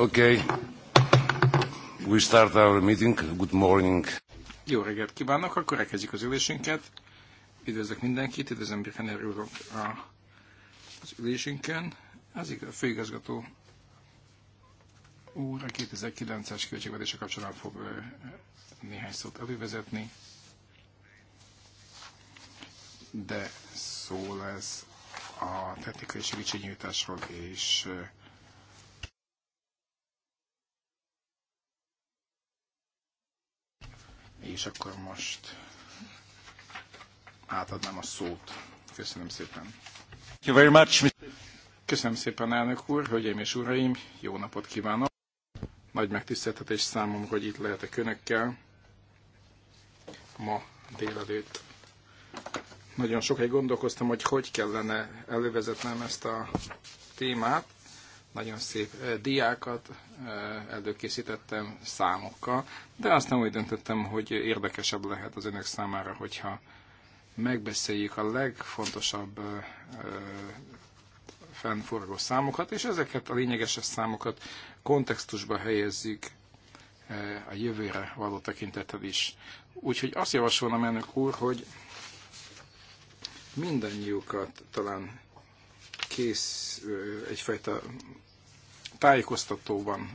Okay. We start our meeting. Good morning. Jó reggelt kívánok, akkor elkezdjük az ülésünket. Üdvözlök mindenkit, üdvözlöm Birkener úrok az ülésünkön. Az a főigazgató úr a 2009-es költségvetése kapcsolatban fog néhány szót elővezetni, de szó lesz a technikai segítségnyújtásról és És akkor most átadnám a szót. Köszönöm szépen. Thank you very much. Köszönöm szépen, elnök úr, hölgyeim és uraim, jó napot kívánok. Nagy megtiszteltetés számomra, hogy itt lehetek önökkel ma délelőtt. Nagyon sokáig gondolkoztam, hogy hogy kellene elővezetnem ezt a témát, nagyon szép diákat előkészítettem számokkal, de aztán úgy döntöttem, hogy érdekesebb lehet az önök számára, hogyha megbeszéljük a legfontosabb fennforgó számokat, és ezeket a lényeges számokat kontextusba helyezzük a jövőre való tekintetet is. Úgyhogy azt javasolnám ennek úr, hogy mindannyiukat talán kész egyfajta tájékoztatóban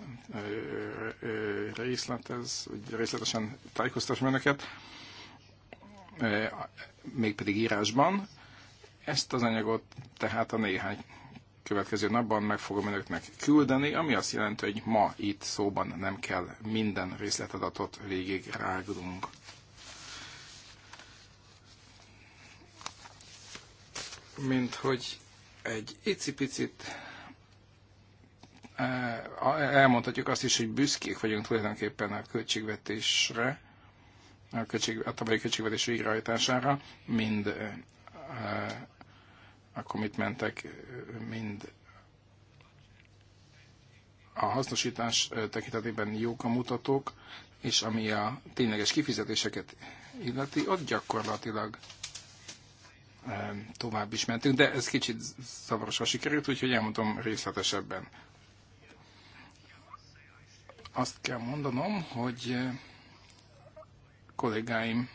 részletez, részletesen tájékoztas önöket, mégpedig írásban. Ezt az anyagot tehát a néhány következő napban meg fogom önöknek küldeni, ami azt jelenti, hogy ma itt szóban nem kell minden részletadatot végig rágulunk. Mint hogy egy icipicit Eh, elmondhatjuk azt is, hogy büszkék vagyunk tulajdonképpen a költségvetésre, a, költség, a tavalyi költségvetés végrehajtására, mind eh, a commitmentek, mind a hasznosítás eh, tekintetében jók a mutatók, és ami a tényleges kifizetéseket illeti, ott gyakorlatilag tovább is mentünk, de ez kicsit zavarosan sikerült, úgyhogy elmondom részletesebben azt kell mondanom, hogy eh, kollégáim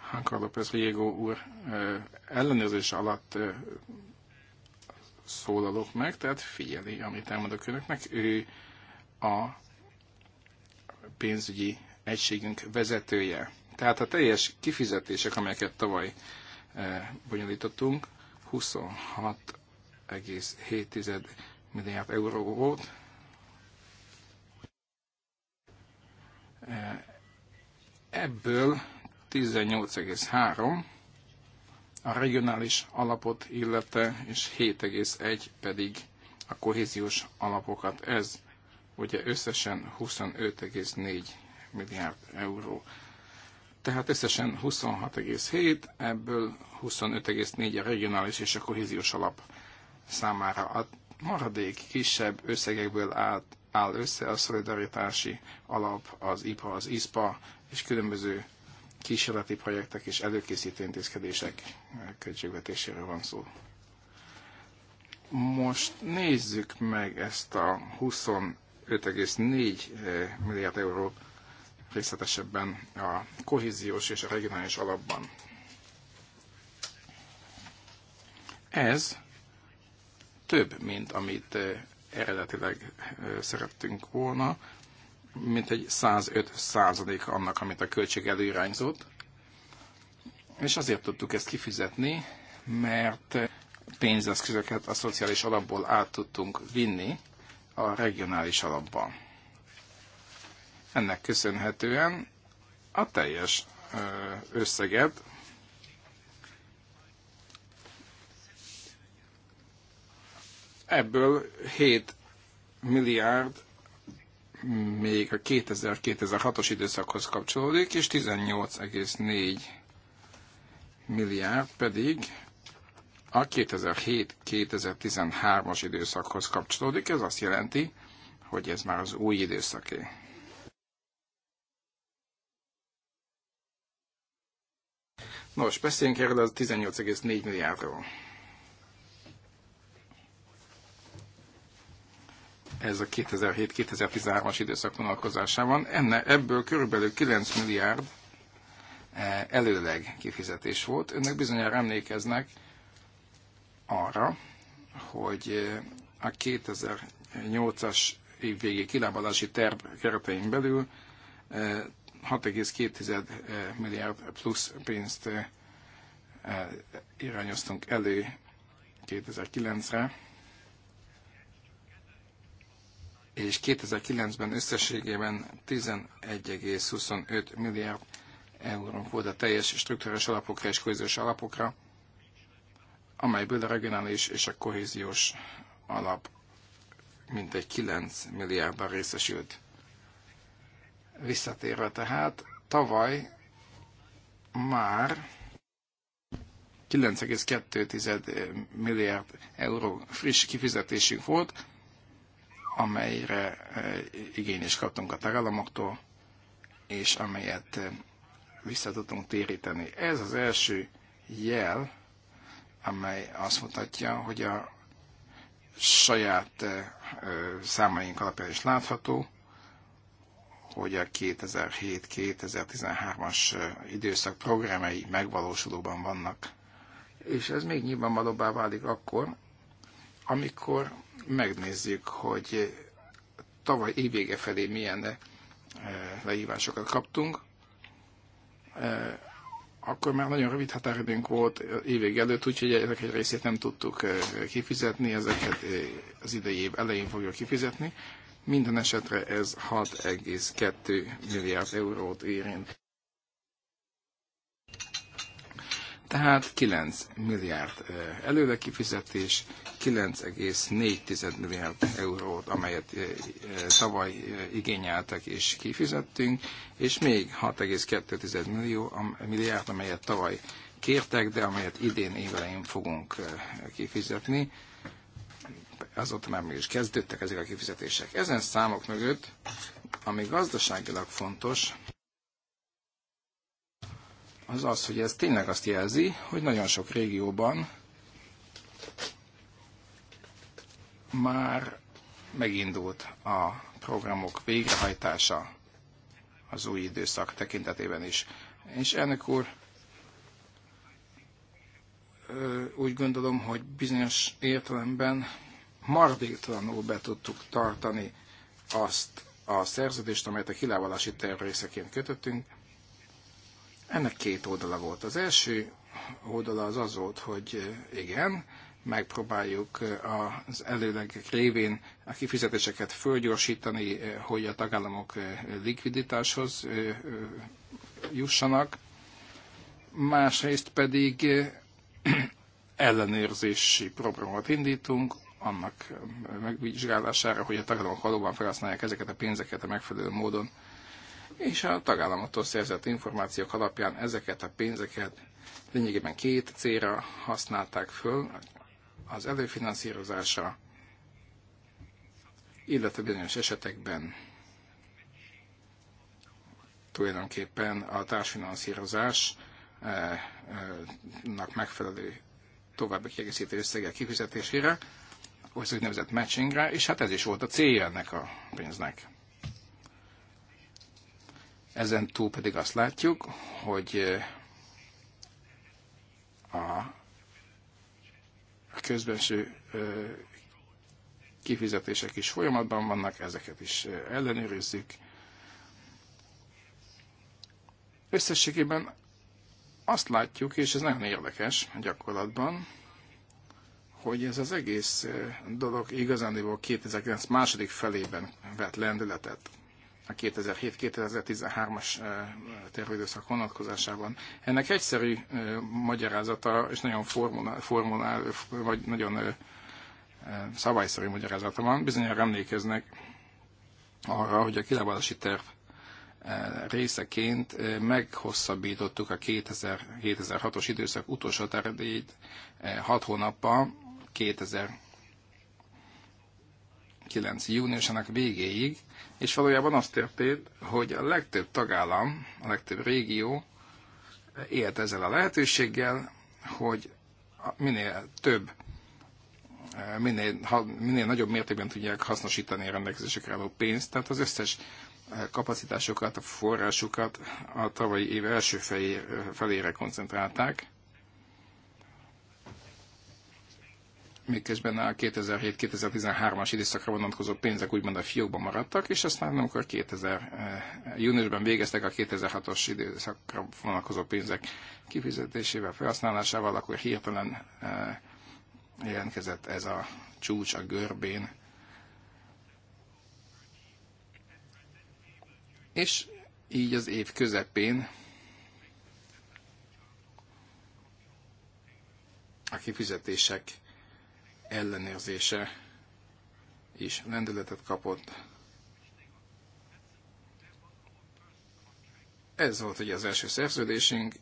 Hanka López Riego úr eh, ellenőrzés alatt eh, szólalok meg, tehát figyeli, amit elmondok önöknek. Ő a pénzügyi egységünk vezetője. Tehát a teljes kifizetések, amelyeket tavaly bonyolítottunk, 26,7 milliárd euró volt, Ebből 18,3 a regionális alapot illete, és 7,1 pedig a kohéziós alapokat. Ez ugye összesen 25,4 milliárd euró. Tehát összesen 26,7, ebből 25,4 a regionális és a kohéziós alap számára. A maradék kisebb összegekből állt áll össze a szolidaritási alap, az IPA, az ISPA és különböző kísérleti projektek és előkészítő intézkedések költségvetéséről van szó. Most nézzük meg ezt a 25,4 eh, milliárd euró részletesebben a kohéziós és a regionális alapban. Ez több, mint amit eh, eredetileg szerettünk volna, mint egy 105 százalék annak, amit a költség előirányzott. És azért tudtuk ezt kifizetni, mert pénzeszközöket a szociális alapból át tudtunk vinni a regionális alapba. Ennek köszönhetően a teljes összeget Ebből 7 milliárd még a 2000-2006-os időszakhoz kapcsolódik, és 18,4 milliárd pedig a 2007-2013-as időszakhoz kapcsolódik. Ez azt jelenti, hogy ez már az új időszaké. Nos, beszéljünk erről a 18,4 milliárdról. ez a 2007-2013-as időszak vonalkozásában. Enne, ebből körülbelül 9 milliárd eh, előleg kifizetés volt. Önök bizonyára emlékeznek arra, hogy eh, a 2008-as évvégi kilábalási terv keretein belül 6,2 eh, milliárd plusz pénzt irányoztunk elő 2009-re, és 2009-ben összességében 11,25 milliárd eurónk volt a teljes struktúrás alapokra és kohéziós alapokra, amelyből a regionális és a kohéziós alap mintegy 9 milliárdban részesült. Visszatérve tehát, tavaly már 9,2 milliárd euró friss kifizetésünk volt, amelyre e, igény is kaptunk a tagállamoktól, és amelyet e, vissza tudtunk téríteni. Ez az első jel, amely azt mutatja, hogy a saját e, számaink alapján is látható, hogy a 2007-2013-as időszak programjai megvalósulóban vannak. És ez még nyilvánvalóbbá válik akkor, amikor megnézzük, hogy tavaly évvége felé milyen eh, lehívásokat kaptunk, eh, akkor már nagyon rövid határidőnk volt évig előtt, úgyhogy ezek egy részét nem tudtuk eh, kifizetni, ezeket az idei év elején fogjuk kifizetni. Minden esetre ez 6,2 milliárd eurót érint. Tehát 9 milliárd előre kifizetés, 9,4 milliárd eurót, amelyet tavaly igényeltek és kifizettünk, és még 6,2 millió, milliárd, amelyet tavaly kértek, de amelyet idén évelején fogunk kifizetni. Azóta már mégis kezdődtek ezek a kifizetések. Ezen számok mögött, ami gazdaságilag fontos, az az, hogy ez tényleg azt jelzi, hogy nagyon sok régióban már megindult a programok végrehajtása az új időszak tekintetében is. És ennek úr, úgy gondolom, hogy bizonyos értelemben maradéktalanul be tudtuk tartani azt a szerződést, amelyet a kilávalási terv részeként kötöttünk, ennek két oldala volt. Az első oldala az az volt, hogy igen, megpróbáljuk eh, az előlegek révén a kifizetéseket fölgyorsítani, eh, hogy a tagállamok eh, likviditáshoz jussanak, másrészt pedig ellenőrzési programot indítunk, annak megvizsgálására, hogy a tagállamok valóban felhasználják ezeket a pénzeket a megfelelő módon és a tagállamoktól szerzett információk alapján ezeket a pénzeket lényegében két célra használták föl, az előfinanszírozásra, illetve bizonyos esetekben tulajdonképpen a társfinanszírozásnak eh, eh, megfelelő további kiegészítő összegek kifizetésére, az úgynevezett matchingre, és hát ez is volt a célja ennek a pénznek. Ezen túl pedig azt látjuk, hogy eh, a közbenső eh, kifizetések is folyamatban vannak, ezeket is eh, ellenőrizzük. Összességében azt látjuk, és ez nagyon érdekes gyakorlatban, hogy ez az egész dolog igazándiból 2009 második felében vett lendületet a 2007-2013-as tervidőszak vonatkozásában. Ennek egyszerű magyarázata, és nagyon formulál, formulál vagy nagyon szabályszerű magyarázata van. Bizonyára emlékeznek arra, hogy a kilábalási terv részeként meghosszabbítottuk a 2000, 2006-os időszak utolsó határidejét 6 hónappal 2000 2009. júniusának végéig, és valójában az történt, hogy a legtöbb tagállam, a legtöbb régió élt ezzel a lehetőséggel, hogy minél több, e, minél, minél nagyobb mértékben tudják hasznosítani a rendelkezésekre álló pénzt, tehát az összes e, kapacitásokat, a forrásukat a tavalyi év első felé, e, felére koncentrálták, miközben a 2007-2013-as időszakra vonatkozó pénzek úgymond a fiókban maradtak, és aztán amikor 2000, eh, júniusban végeztek a 2006-os időszakra vonatkozó pénzek kifizetésével, felhasználásával, akkor hirtelen eh, jelentkezett ez a csúcs a görbén. És így az év közepén a kifizetések ellenőrzése is lendületet kapott. Ez volt ugye az első szerződésünk,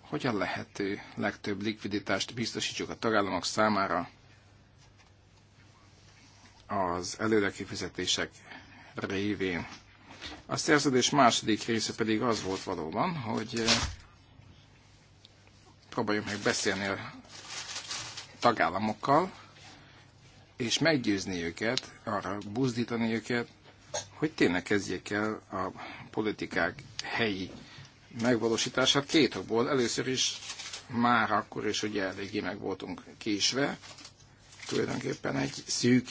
hogyan lehető legtöbb likviditást biztosítsuk a tagállamok számára az kifizetések révén. A szerződés második része pedig az volt valóban, hogy próbáljunk meg beszélni a tagállamokkal, és meggyőzni őket, arra buzdítani őket, hogy tényleg kezdjék el a politikák helyi megvalósítását két okból. Először is már akkor is ugye eléggé meg voltunk késve, tulajdonképpen egy szűk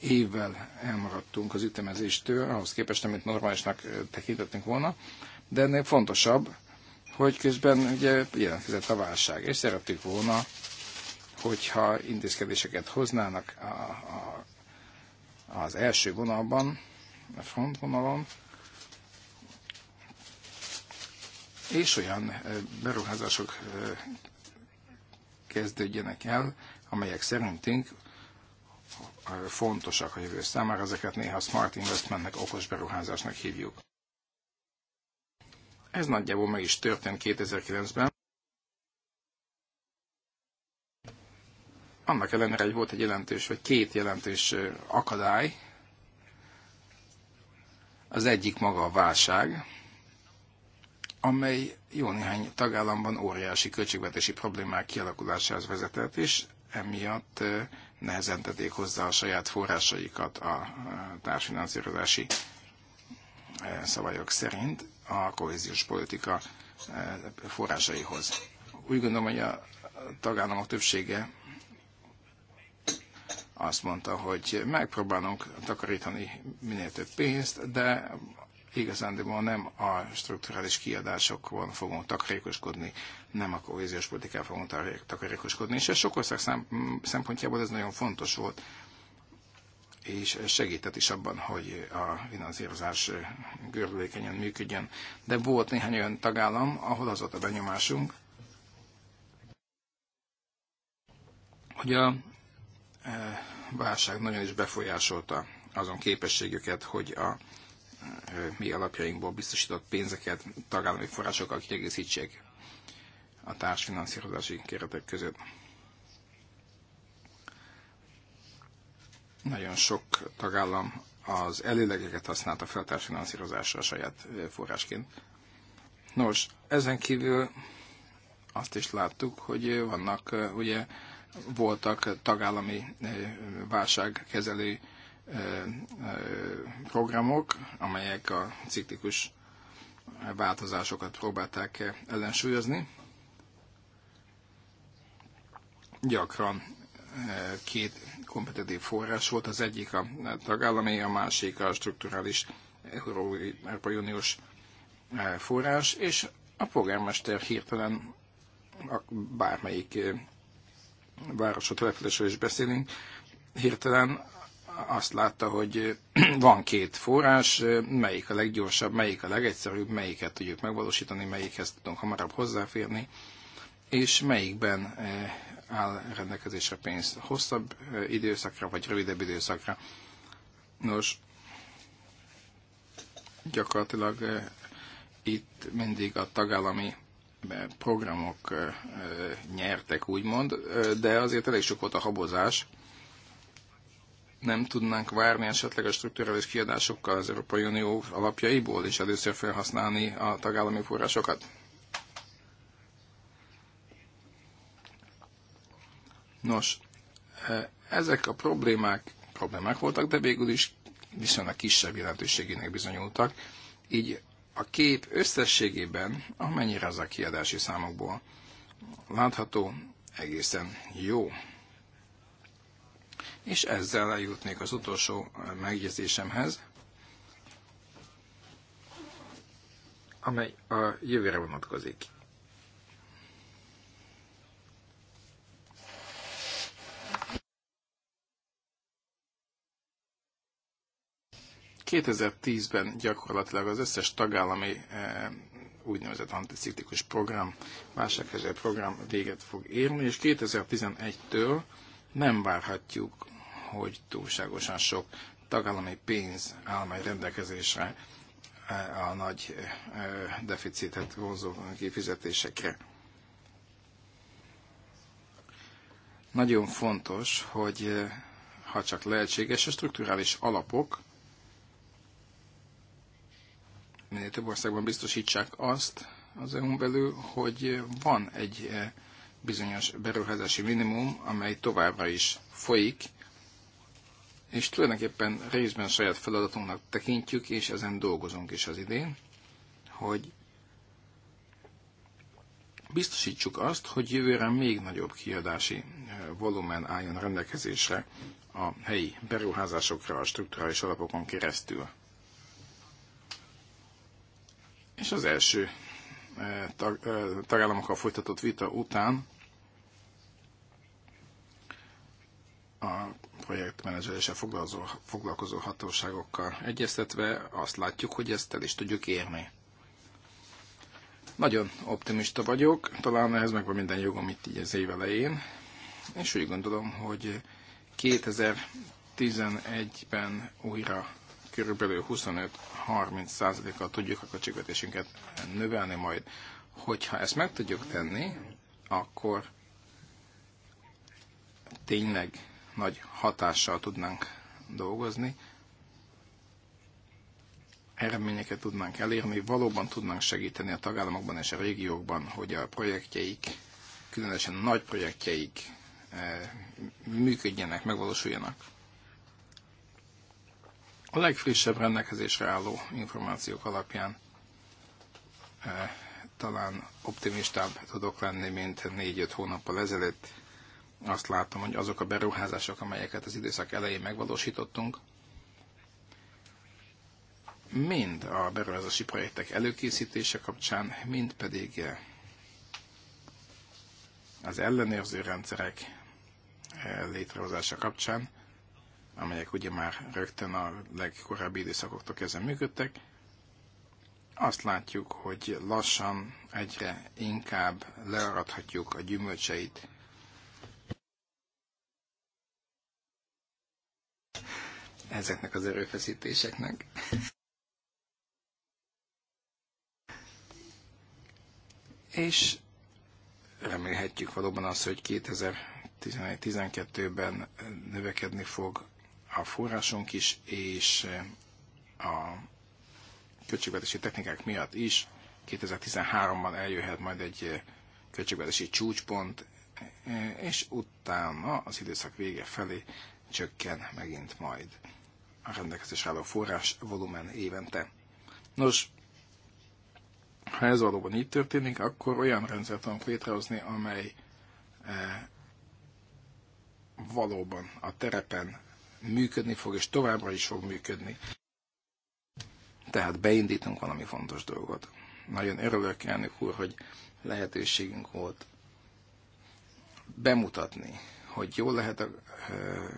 évvel elmaradtunk az ütemezéstől, ahhoz képest, amit normálisnak tekintettünk volna, de ennél fontosabb, hogy közben ugye jelentkezett a válság, és szerettük volna hogyha intézkedéseket hoznának a, a, az első vonalban, a frontvonalon, és olyan beruházások kezdődjenek el, amelyek szerintünk fontosak a jövő számára, ezeket néha smart investmentnek, okos beruházásnak hívjuk. Ez nagyjából meg is történt 2009-ben. annak ellenére, hogy volt egy jelentős, vagy két jelentős akadály, az egyik maga a válság, amely jó néhány tagállamban óriási költségvetési problémák kialakulásához vezetett, és emiatt nehezen tették hozzá a saját forrásaikat a társfinanszírozási szabályok szerint a kohéziós politika forrásaihoz. Úgy gondolom, hogy a tagállamok többsége azt mondta, hogy megpróbálunk takarítani minél több pénzt, de igazándiból nem a strukturális kiadásokon fogunk takarékoskodni, nem a kohéziós politikán fogunk takarékoskodni, és ez sok ország szempontjából ez nagyon fontos volt, és segített is abban, hogy a finanszírozás görülékenyen működjön. De volt néhány olyan tagállam, ahol az volt a benyomásunk, hogy a eh, válság nagyon is befolyásolta azon képességüket, hogy a mi alapjainkból biztosított pénzeket tagállami forrásokkal kiegészítsék a társfinanszírozási keretek között. Nagyon sok tagállam az előlegeket használta fel a társfinanszírozásra a saját forrásként. Nos, ezen kívül azt is láttuk, hogy vannak ugye voltak tagállami eh, válságkezelő eh, eh, programok, amelyek a ciklikus változásokat próbálták ellensúlyozni. Gyakran két kompetitív forrás volt, az egyik a tagállami, a másik a strukturális Európai Uniós forrás, és a polgármester hirtelen bármelyik városról, településről is beszélünk, hirtelen azt látta, hogy van két forrás, melyik a leggyorsabb, melyik a legegyszerűbb, melyiket tudjuk megvalósítani, melyikhez tudunk hamarabb hozzáférni, és melyikben eh, áll rendelkezésre pénz hosszabb eh, időszakra, vagy rövidebb időszakra. Nos, gyakorlatilag eh, itt mindig a tagállami programok nyertek, úgymond, de azért elég sok volt a habozás. Nem tudnánk várni esetleg a strukturális kiadásokkal az Európai Unió alapjaiból, és először felhasználni a tagállami forrásokat? Nos, ezek a problémák problémák voltak, de végül is viszonylag kisebb jelentőségének bizonyultak, így a kép összességében, amennyire az a kiadási számokból látható, egészen jó. És ezzel eljutnék az utolsó megjegyzésemhez, amely a jövőre vonatkozik. 2010-ben gyakorlatilag az összes tagállami eh, úgynevezett anticiklikus program, válsághelyzet program véget fog érni, és 2011-től nem várhatjuk, hogy túlságosan sok tagállami pénz áll majd rendelkezésre eh, a nagy eh, deficitet vonzó kifizetésekre. Nagyon fontos, hogy ha csak lehetséges, a strukturális alapok minél több országban biztosítsák azt az EU-n belül, hogy van egy eh, bizonyos beruházási minimum, amely továbbra is folyik, és tulajdonképpen részben saját feladatunknak tekintjük, és ezen dolgozunk is az idén, hogy biztosítsuk azt, hogy jövőre még nagyobb kiadási eh, volumen álljon rendelkezésre a helyi beruházásokra a strukturális alapokon keresztül. És az első eh, tag, eh, tagállamokkal folytatott vita után a projektmenedzseléssel foglalkozó, foglalkozó hatóságokkal egyeztetve azt látjuk, hogy ezt el is tudjuk érni. Nagyon optimista vagyok, talán ehhez megvan minden jogom itt így az év elején, és úgy gondolom, hogy 2011-ben újra körülbelül 25-30 százalékkal tudjuk a költségvetésünket növelni majd. Hogyha ezt meg tudjuk tenni, akkor tényleg nagy hatással tudnánk dolgozni, eredményeket tudnánk elérni, valóban tudnánk segíteni a tagállamokban és a régiókban, hogy a projektjeik, különösen nagy projektjeik eh, működjenek, megvalósuljanak. A legfrissebb rendelkezésre álló információk alapján eh, talán optimistább tudok lenni, mint 4-5 hónappal ezelőtt. Azt látom, hogy azok a beruházások, amelyeket az időszak elején megvalósítottunk, mind a beruházási projektek előkészítése kapcsán, mind pedig eh, az ellenőrző rendszerek eh, létrehozása kapcsán amelyek ugye már rögtön a legkorábbi időszakoktól kezdve működtek, azt látjuk, hogy lassan egyre inkább learadhatjuk a gyümölcseit. Ezeknek az erőfeszítéseknek. És remélhetjük valóban azt, hogy 12 ben növekedni fog a forrásunk is, és eh, a költségvetési technikák miatt is 2013-ban eljöhet majd egy eh, költségvetési csúcspont, eh, és utána az időszak vége felé csökken megint majd a rendelkezés álló forrás volumen évente. Nos, ha ez valóban így történik, akkor olyan rendszert tudunk létrehozni, amely valóban a terepen működni fog, és továbbra is fog működni. Tehát beindítunk valami fontos dolgot. Nagyon örülök, elnök úr, hogy lehetőségünk volt bemutatni, hogy jó lehet a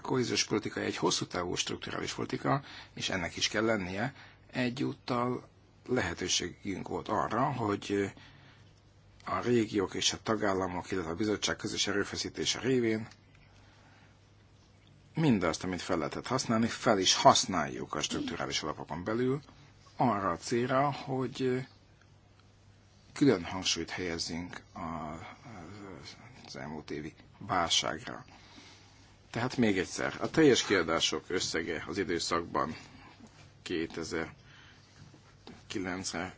kohéziós politika egy hosszú távú strukturális politika, és ennek is kell lennie, egyúttal lehetőségünk volt arra, hogy a régiók és a tagállamok, illetve a bizottság közös erőfeszítése révén mindazt, amit fel lehetett használni, fel is használjuk a strukturális alapokon belül, arra a célra, hogy külön hangsúlyt helyezzünk az elmúlt évi válságra. Tehát még egyszer, a teljes kiadások összege az időszakban 2009-re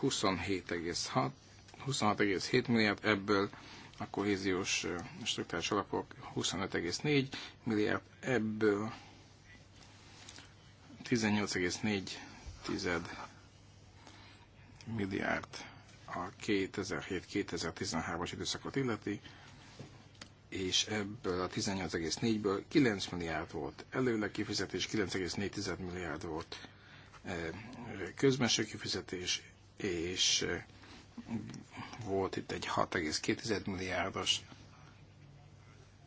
27,6 26,7 milliárd, ebből a kohéziós struktúrás alapok 25,4 milliárd, ebből 18,4 milliárd a 2007-2013-as időszakot illeti, és ebből a 18,4-ből 9 milliárd volt előle kifizetés, 9,4 milliárd volt közmeső kifizetés, és volt itt egy 6,2 milliárdos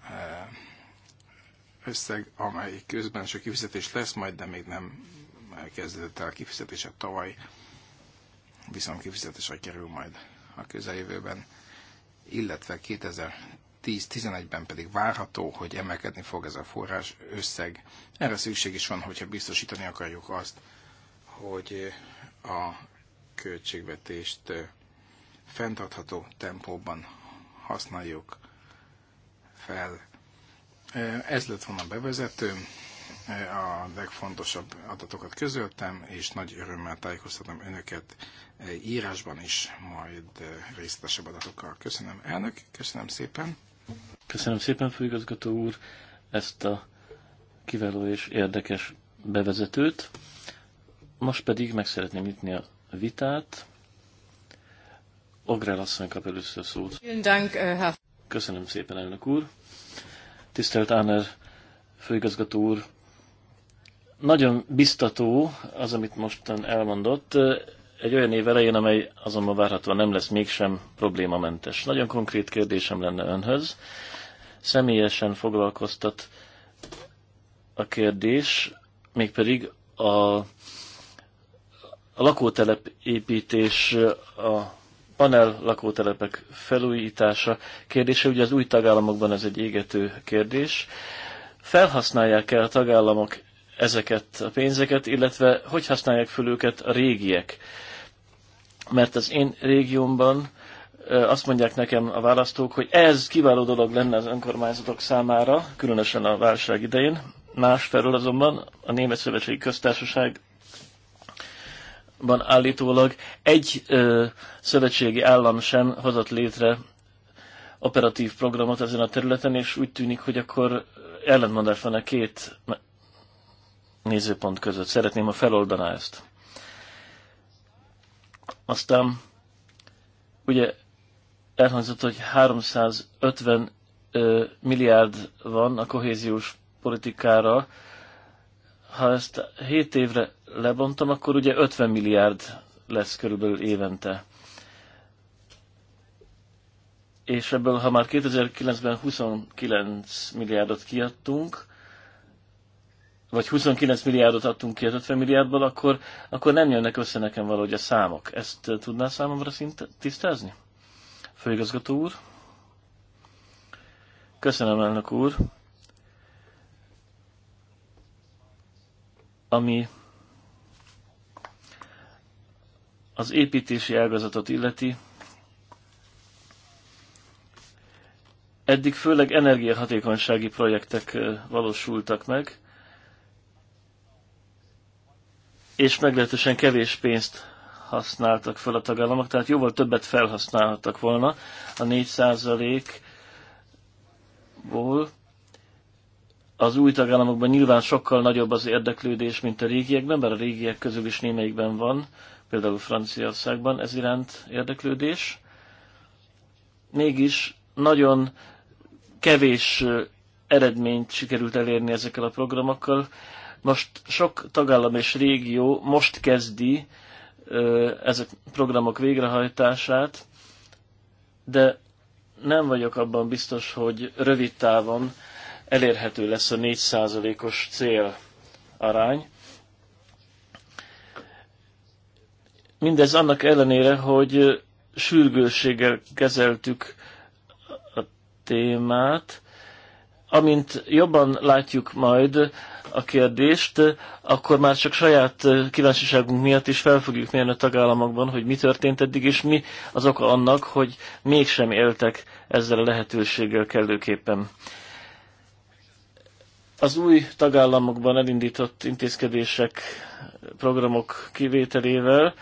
eh, összeg, amely közben csak kifizetés lesz majd, de még nem kezdődött el a kifizetése tavaly, viszont kifizetésre kerül majd a közeljövőben, illetve 2010-11-ben pedig várható, hogy emelkedni fog ez a forrás összeg. Erre szükség is van, hogyha biztosítani akarjuk azt, hogy a költségvetést eh, fenntartható tempóban használjuk fel. Ez lett volna a bevezető, a legfontosabb adatokat közöltem, és nagy örömmel tájékoztatom önöket írásban is, majd részletesebb adatokkal. Köszönöm, elnök, köszönöm szépen. Köszönöm szépen, főigazgató úr, ezt a kiváló és érdekes bevezetőt. Most pedig meg szeretném nyitni a vitát. Ogrel asszony kap először szót. Eh, Köszönöm szépen, elnök úr. Tisztelt Áner főigazgató úr, nagyon biztató az, amit mostan elmondott. Eh, egy olyan év elején, amely azonban várhatóan nem lesz mégsem problémamentes. Nagyon konkrét kérdésem lenne önhöz. Személyesen foglalkoztat a kérdés, mégpedig a, a lakótelep építés eh, a panel lakótelepek felújítása kérdése, ugye az új tagállamokban ez egy égető kérdés. Felhasználják-e a tagállamok ezeket a pénzeket, illetve hogy használják föl őket a régiek? Mert az én régiómban azt mondják nekem a választók, hogy ez kiváló dolog lenne az önkormányzatok számára, különösen a válság idején. Másfelől azonban a Német Szövetségi Köztársaság ban állítólag egy ö, szövetségi állam sem hozott létre operatív programot ezen a területen, és úgy tűnik, hogy akkor ellentmondás van a két nézőpont között. Szeretném, ha feloldaná ezt. Aztán ugye elhangzott, hogy 350 ö, milliárd van a kohéziós politikára. Ha ezt 7 évre lebontom, akkor ugye 50 milliárd lesz körülbelül évente. És ebből, ha már 2009-ben 29 milliárdot kiadtunk, vagy 29 milliárdot adtunk ki az 50 milliárdból, akkor, akkor nem jönnek össze nekem valahogy a számok. Ezt tudná számomra szinte tisztázni? Főigazgató úr? Köszönöm, elnök úr. Ami az építési ágazatot illeti, eddig főleg energiahatékonysági projektek valósultak meg, és meglehetősen kevés pénzt használtak fel a tagállamok, tehát jóval többet felhasználhattak volna a 4%-ból. Az új tagállamokban nyilván sokkal nagyobb az érdeklődés, mint a régiekben, bár a régiek közül is némelyikben van például Franciaországban ez iránt érdeklődés. Mégis nagyon kevés eredményt sikerült elérni ezekkel a programokkal. Most sok tagállam és régió most kezdi ezek programok végrehajtását, de nem vagyok abban biztos, hogy rövid távon elérhető lesz a 4%-os cél arány. Mindez annak ellenére, hogy sürgősséggel kezeltük a témát. Amint jobban látjuk majd a kérdést, akkor már csak saját kíváncsiságunk miatt is fel fogjuk mérni a tagállamokban, hogy mi történt eddig, és mi az oka annak, hogy mégsem éltek ezzel a lehetőséggel kellőképpen. Az új tagállamokban elindított intézkedések, programok kivételével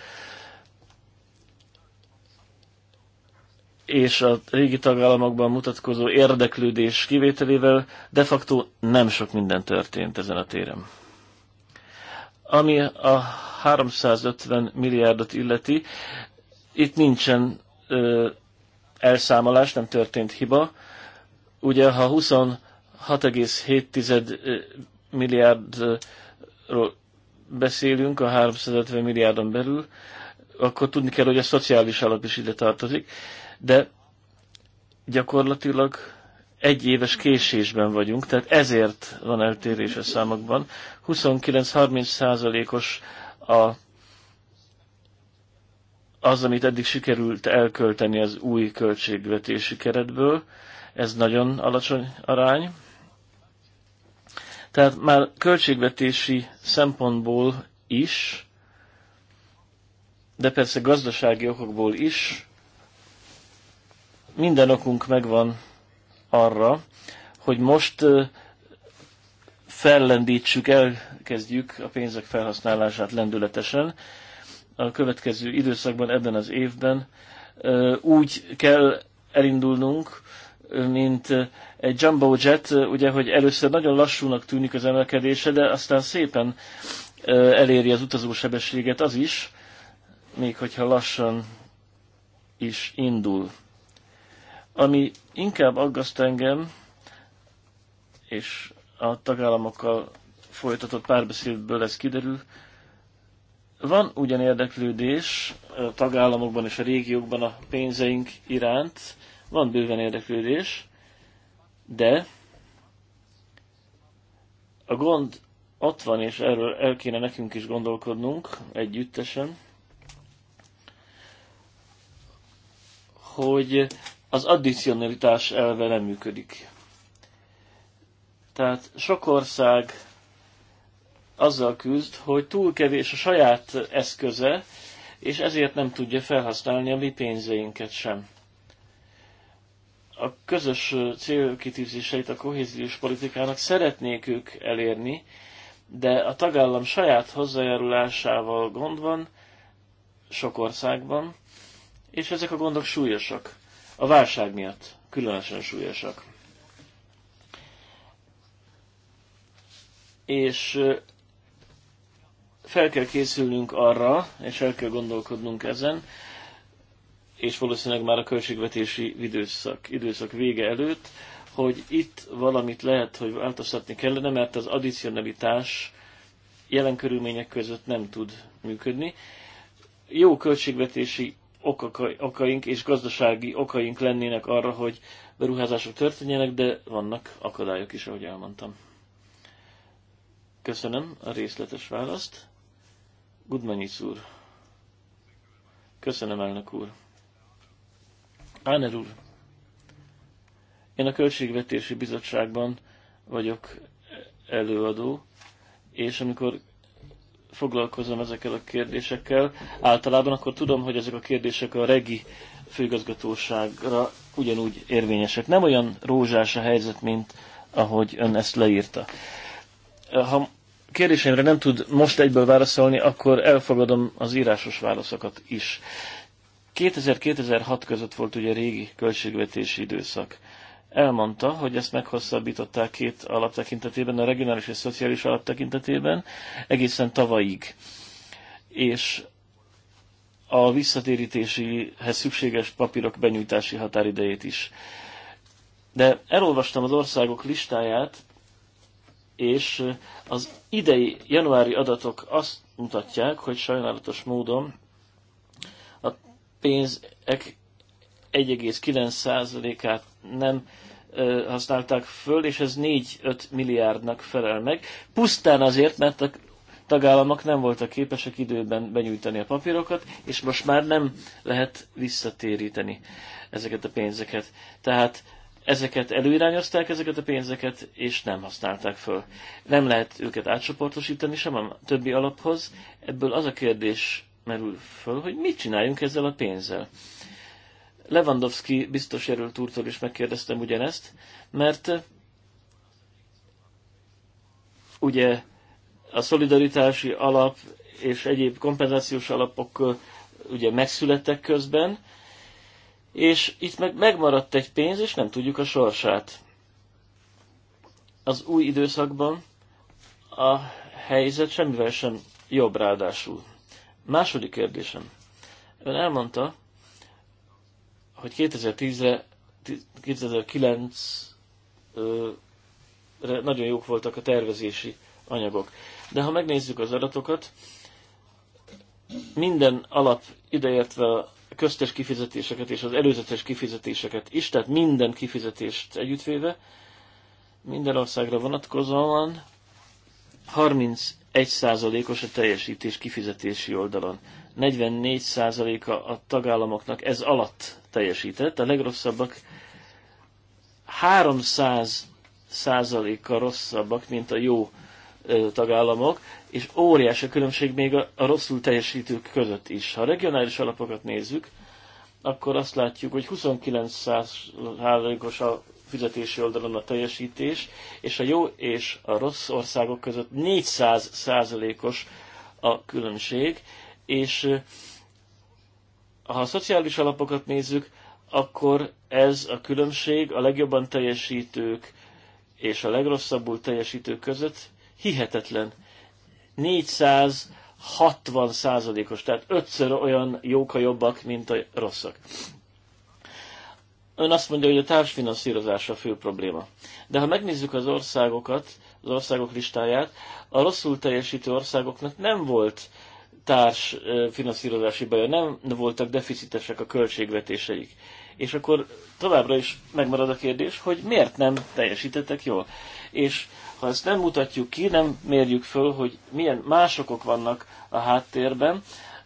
és a régi tagállamokban mutatkozó érdeklődés kivételével de facto nem sok minden történt ezen a téren. Ami a 350 milliárdot illeti, itt nincsen ö, elszámolás, nem történt hiba. Ugye, ha 26,7 milliárdról beszélünk a 350 milliárdon belül, akkor tudni kell, hogy a szociális alap is ide tartozik de gyakorlatilag egy éves késésben vagyunk, tehát ezért van eltérés a számokban. 29-30 százalékos a, az, amit eddig sikerült elkölteni az új költségvetési keretből. Ez nagyon alacsony arány. Tehát már költségvetési szempontból is, de persze gazdasági okokból is minden okunk megvan arra, hogy most fellendítsük, elkezdjük a pénzek felhasználását lendületesen. A következő időszakban, ebben az évben úgy kell elindulnunk, mint egy jumbo jet, ugye, hogy először nagyon lassúnak tűnik az emelkedése, de aztán szépen eléri az utazósebességet az is, még hogyha lassan is indul. Ami inkább aggaszt engem, és a tagállamokkal folytatott párbeszédből ez kiderül, van ugyan érdeklődés a tagállamokban és a régiókban a pénzeink iránt, van bőven érdeklődés, de a gond ott van, és erről el kéne nekünk is gondolkodnunk együttesen, hogy az addicionalitás elve nem működik. Tehát sok ország azzal küzd, hogy túl kevés a saját eszköze, és ezért nem tudja felhasználni a mi pénzeinket sem. A közös célkitűzéseit a kohéziós politikának szeretnék ők elérni, de a tagállam saját hozzájárulásával gond van sok országban, és ezek a gondok súlyosak a válság miatt különösen súlyosak. És fel kell készülnünk arra, és el kell gondolkodnunk ezen, és valószínűleg már a költségvetési időszak, időszak vége előtt, hogy itt valamit lehet, hogy változtatni kellene, mert az addicionalitás jelen körülmények között nem tud működni. Jó költségvetési okaink és gazdasági okaink lennének arra, hogy beruházások történjenek, de vannak akadályok is, ahogy elmondtam. Köszönöm a részletes választ. Gudmanyic úr. Köszönöm, elnök úr. Áner úr. Én a Költségvetési Bizottságban vagyok előadó, és amikor foglalkozom ezekkel a kérdésekkel általában, akkor tudom, hogy ezek a kérdések a regi főigazgatóságra ugyanúgy érvényesek. Nem olyan rózsás a helyzet, mint ahogy ön ezt leírta. Ha kérdéseimre nem tud most egyből válaszolni, akkor elfogadom az írásos válaszokat is. 2000-2006 között volt ugye régi költségvetési időszak elmondta, hogy ezt meghosszabbították két alaptekintetében, a regionális és szociális alaptekintetében, egészen tavalyig. És a visszatérítésihez szükséges papírok benyújtási határidejét is. De elolvastam az országok listáját, és az idei januári adatok azt mutatják, hogy sajnálatos módon a pénzek 1,9%-át nem használták föl, és ez 4-5 milliárdnak felel meg. Pusztán azért, mert a tagállamok nem voltak képesek időben benyújtani a papírokat, és most már nem lehet visszatéríteni ezeket a pénzeket. Tehát ezeket előirányozták, ezeket a pénzeket, és nem használták föl. Nem lehet őket átcsoportosítani sem a többi alaphoz. Ebből az a kérdés merül föl, hogy mit csináljunk ezzel a pénzzel. Lewandowski biztos jelölt úrtól is megkérdeztem ugyanezt, mert eh, ugye a szolidaritási alap és egyéb kompenzációs alapok eh, ugye megszülettek közben, és itt meg megmaradt egy pénz, és nem tudjuk a sorsát. Az új időszakban a helyzet semmivel sem jobb ráadásul. Második kérdésem. Ön elmondta, hogy 2010-re, 2009-re nagyon jók voltak a tervezési anyagok. De ha megnézzük az adatokat, minden alap ideértve a köztes kifizetéseket és az előzetes kifizetéseket is, tehát minden kifizetést együttvéve, minden országra vonatkozóan 31%-os a teljesítés kifizetési oldalon. 44%-a a tagállamoknak ez alatt teljesített. A legrosszabbak 300 százalékkal rosszabbak, mint a jó tagállamok, és óriási a különbség még a, a rosszul teljesítők között is. Ha a regionális alapokat nézzük, akkor azt látjuk, hogy 29%-os a fizetési oldalon a teljesítés, és a jó és a rossz országok között 400%-os a különbség, és ha a szociális alapokat nézzük, akkor ez a különbség a legjobban teljesítők és a legrosszabbul teljesítők között hihetetlen. 460 százalékos, tehát ötször olyan jók a jobbak, mint a rosszak. Ön azt mondja, hogy a társfinanszírozás a fő probléma. De ha megnézzük az országokat, az országok listáját, a rosszul teljesítő országoknak nem volt társ finanszírozási baja, nem voltak deficitesek a költségvetéseik. És akkor továbbra is megmarad a kérdés, hogy miért nem teljesítettek jól. És ha ezt nem mutatjuk ki, nem mérjük föl, hogy milyen másokok vannak a háttérben,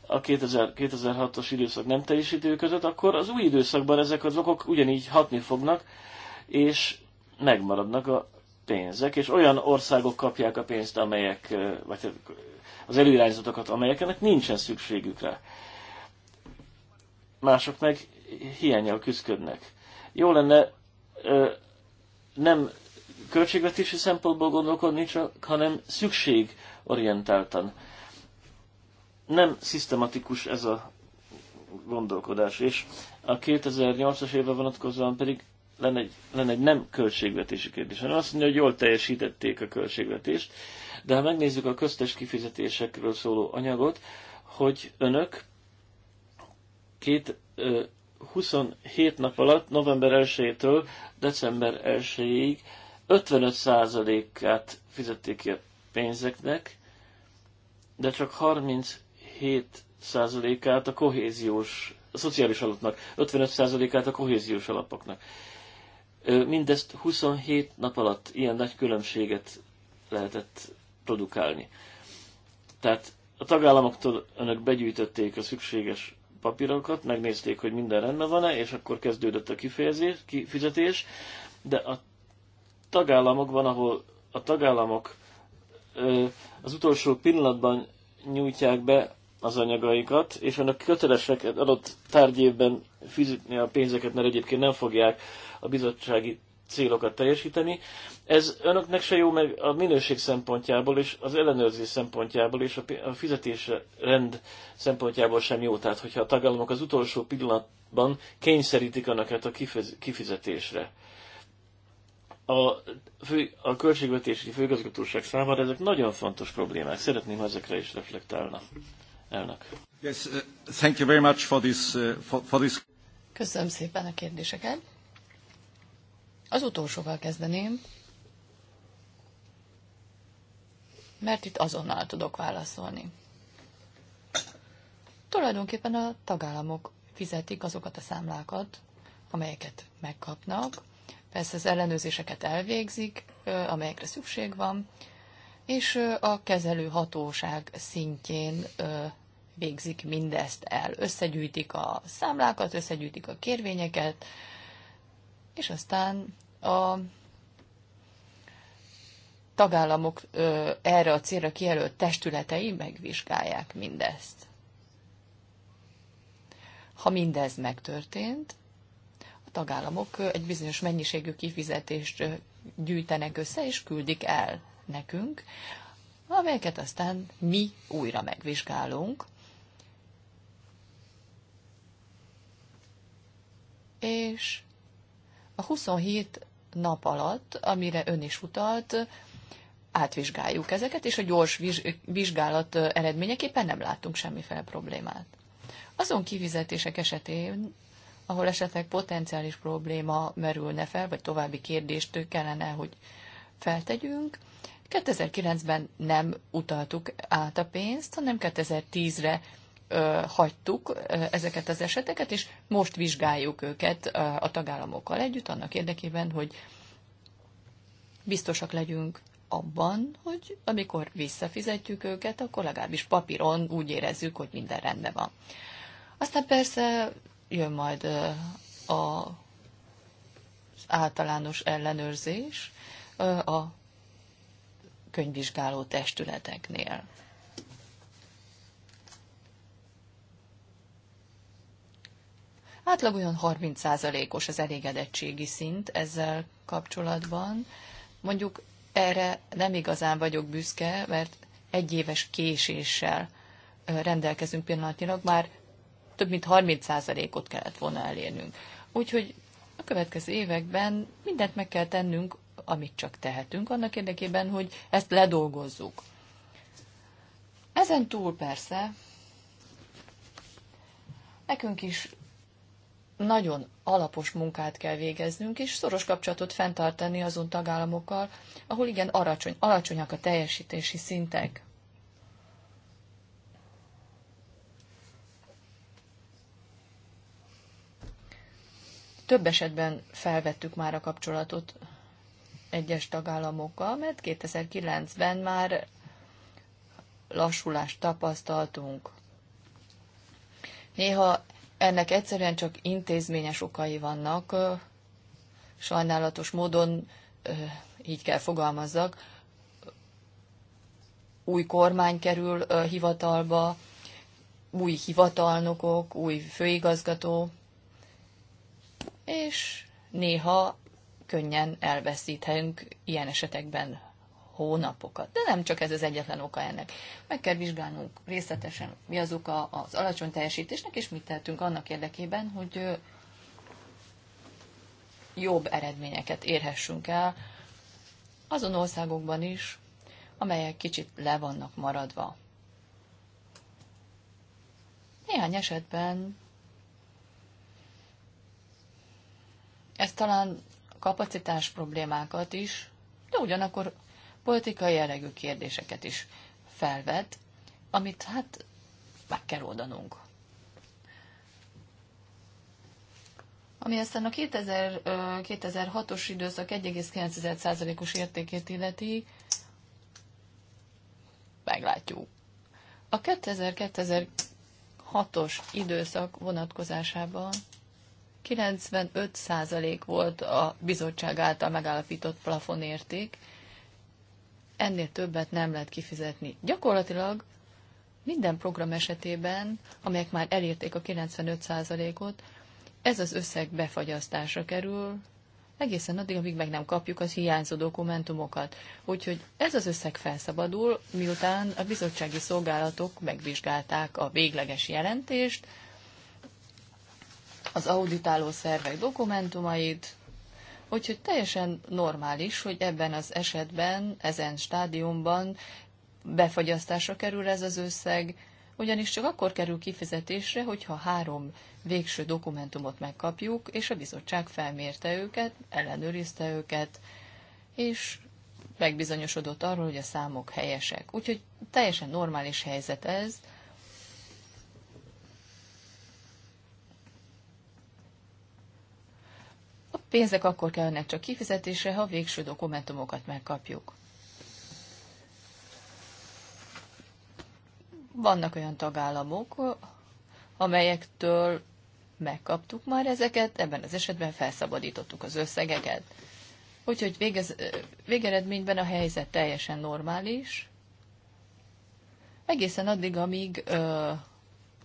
a 2006-os időszak nem teljesítő között, akkor az új időszakban ezek az okok ugyanígy hatni fognak, és megmaradnak a pénzek, és olyan országok kapják a pénzt, amelyek, vagy az előirányzatokat, amelyeknek nincsen szükségük rá. Mások meg hiányjal küzdködnek. Jó lenne nem költségvetési szempontból gondolkodni, csak, hanem szükségorientáltan. Nem szisztematikus ez a gondolkodás, és a 2008-as éve vonatkozóan pedig lenne egy, lenne egy nem költségvetési kérdés, hanem azt mondja, hogy jól teljesítették a költségvetést, de ha megnézzük a köztes kifizetésekről szóló anyagot, hogy önök két, ö, 27 nap alatt, november 1-től december 1-ig 55%-át fizették ki a pénzeknek, de csak 37%-át a kohéziós, a szociális alapnak, 55%-át a kohéziós alapoknak. Mindezt 27 nap alatt ilyen nagy különbséget lehetett produkálni. Tehát a tagállamoktól önök begyűjtötték a szükséges papírokat, megnézték, hogy minden rendben van-e, és akkor kezdődött a kifejezés, kifizetés, de a tagállamokban, ahol a tagállamok az utolsó pillanatban nyújtják be az anyagaikat, és önök kötelesek adott tárgyévben fizetni a pénzeket, mert egyébként nem fogják a bizottsági célokat teljesíteni. Ez önöknek se jó meg a minőség szempontjából, és az ellenőrzés szempontjából, és a fizetés rend szempontjából sem jó. Tehát, hogyha a tagállamok az utolsó pillanatban kényszerítik önöket a kifizetésre. A, fő, a költségvetési főgazgatóság számára ezek nagyon fontos problémák. Szeretném, ha ezekre is reflektálna elnök. Yes, uh, thank you very much for this, uh, for, for this. Köszönöm szépen a kérdéseket. Az utolsóval kezdeném, mert itt azonnal tudok válaszolni. Tulajdonképpen a tagállamok fizetik azokat a számlákat, amelyeket megkapnak. Persze az ellenőrzéseket elvégzik, amelyekre szükség van, és a kezelő hatóság szintjén végzik mindezt el. Összegyűjtik a számlákat, összegyűjtik a kérvényeket, és aztán a tagállamok erre a célra kijelölt testületei megvizsgálják mindezt. Ha mindez megtörtént, a tagállamok egy bizonyos mennyiségű kifizetést gyűjtenek össze és küldik el nekünk, amelyeket aztán mi újra megvizsgálunk, és a 27 nap alatt, amire ön is utalt, átvizsgáljuk ezeket, és a gyors vizsgálat eredményeképpen nem láttunk semmiféle problémát. Azon kivizetések esetén, ahol esetleg potenciális probléma merülne fel, vagy további kérdést kellene, hogy feltegyünk, 2009-ben nem utaltuk át a pénzt, hanem 2010-re hagytuk ezeket az eseteket, és most vizsgáljuk őket a tagállamokkal együtt, annak érdekében, hogy biztosak legyünk abban, hogy amikor visszafizetjük őket, akkor legalábbis papíron úgy érezzük, hogy minden rendben van. Aztán persze jön majd a, az általános ellenőrzés, a könyvvizsgáló testületeknél. Átlag olyan 30%-os az elégedettségi szint ezzel kapcsolatban. Mondjuk erre nem igazán vagyok büszke, mert egy éves késéssel rendelkezünk pillanatnyilag, már több mint 30%-ot kellett volna elérnünk. Úgyhogy a következő években mindent meg kell tennünk amit csak tehetünk annak érdekében, hogy ezt ledolgozzuk. Ezen túl persze nekünk is nagyon alapos munkát kell végeznünk, és szoros kapcsolatot fenntartani azon tagállamokkal, ahol igen alacsony, alacsonyak a teljesítési szintek. Több esetben felvettük már a kapcsolatot egyes tagállamokkal, mert 2009-ben már lassulást tapasztaltunk. Néha ennek egyszerűen csak intézményes okai vannak, sajnálatos módon, így kell fogalmazzak, új kormány kerül hivatalba, új hivatalnokok, új főigazgató, és néha könnyen elveszíthetünk ilyen esetekben hónapokat. De nem csak ez az egyetlen oka ennek. Meg kell vizsgálnunk részletesen, mi az oka az alacsony teljesítésnek, és mit tehetünk annak érdekében, hogy jobb eredményeket érhessünk el azon országokban is, amelyek kicsit le vannak maradva. Néhány esetben ez talán kapacitás problémákat is, de ugyanakkor politikai jellegű kérdéseket is felvet, amit hát meg kell oldanunk. Ami aztán a 2006-os időszak 1,9%-os értékét illeti, meglátjuk. A 2000-2006-os időszak vonatkozásában 95% volt a bizottság által megállapított plafonérték, ennél többet nem lehet kifizetni. Gyakorlatilag minden program esetében, amelyek már elérték a 95%-ot, ez az összeg befagyasztásra kerül, egészen addig, amíg meg nem kapjuk az hiányzó dokumentumokat. Úgyhogy ez az összeg felszabadul, miután a bizottsági szolgálatok megvizsgálták a végleges jelentést, az auditáló szervek dokumentumait, úgyhogy teljesen normális, hogy ebben az esetben, ezen stádiumban befagyasztásra kerül ez az összeg, ugyanis csak akkor kerül kifizetésre, hogyha három végső dokumentumot megkapjuk, és a bizottság felmérte őket, ellenőrizte őket, és megbizonyosodott arról, hogy a számok helyesek. Úgyhogy teljesen normális helyzet ez, pénzek akkor kellnek csak kifizetésre, ha végső dokumentumokat megkapjuk. Vannak olyan tagállamok, amelyektől megkaptuk már ezeket, ebben az esetben felszabadítottuk az összegeket. Úgyhogy végez, végeredményben a helyzet teljesen normális, egészen addig, amíg ö,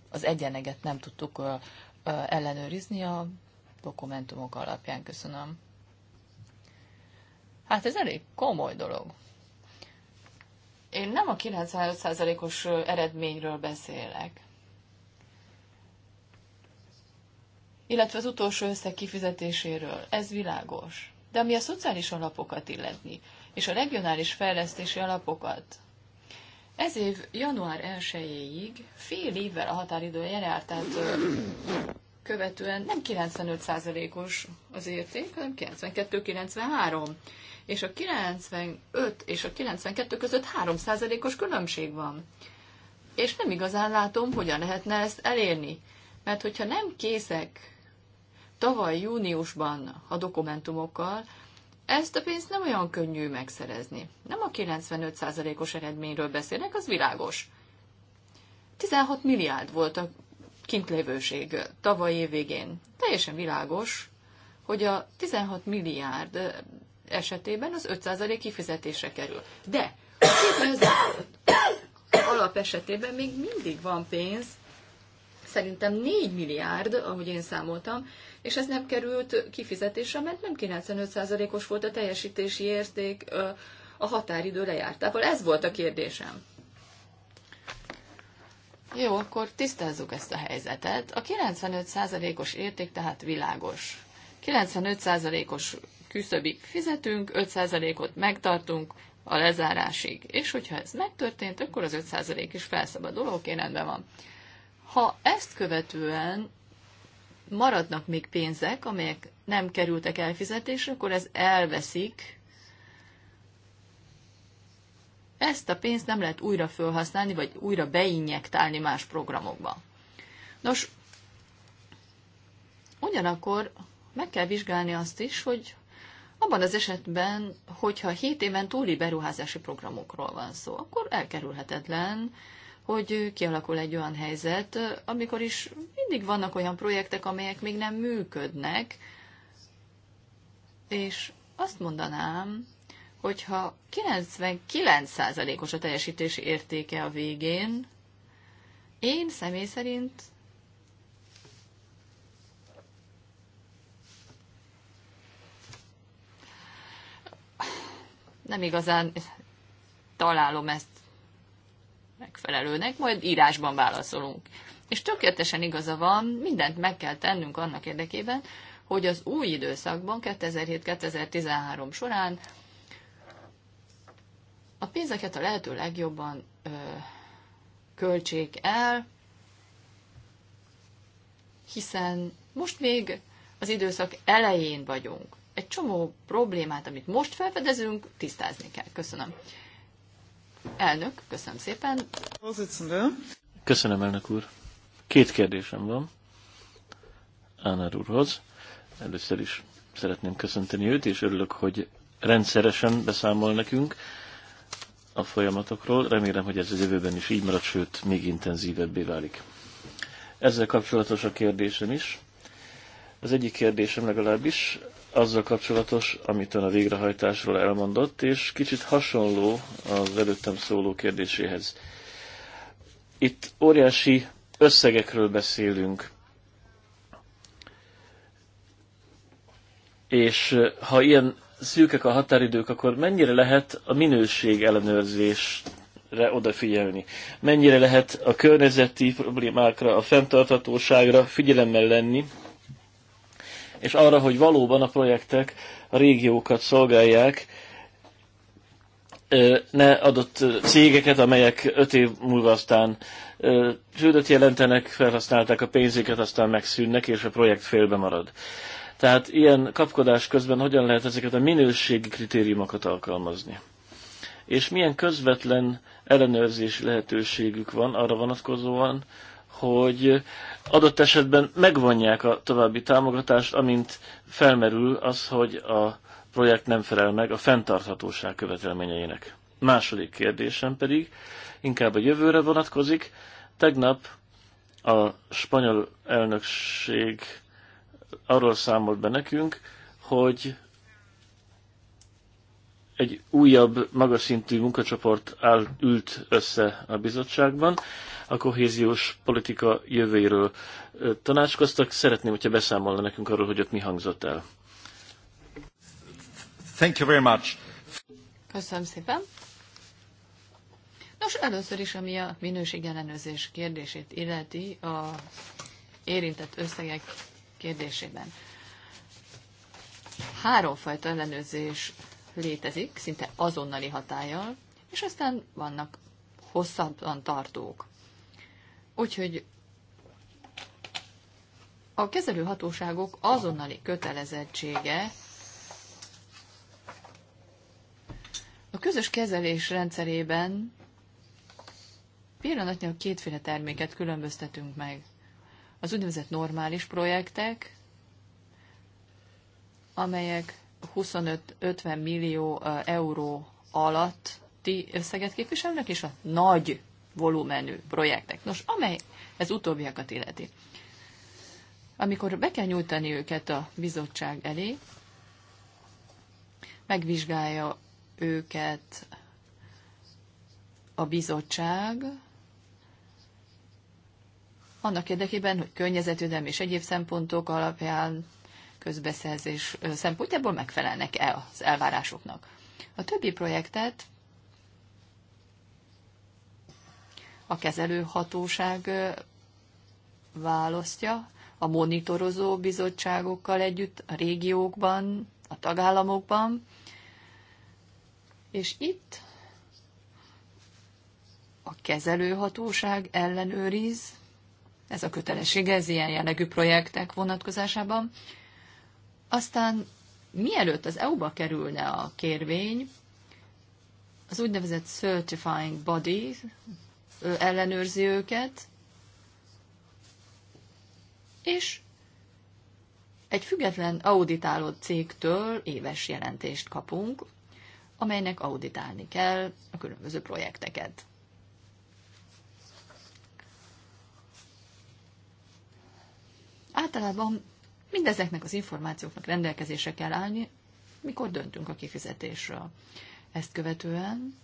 az egyeneget nem tudtuk ö, ö, ellenőrizni a dokumentumok alapján. Köszönöm. Hát ez elég komoly dolog. Én nem a 95%-os eredményről beszélek. Illetve az utolsó összeg kifizetéséről. Ez világos. De ami a szociális alapokat illetni, és a regionális fejlesztési alapokat, ez év január 1-ig, fél évvel a határidő lejártát követően nem 95%-os az érték, hanem 92-93. És a 95 és a 92 között 3%-os különbség van. És nem igazán látom, hogyan lehetne ezt elérni. Mert hogyha nem készek tavaly júniusban a dokumentumokkal, ezt a pénzt nem olyan könnyű megszerezni. Nem a 95%-os eredményről beszélek, az világos. 16 milliárd volt a kintlévőség tavaly év végén. Teljesen világos, hogy a 16 milliárd esetében az 5% kifizetése kerül. De a alap esetében még mindig van pénz, szerintem 4 milliárd, ahogy én számoltam, és ez nem került kifizetésre, mert nem 95%-os volt a teljesítési érték a határidő lejártával. Ez volt a kérdésem. Jó, akkor tisztázzuk ezt a helyzetet. A 95%-os érték tehát világos. 95%-os küszöbig fizetünk, 5%-ot megtartunk a lezárásig. És hogyha ez megtörtént, akkor az 5% is felszabadul, oké, rendben van. Ha ezt követően maradnak még pénzek, amelyek nem kerültek elfizetésre, akkor ez elveszik ezt a pénzt nem lehet újra felhasználni, vagy újra beinjektálni más programokba. Nos, ugyanakkor meg kell vizsgálni azt is, hogy abban az esetben, hogyha 7 éven túli beruházási programokról van szó, akkor elkerülhetetlen, hogy kialakul egy olyan helyzet, amikor is mindig vannak olyan projektek, amelyek még nem működnek, és azt mondanám, hogyha 99%-os a teljesítési értéke a végén, én személy szerint nem igazán találom ezt megfelelőnek, majd írásban válaszolunk. És tökéletesen igaza van, mindent meg kell tennünk annak érdekében, hogy az új időszakban, 2007-2013 során a pénzeket a lehető legjobban ö, költsék el, hiszen most még az időszak elején vagyunk. Egy csomó problémát, amit most felfedezünk, tisztázni kell. Köszönöm. Elnök, köszönöm szépen. Köszönöm, elnök úr. Két kérdésem van Ánár úrhoz. Először is szeretném köszönteni őt, és örülök, hogy rendszeresen beszámol nekünk a folyamatokról. Remélem, hogy ez a jövőben is így marad, sőt, még intenzívebbé válik. Ezzel kapcsolatos a kérdésem is. Az egyik kérdésem legalábbis azzal kapcsolatos, amit ön a végrehajtásról elmondott, és kicsit hasonló az előttem szóló kérdéséhez. Itt óriási összegekről beszélünk, és eh, ha ilyen szűkek a határidők, akkor mennyire lehet a minőség ellenőrzésre odafigyelni? Mennyire lehet a környezeti problémákra, a fenntarthatóságra figyelemmel lenni, és arra, hogy valóban a projektek a régiókat szolgálják, ne adott cégeket, amelyek öt év múlva aztán csődöt jelentenek, felhasználták a pénzéket, aztán megszűnnek, és a projekt félbe marad. Tehát ilyen kapkodás közben hogyan lehet ezeket a minőségi kritériumokat alkalmazni? És milyen közvetlen ellenőrzési lehetőségük van arra vonatkozóan, hogy adott esetben megvonják a további támogatást, amint felmerül az, hogy a projekt nem felel meg a fenntarthatóság követelményeinek. Második kérdésem pedig inkább a jövőre vonatkozik. Tegnap a spanyol elnökség arról számolt be nekünk, hogy egy újabb, magas szintű munkacsoport áll, ült össze a bizottságban, a kohéziós politika jövőjéről tanácskoztak. Szeretném, hogyha beszámolna nekünk arról, hogy ott mi hangzott el. Thank you very much. Köszönöm szépen. Nos, először is, ami a minőségellenőrzés kérdését illeti, a érintett összegek kérdésében. Háromfajta ellenőrzés létezik, szinte azonnali hatállyal, és aztán vannak hosszabban tartók. Úgyhogy a kezelőhatóságok azonnali kötelezettsége a közös kezelés rendszerében pillanatnyilag kétféle terméket különböztetünk meg. Az úgynevezett normális projektek, amelyek 25-50 millió euró alatti összeget képviselnek, és a nagy volumenű projektek. Nos, amely ez utóbbiakat illeti. Amikor be kell nyújtani őket a bizottság elé, megvizsgálja őket a bizottság, annak érdekében, hogy környezetvédelmi és egyéb szempontok alapján közbeszerzés szempontjából megfelelnek el az elvárásoknak. A többi projektet a kezelőhatóság választja, a monitorozó bizottságokkal együtt a régiókban, a tagállamokban, és itt a kezelőhatóság ellenőriz, ez a kötelesség, ez ilyen jellegű projektek vonatkozásában. Aztán mielőtt az EU-ba kerülne a kérvény, az úgynevezett certifying body ellenőrzi őket, és egy független auditáló cégtől éves jelentést kapunk, amelynek auditálni kell a különböző projekteket. Általában mindezeknek az információknak rendelkezésre kell állni, mikor döntünk a kifizetésről. Ezt követően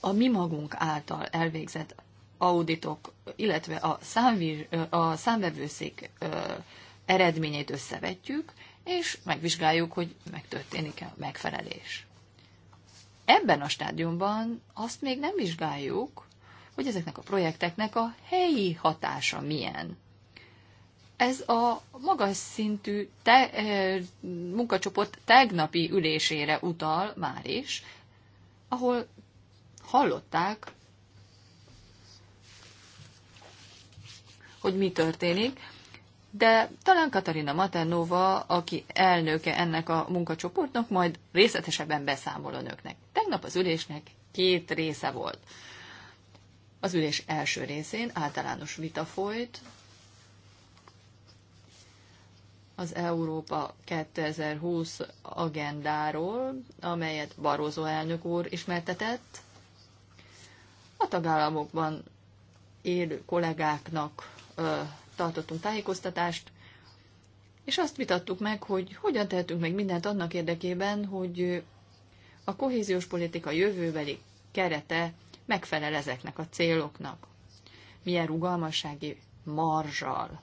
a mi magunk által elvégzett auditok, illetve a, számvíz, a számvevőszék eredményét összevetjük, és megvizsgáljuk, hogy megtörténik-e megfelelés. Ebben a stádiumban azt még nem vizsgáljuk, hogy ezeknek a projekteknek a helyi hatása milyen ez a magas szintű te, e, munkacsoport tegnapi ülésére utal már is, ahol hallották, hogy mi történik, de talán Katarina Maternova, aki elnöke ennek a munkacsoportnak, majd részletesebben beszámol önöknek. Tegnap az ülésnek két része volt. Az ülés első részén általános vita folyt az Európa 2020 agendáról, amelyet Barozó elnök úr ismertetett. A tagállamokban élő kollégáknak ö, tartottunk tájékoztatást, és azt vitattuk meg, hogy hogyan tehetünk meg mindent annak érdekében, hogy a kohéziós politika jövőbeli kerete megfelel ezeknek a céloknak. Milyen rugalmassági marzsal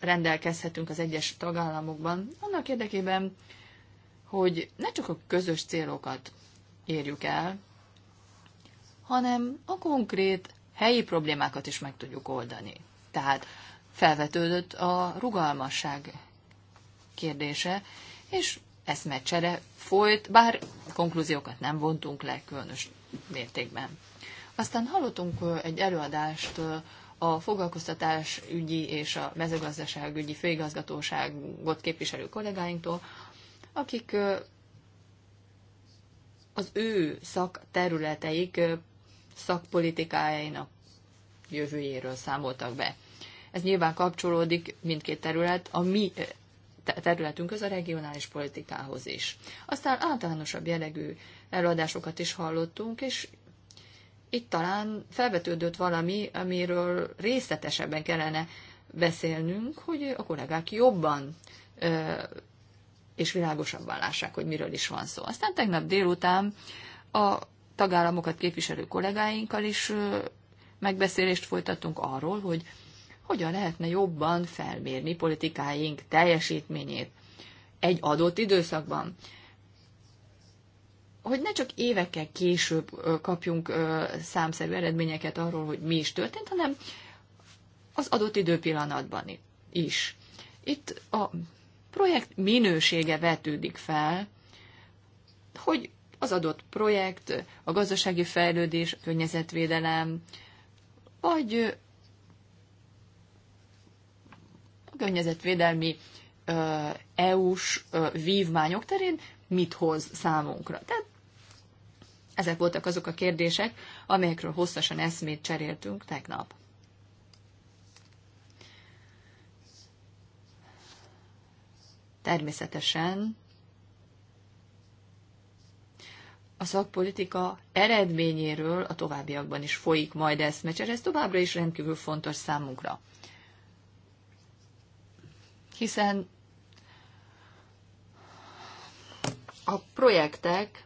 rendelkezhetünk az egyes tagállamokban, annak érdekében, hogy ne csak a közös célokat érjük el, hanem a konkrét helyi problémákat is meg tudjuk oldani. Tehát felvetődött a rugalmasság kérdése, és meccsere folyt, bár konklúziókat nem vontunk le különös mértékben. Aztán hallottunk egy előadást a foglalkoztatás ügyi és a ügyi főigazgatóságot képviselő kollégáinktól, akik az ő szakterületeik szakpolitikájának jövőjéről számoltak be. Ez nyilván kapcsolódik mindkét terület a mi területünkhöz, a regionális politikához is. Aztán általánosabb jellegű előadásokat is hallottunk, és itt talán felvetődött valami, amiről részletesebben kellene beszélnünk, hogy a kollégák jobban és világosabban lássák, hogy miről is van szó. Aztán tegnap délután a tagállamokat képviselő kollégáinkkal is megbeszélést folytattunk arról, hogy hogyan lehetne jobban felmérni politikáink teljesítményét egy adott időszakban hogy ne csak évekkel később kapjunk számszerű eredményeket arról, hogy mi is történt, hanem az adott időpillanatban is. Itt a projekt minősége vetődik fel, hogy az adott projekt, a gazdasági fejlődés, a környezetvédelem, vagy a környezetvédelmi EU-s vívmányok terén mit hoz számunkra. Tehát ezek voltak azok a kérdések, amelyekről hosszasan eszmét cseréltünk tegnap. Természetesen a szakpolitika eredményéről a továbbiakban is folyik majd eszmecsere, ez továbbra is rendkívül fontos számunkra. Hiszen a projektek,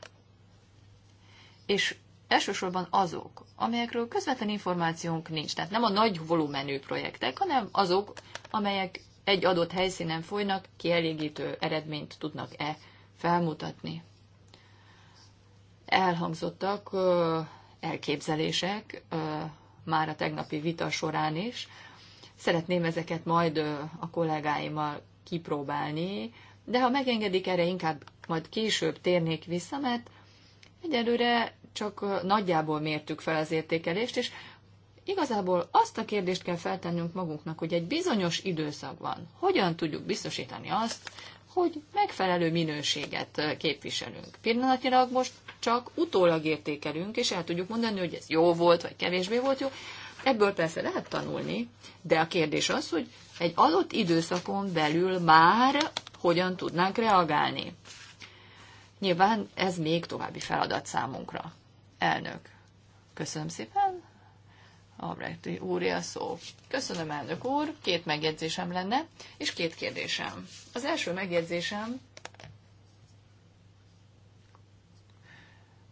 és elsősorban azok, amelyekről közvetlen információnk nincs, tehát nem a nagy volumenű projektek, hanem azok, amelyek egy adott helyszínen folynak, kielégítő eredményt tudnak-e felmutatni. Elhangzottak elképzelések már a tegnapi vita során is. Szeretném ezeket majd a kollégáimmal kipróbálni, de ha megengedik, erre inkább majd később térnék vissza, mert egyelőre csak nagyjából mértük fel az értékelést, és igazából azt a kérdést kell feltennünk magunknak, hogy egy bizonyos időszakban hogyan tudjuk biztosítani azt, hogy megfelelő minőséget képviselünk. Pillanatnyilag most csak utólag értékelünk, és el tudjuk mondani, hogy ez jó volt, vagy kevésbé volt jó. Ebből persze lehet tanulni, de a kérdés az, hogy egy adott időszakon belül már hogyan tudnánk reagálni. Nyilván ez még további feladat számunkra. Elnök, köszönöm szépen. Abrechti úré a szó. Köszönöm, elnök úr. Két megjegyzésem lenne, és két kérdésem. Az első megjegyzésem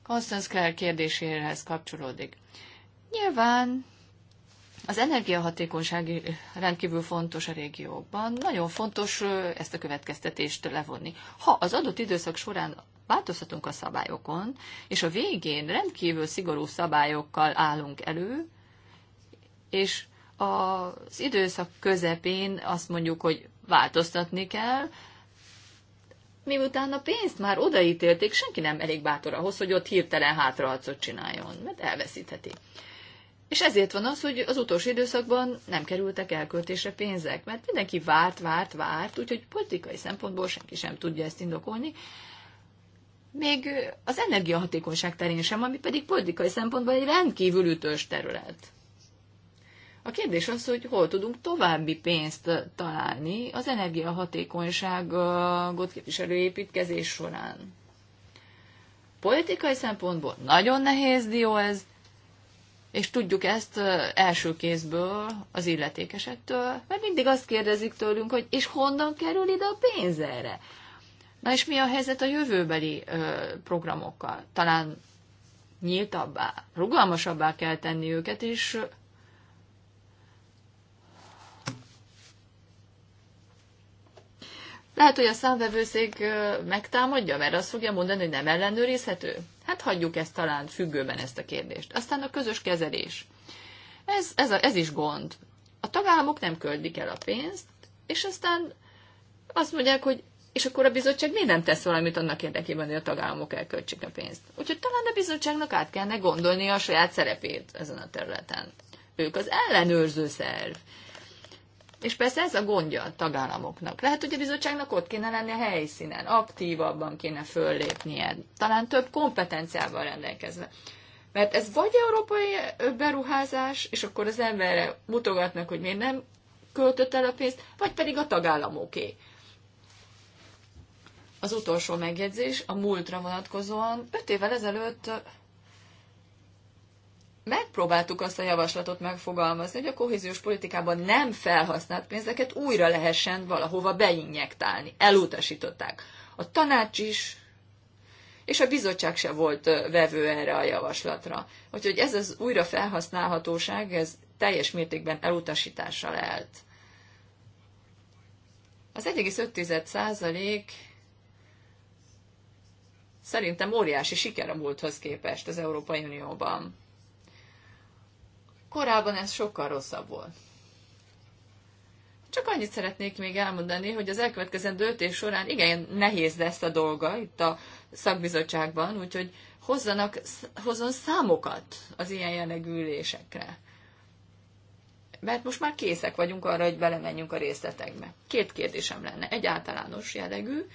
Constance Clare kérdéséhez kapcsolódik. Nyilván az energiahatékonyság rendkívül fontos a régiókban. Nagyon fontos ezt a következtetést levonni. Ha az adott időszak során változtatunk a szabályokon, és a végén rendkívül szigorú szabályokkal állunk elő, és az időszak közepén azt mondjuk, hogy változtatni kell, miután a pénzt már odaítélték, senki nem elég bátor ahhoz, hogy ott hirtelen hátrahatszot csináljon, mert elveszítheti. És ezért van az, hogy az utolsó időszakban nem kerültek elköltésre pénzek, mert mindenki várt, várt, várt, úgyhogy politikai szempontból senki sem tudja ezt indokolni. Még az energiahatékonyság terén sem, ami pedig politikai szempontból egy rendkívül ütős terület. A kérdés az, hogy hol tudunk további pénzt találni az energiahatékonyságot képviselő építkezés során. Politikai szempontból nagyon nehéz dió ez, és tudjuk ezt első kézből az illetékesektől, mert mindig azt kérdezik tőlünk, hogy és honnan kerül ide a pénz erre? Na és mi a helyzet a jövőbeli programokkal? Talán nyíltabbá, rugalmasabbá kell tenni őket, és Lehet, hogy a számvevőszék megtámadja, mert azt fogja mondani, hogy nem ellenőrizhető. Hát hagyjuk ezt talán függőben ezt a kérdést. Aztán a közös kezelés. Ez, ez, a, ez is gond. A tagállamok nem köldik el a pénzt, és aztán azt mondják, hogy és akkor a bizottság miért nem tesz valamit annak érdekében, hogy a tagállamok elköltsék a pénzt. Úgyhogy talán a bizottságnak át kellene gondolni a saját szerepét ezen a területen. Ők az ellenőrző szerv. És persze ez a gondja a tagállamoknak. Lehet, hogy a bizottságnak ott kéne lenni a helyszínen, aktívabban kéne föllépnie, talán több kompetenciával rendelkezve. Mert ez vagy európai beruházás, és akkor az emberre mutogatnak, hogy miért nem költött el a pénzt, vagy pedig a tagállamoké. Az utolsó megjegyzés a múltra vonatkozóan. Öt évvel ezelőtt megpróbáltuk azt a javaslatot megfogalmazni, hogy a kohéziós politikában nem felhasznált pénzeket újra lehessen valahova beinjektálni. Elutasították. A tanács is, és a bizottság se volt vevő erre a javaslatra. Úgyhogy ez az újra felhasználhatóság, ez teljes mértékben elutasításra lehet. Az 1,5 százalék szerintem óriási siker a múlthoz képest az Európai Unióban. Korábban ez sokkal rosszabb volt. Csak annyit szeretnék még elmondani, hogy az elkövetkezendő öt év során igen nehéz lesz a dolga itt a szakbizottságban, úgyhogy hozzanak, hozzon számokat az ilyen jellegű ülésekre. Mert most már készek vagyunk arra, hogy belemenjünk a részletekbe. Két kérdésem lenne. Egy általános jellegű.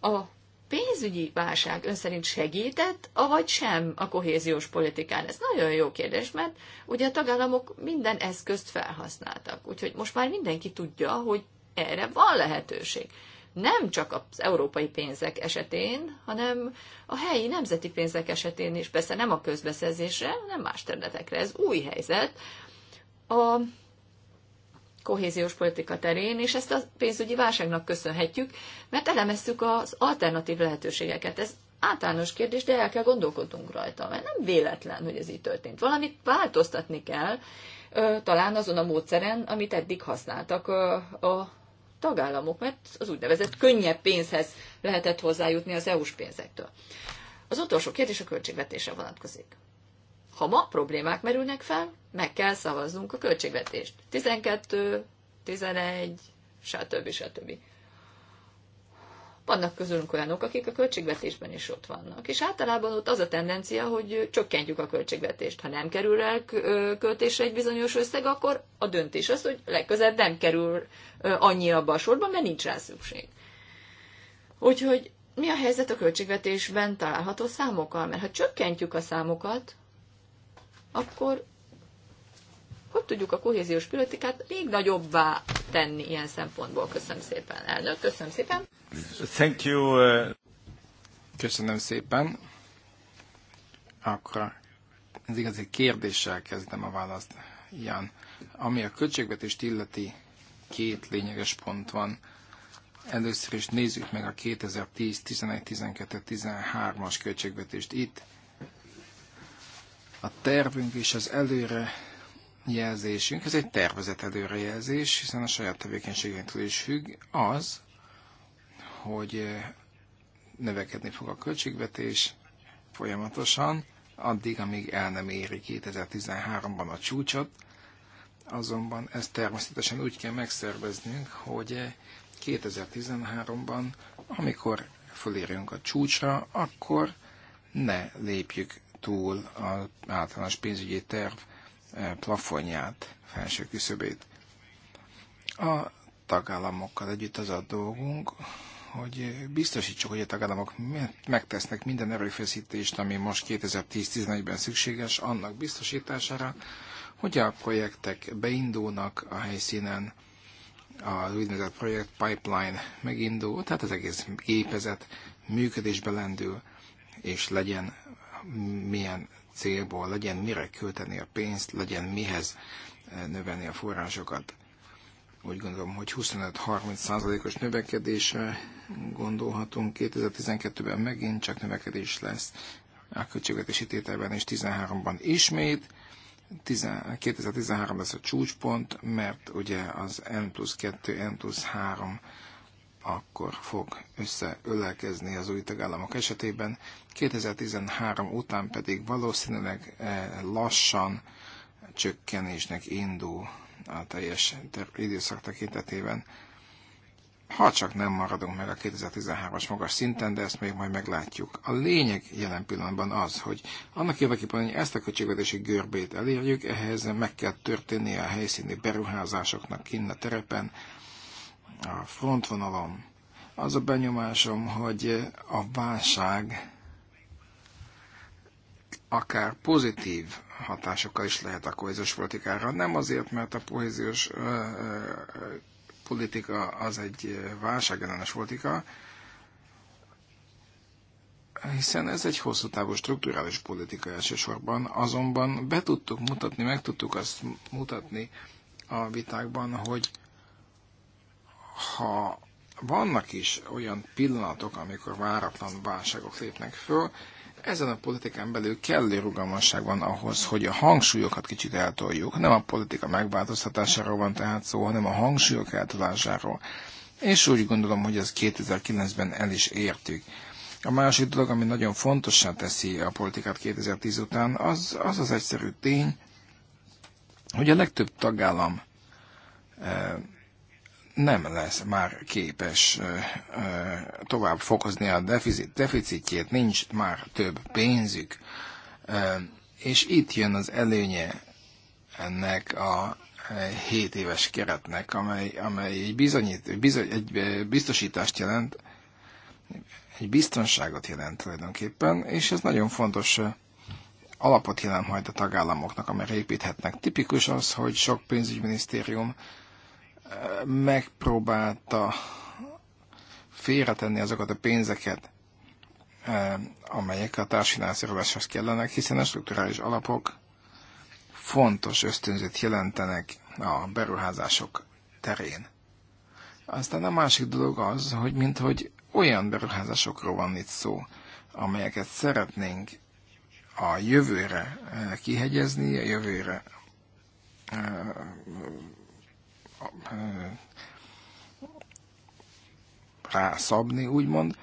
A pénzügyi válság ön szerint segített, avagy sem a kohéziós politikán? Ez nagyon jó kérdés, mert ugye a tagállamok minden eszközt felhasználtak, úgyhogy most már mindenki tudja, hogy erre van lehetőség. Nem csak az európai pénzek esetén, hanem a helyi nemzeti pénzek esetén is, persze nem a közbeszerzésre, hanem más területekre. Ez új helyzet. A kohéziós politika terén, és ezt a pénzügyi válságnak köszönhetjük, mert elemeztük az alternatív lehetőségeket. Ez általános kérdés, de el kell gondolkodnunk rajta, mert nem véletlen, hogy ez így történt. Valamit változtatni kell, talán azon a módszeren, amit eddig használtak a tagállamok, mert az úgynevezett könnyebb pénzhez lehetett hozzájutni az EU-s pénzektől. Az utolsó kérdés a költségvetésre vonatkozik. Ha ma problémák merülnek fel, meg kell szavaznunk a költségvetést. 12, 11, stb. stb. Vannak közülünk olyanok, akik a költségvetésben is ott vannak. És általában ott az a tendencia, hogy csökkentjük a költségvetést. Ha nem kerül el költésre egy bizonyos összeg, akkor a döntés az, hogy legközelebb nem kerül annyi abba a sorba, mert nincs rá szükség. Úgyhogy mi a helyzet a költségvetésben található számokkal? Mert ha csökkentjük a számokat, akkor hogy tudjuk a kohéziós politikát még nagyobbá tenni ilyen szempontból? Köszönöm szépen, elnök, köszönöm szépen. Thank you. Uh, köszönöm szépen. Akkor az igazi kérdéssel kezdem a választ, Jan. Ami a költségvetést illeti, két lényeges pont van. Először is nézzük meg a 2010, 11, 12, 13-as költségvetést. Itt a tervünk és az előre jelzésünk, ez egy tervezett előrejelzés, hiszen a saját tevékenységünktől is függ, az, hogy eh, növekedni fog a költségvetés folyamatosan, addig, amíg el nem éri 2013-ban a csúcsot, azonban ezt természetesen úgy kell megszerveznünk, hogy 2013-ban, eh, amikor fölérünk a csúcsra, akkor ne lépjük túl az általános pénzügyi terv eh, plafonját, felső küszöbét. A tagállamokkal együtt az a dolgunk, hogy biztosítsuk, hogy a tagállamok megtesznek minden erőfeszítést, ami most 2010-11-ben szükséges, annak biztosítására, hogy a projektek beindulnak a helyszínen, az úgynevezett projekt pipeline megindul, tehát az egész gépezet működésbe lendül, és legyen milyen célból, legyen mire költeni a pénzt, legyen mihez eh, növelni a forrásokat. Úgy gondolom, hogy 25-30 százalékos növekedésre gondolhatunk. 2012-ben megint csak növekedés lesz a költségvetési tételben és 13-ban ismét. 2013 lesz a csúcspont, mert ugye az N plusz 2, N plusz 3 akkor fog összeölelkezni az új tagállamok esetében, 2013 után pedig valószínűleg eh, lassan csökkenésnek indul a teljes időszak tekintetében. Ha csak nem maradunk meg a 2013-as magas szinten, de ezt még majd meglátjuk. A lényeg jelen pillanatban az, hogy annak érdekében, hogy ezt a költségvetési görbét elérjük, ehhez meg kell történnie a helyszíni beruházásoknak kinn a terepen, a frontvonalom, Az a benyomásom, hogy a válság akár pozitív hatásokkal is lehet a kohéziós politikára. Nem azért, mert a kohéziós politika az egy válságellenes politika, hiszen ez egy hosszú távú strukturális politika elsősorban, azonban be tudtuk mutatni, meg tudtuk azt mutatni a vitákban, hogy ha vannak is olyan pillanatok, amikor váratlan válságok lépnek föl, ezen a politikán belül kellő rugalmasság van ahhoz, hogy a hangsúlyokat kicsit eltoljuk. Nem a politika megváltoztatásáról van tehát szó, hanem a hangsúlyok eltolásáról. És úgy gondolom, hogy ez 2009-ben el is értük. A másik dolog, ami nagyon fontossá teszi a politikát 2010 után, az az, az egyszerű tény, hogy a legtöbb tagállam eh, nem lesz már képes tovább fokozni a deficit, deficitjét, nincs már több pénzük, és itt jön az előnye ennek a 7 éves keretnek, amely, amely egy, bizonyít, bizony, egy biztosítást jelent, egy biztonságot jelent tulajdonképpen, és ez nagyon fontos alapot jelent majd a tagállamoknak, amelyre építhetnek. Tipikus az, hogy sok pénzügyminisztérium megpróbálta félretenni azokat a pénzeket, eh, amelyek a társfinanszírozáshoz kellenek, hiszen a strukturális alapok fontos ösztönzőt jelentenek a beruházások terén. Aztán a másik dolog az, hogy mint hogy olyan beruházásokról van itt szó, amelyeket szeretnénk a jövőre eh, kihegyezni, a jövőre eh, rászabni, úgymond.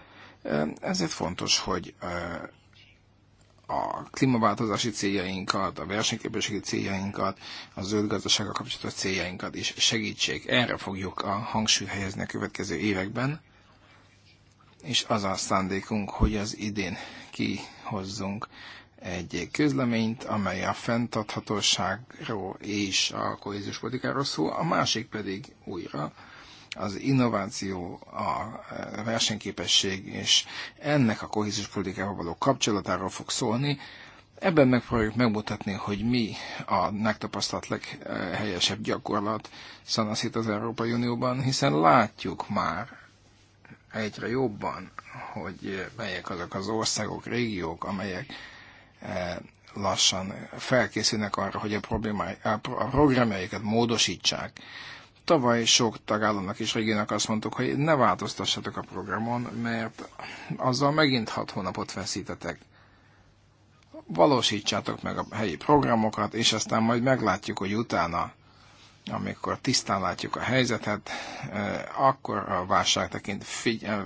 Ezért fontos, hogy a klímaváltozási céljainkat, a versenyképességi céljainkat, a zöld gazdasággal kapcsolatos céljainkat is segítsék. Erre fogjuk a hangsúly helyezni a következő években, és az a szándékunk, hogy az idén kihozzunk egy közleményt, amely a fenntarthatóságról és a kohéziós politikáról szól, a másik pedig újra az innováció, a e, versenyképesség és ennek a kohéziós politikával való kapcsolatáról fog szólni. Ebben megpróbáljuk megmutatni, hogy mi a megtapasztalt leghelyesebb gyakorlat szanaszít az Európai Unióban, hiszen látjuk már egyre jobban, hogy melyek azok az országok, régiók, amelyek Eh, lassan felkészülnek arra, hogy a, a programjaikat módosítsák. Tavaly sok tagállamnak és régiónak azt mondtuk, hogy ne változtassatok a programon, mert azzal megint hat hónapot veszítetek. Valósítsátok meg a helyi programokat, és aztán majd meglátjuk, hogy utána amikor tisztán látjuk a helyzetet, akkor a válság tekint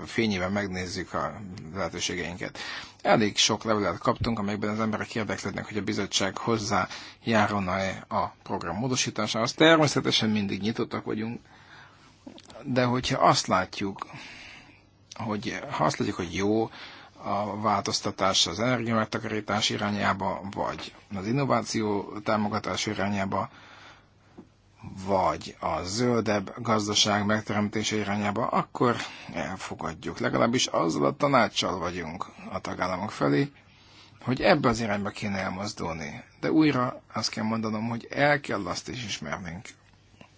fényében megnézzük a lehetőségeinket. Elég sok levelet kaptunk, amelyekben az emberek érdeklődnek, hogy a bizottság hozzá járna-e a program módosításához. Természetesen mindig nyitottak vagyunk, de hogyha azt látjuk, hogy ha azt látjuk, hogy jó, a változtatás az energiamegtakarítás irányába, vagy az innováció támogatás irányába, vagy a zöldebb gazdaság megteremtése irányába, akkor elfogadjuk. Legalábbis azzal a tanácssal vagyunk a tagállamok felé, hogy ebbe az irányba kéne elmozdulni. De újra azt kell mondanom, hogy el kell azt is ismernünk,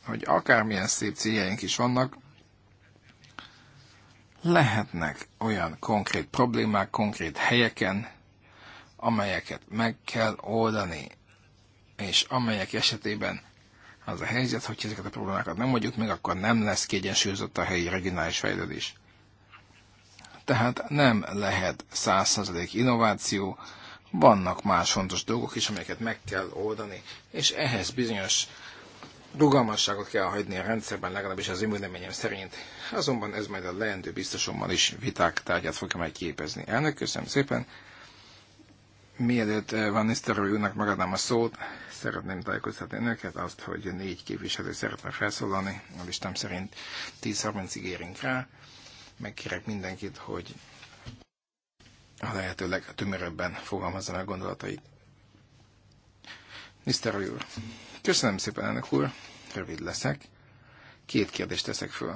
hogy akármilyen szép céljaink is vannak, lehetnek olyan konkrét problémák, konkrét helyeken, amelyeket meg kell oldani, és amelyek esetében az a helyzet, hogy ezeket a problémákat nem mondjuk meg, akkor nem lesz kiegyensúlyozott a helyi regionális fejlődés. Tehát nem lehet 100% innováció, vannak más fontos dolgok is, amelyeket meg kell oldani, és ehhez bizonyos rugalmasságot kell hagyni a rendszerben, legalábbis az én szerint. Azonban ez majd a leendő biztosommal is viták tárgyát fogja majd képezni. Elnök, köszönöm szépen! Mielőtt eh, Van Nisztelrooy úrnak megadnám a szót, szeretném tájékoztatni önöket azt, hogy négy képviselő szeretne felszólalni, a listám szerint 10-30-ig érünk rá. Megkérek mindenkit, hogy a lehető legtömörebben fogalmazza meg gondolatait. Nisztelrooy úr, köszönöm szépen, elnök úr, rövid leszek. Két kérdést teszek föl.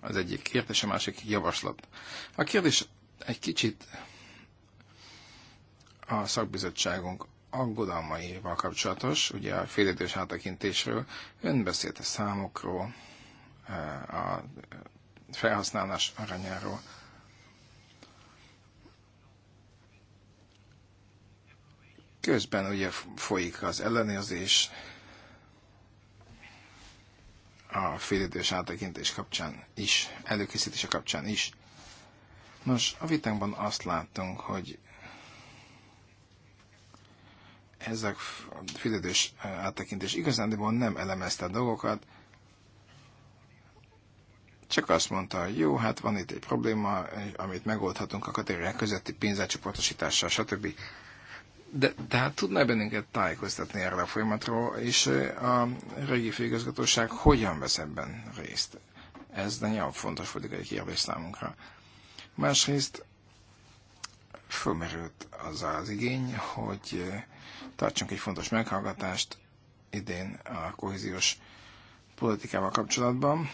Az egyik kérdés, a másik javaslat. A kérdés egy kicsit a szakbizottságunk aggodalmaival kapcsolatos, ugye a félidős áttekintésről, ön beszélt a számokról, eh, a felhasználás aranyáról. Közben ugye folyik az ellenőrzés a félidős áttekintés kapcsán is, előkészítése kapcsán is. Nos, a vitánkban azt láttunk, hogy ezek a fizetős áttekintés igazándiból nem elemezte a dolgokat, csak azt mondta, hogy jó, hát van itt egy probléma, amit megoldhatunk a kategóriák közötti pénzácsoportosítással, stb. De, hát tudná bennünket tájékoztatni erre a folyamatról, és a régi főigazgatóság hogyan vesz ebben részt? Ez nagyon fontos politikai kérdés számunkra. Másrészt fölmerült az az igény, hogy tartsunk egy fontos meghallgatást idén a kohéziós politikával kapcsolatban.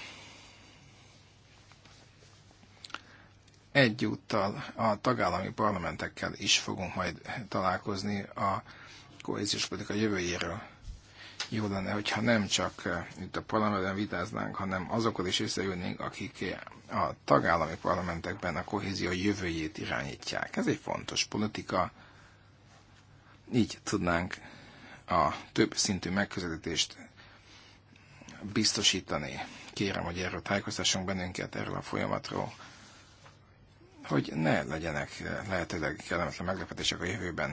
Egyúttal a tagállami parlamentekkel is fogunk majd találkozni a kohéziós politika jövőjéről jó lenne, hogyha nem csak eh, itt a parlamenten vitáznánk, hanem azokkal is összejönnénk, akik eh, a tagállami parlamentekben a kohézió jövőjét irányítják. Ez egy fontos politika. Így tudnánk a több szintű megközelítést biztosítani. Kérem, hogy erről tájékoztassunk bennünket, erről a folyamatról, hogy ne legyenek eh, lehetőleg kellemetlen meglepetések a jövőben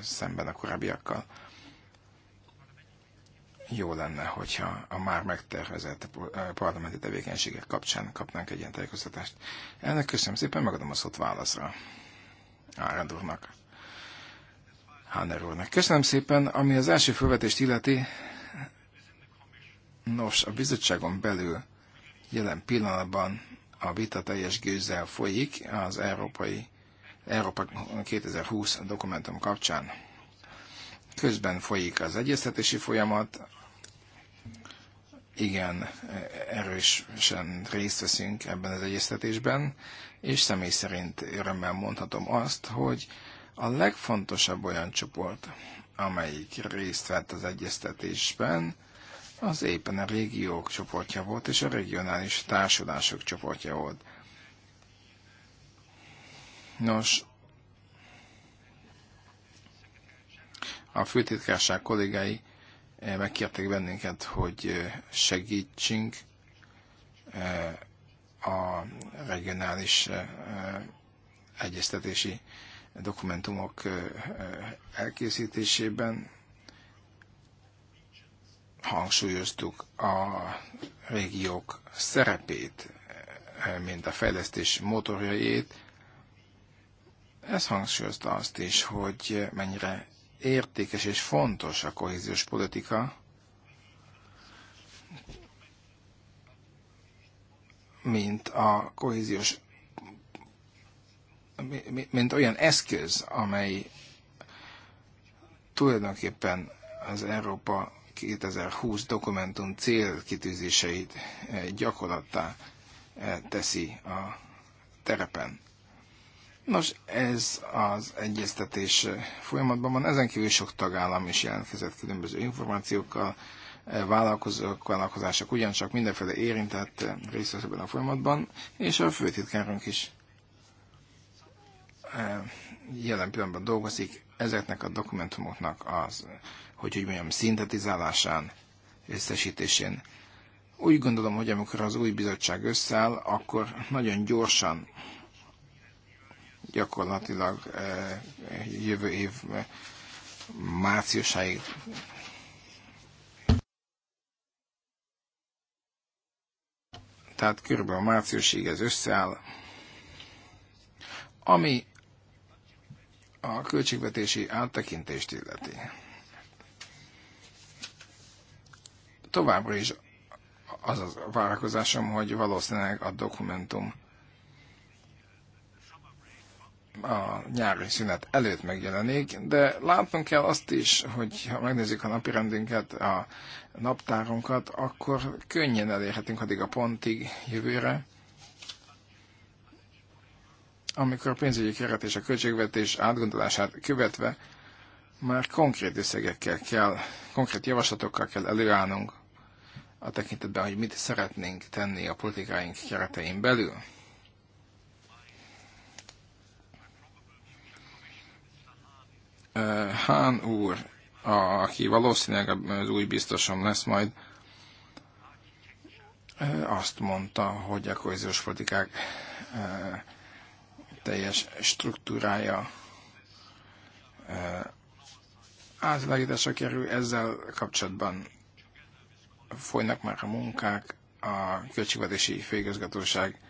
szemben a korábbiakkal jó lenne, hogyha a már megtervezett parlamenti tevékenységek kapcsán kapnánk egy ilyen tájékoztatást. Ennek köszönöm szépen, megadom a szót válaszra. Árend úrnak. Hanner úrnak. Köszönöm szépen, ami az első felvetést illeti. Nos, a bizottságon belül jelen pillanatban a vita teljes gőzzel folyik az Európai Európa 2020 dokumentum kapcsán Közben folyik az egyeztetési folyamat, igen erősen részt veszünk ebben az egyeztetésben, és személy szerint örömmel mondhatom azt, hogy a legfontosabb olyan csoport, amelyik részt vett az egyeztetésben, az éppen a régiók csoportja volt, és a regionális társulások csoportja volt. Nos, A főtitkárság kollégái eh, megkérték bennünket, hogy eh, segítsünk eh, a regionális egyeztetési dokumentumok elkészítésében. Hangsúlyoztuk a régiók szerepét, mint a fejlesztés motorjait. Ez hangsúlyozta azt is, hogy mennyire értékes és fontos a kohéziós politika. mint a kohéziós, mint olyan eszköz, amely tulajdonképpen az Európa 2020 dokumentum célkitűzéseit eh, gyakorlattá eh, teszi a terepen. Nos, ez az egyeztetés folyamatban van. Ezen kívül sok tagállam is jelentkezett különböző információkkal, eh, vállalkozók, vállalkozások ugyancsak mindenféle érintett eh, részt vesz ebben a folyamatban, és a főtitkárunk is eh, jelen pillanatban dolgozik ezeknek a dokumentumoknak az, hogy úgy mondjam, szintetizálásán, összesítésén. Úgy gondolom, hogy amikor az új bizottság összeáll, akkor nagyon gyorsan gyakorlatilag eh, jövő év eh, márciusáig tehát körülbelül márciusig ez összeáll. Ami a költségvetési áttekintést illeti. Továbbra is az a várakozásom, hogy valószínűleg a dokumentum a nyári szünet előtt megjelenik, de látnunk kell azt is, hogy ha megnézzük a napirendünket, a naptárunkat, akkor könnyen elérhetünk addig a pontig jövőre, amikor a pénzügyi keret és a költségvetés átgondolását követve már konkrét összegekkel kell, konkrét javaslatokkal kell előállnunk a tekintetben, hogy mit szeretnénk tenni a politikáink keretein belül. Hán úr, aki valószínűleg az új biztosom lesz majd, azt mondta, hogy a kohéziós politikák teljes struktúrája átvilágításra kerül, ezzel kapcsolatban folynak már a munkák, a Költségvetési Főigazgatóság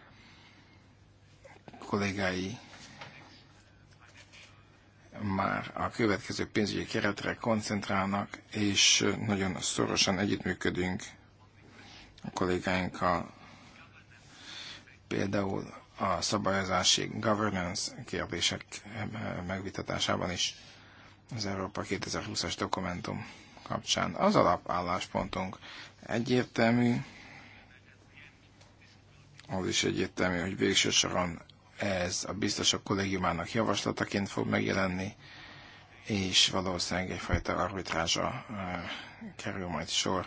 kollégái már a következő pénzügyi keretre koncentrálnak, és nagyon szorosan együttműködünk a kollégáinkkal, például a szabályozási governance kérdések eh, megvitatásában is az Európa 2020-as dokumentum kapcsán. Az alapálláspontunk egyértelmű, az is egyértelmű, hogy végső soron ez a biztosok kollégiumának javaslataként fog megjelenni, és valószínűleg egyfajta arbitrázsa kerül majd sor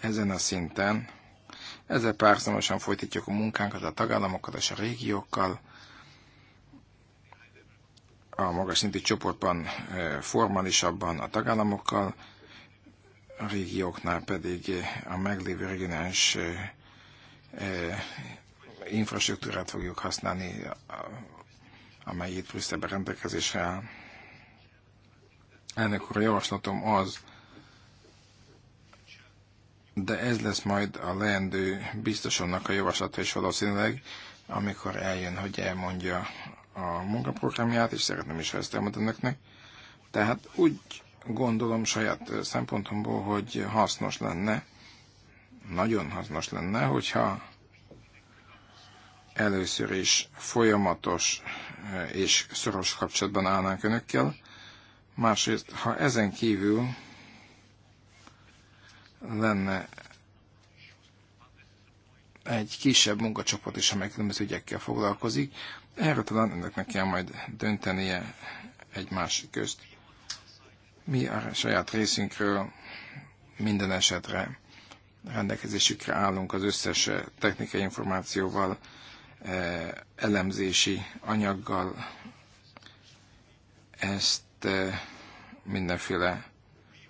ezen a szinten. Ezzel párhuzamosan folytatjuk a munkánkat a tagállamokkal és a régiókkal. A magas szintű csoportban formálisabban a tagállamokkal, a régióknál pedig a meglévő regionális infrastruktúrát fogjuk használni, amely itt Brüsszelben rendelkezésre áll. Ennek a javaslatom az, de ez lesz majd a leendő biztosonnak a javaslata is valószínűleg, amikor eljön, hogy elmondja a munkaprogramját, és szeretném is, ha ezt elmondom önöknek. Tehát úgy gondolom saját szempontomból, hogy hasznos lenne, nagyon hasznos lenne, hogyha Először is folyamatos eh, és szoros kapcsolatban állnánk önökkel. Másrészt, ha ezen kívül lenne egy kisebb munkacsoport is, amely különböző ügyekkel foglalkozik. Erről talán önöknek kell majd döntenie egymás közt. Mi a saját részünkről minden esetre rendelkezésükre állunk az összes technikai információval, Eh, elemzési anyaggal ezt eh, mindenféle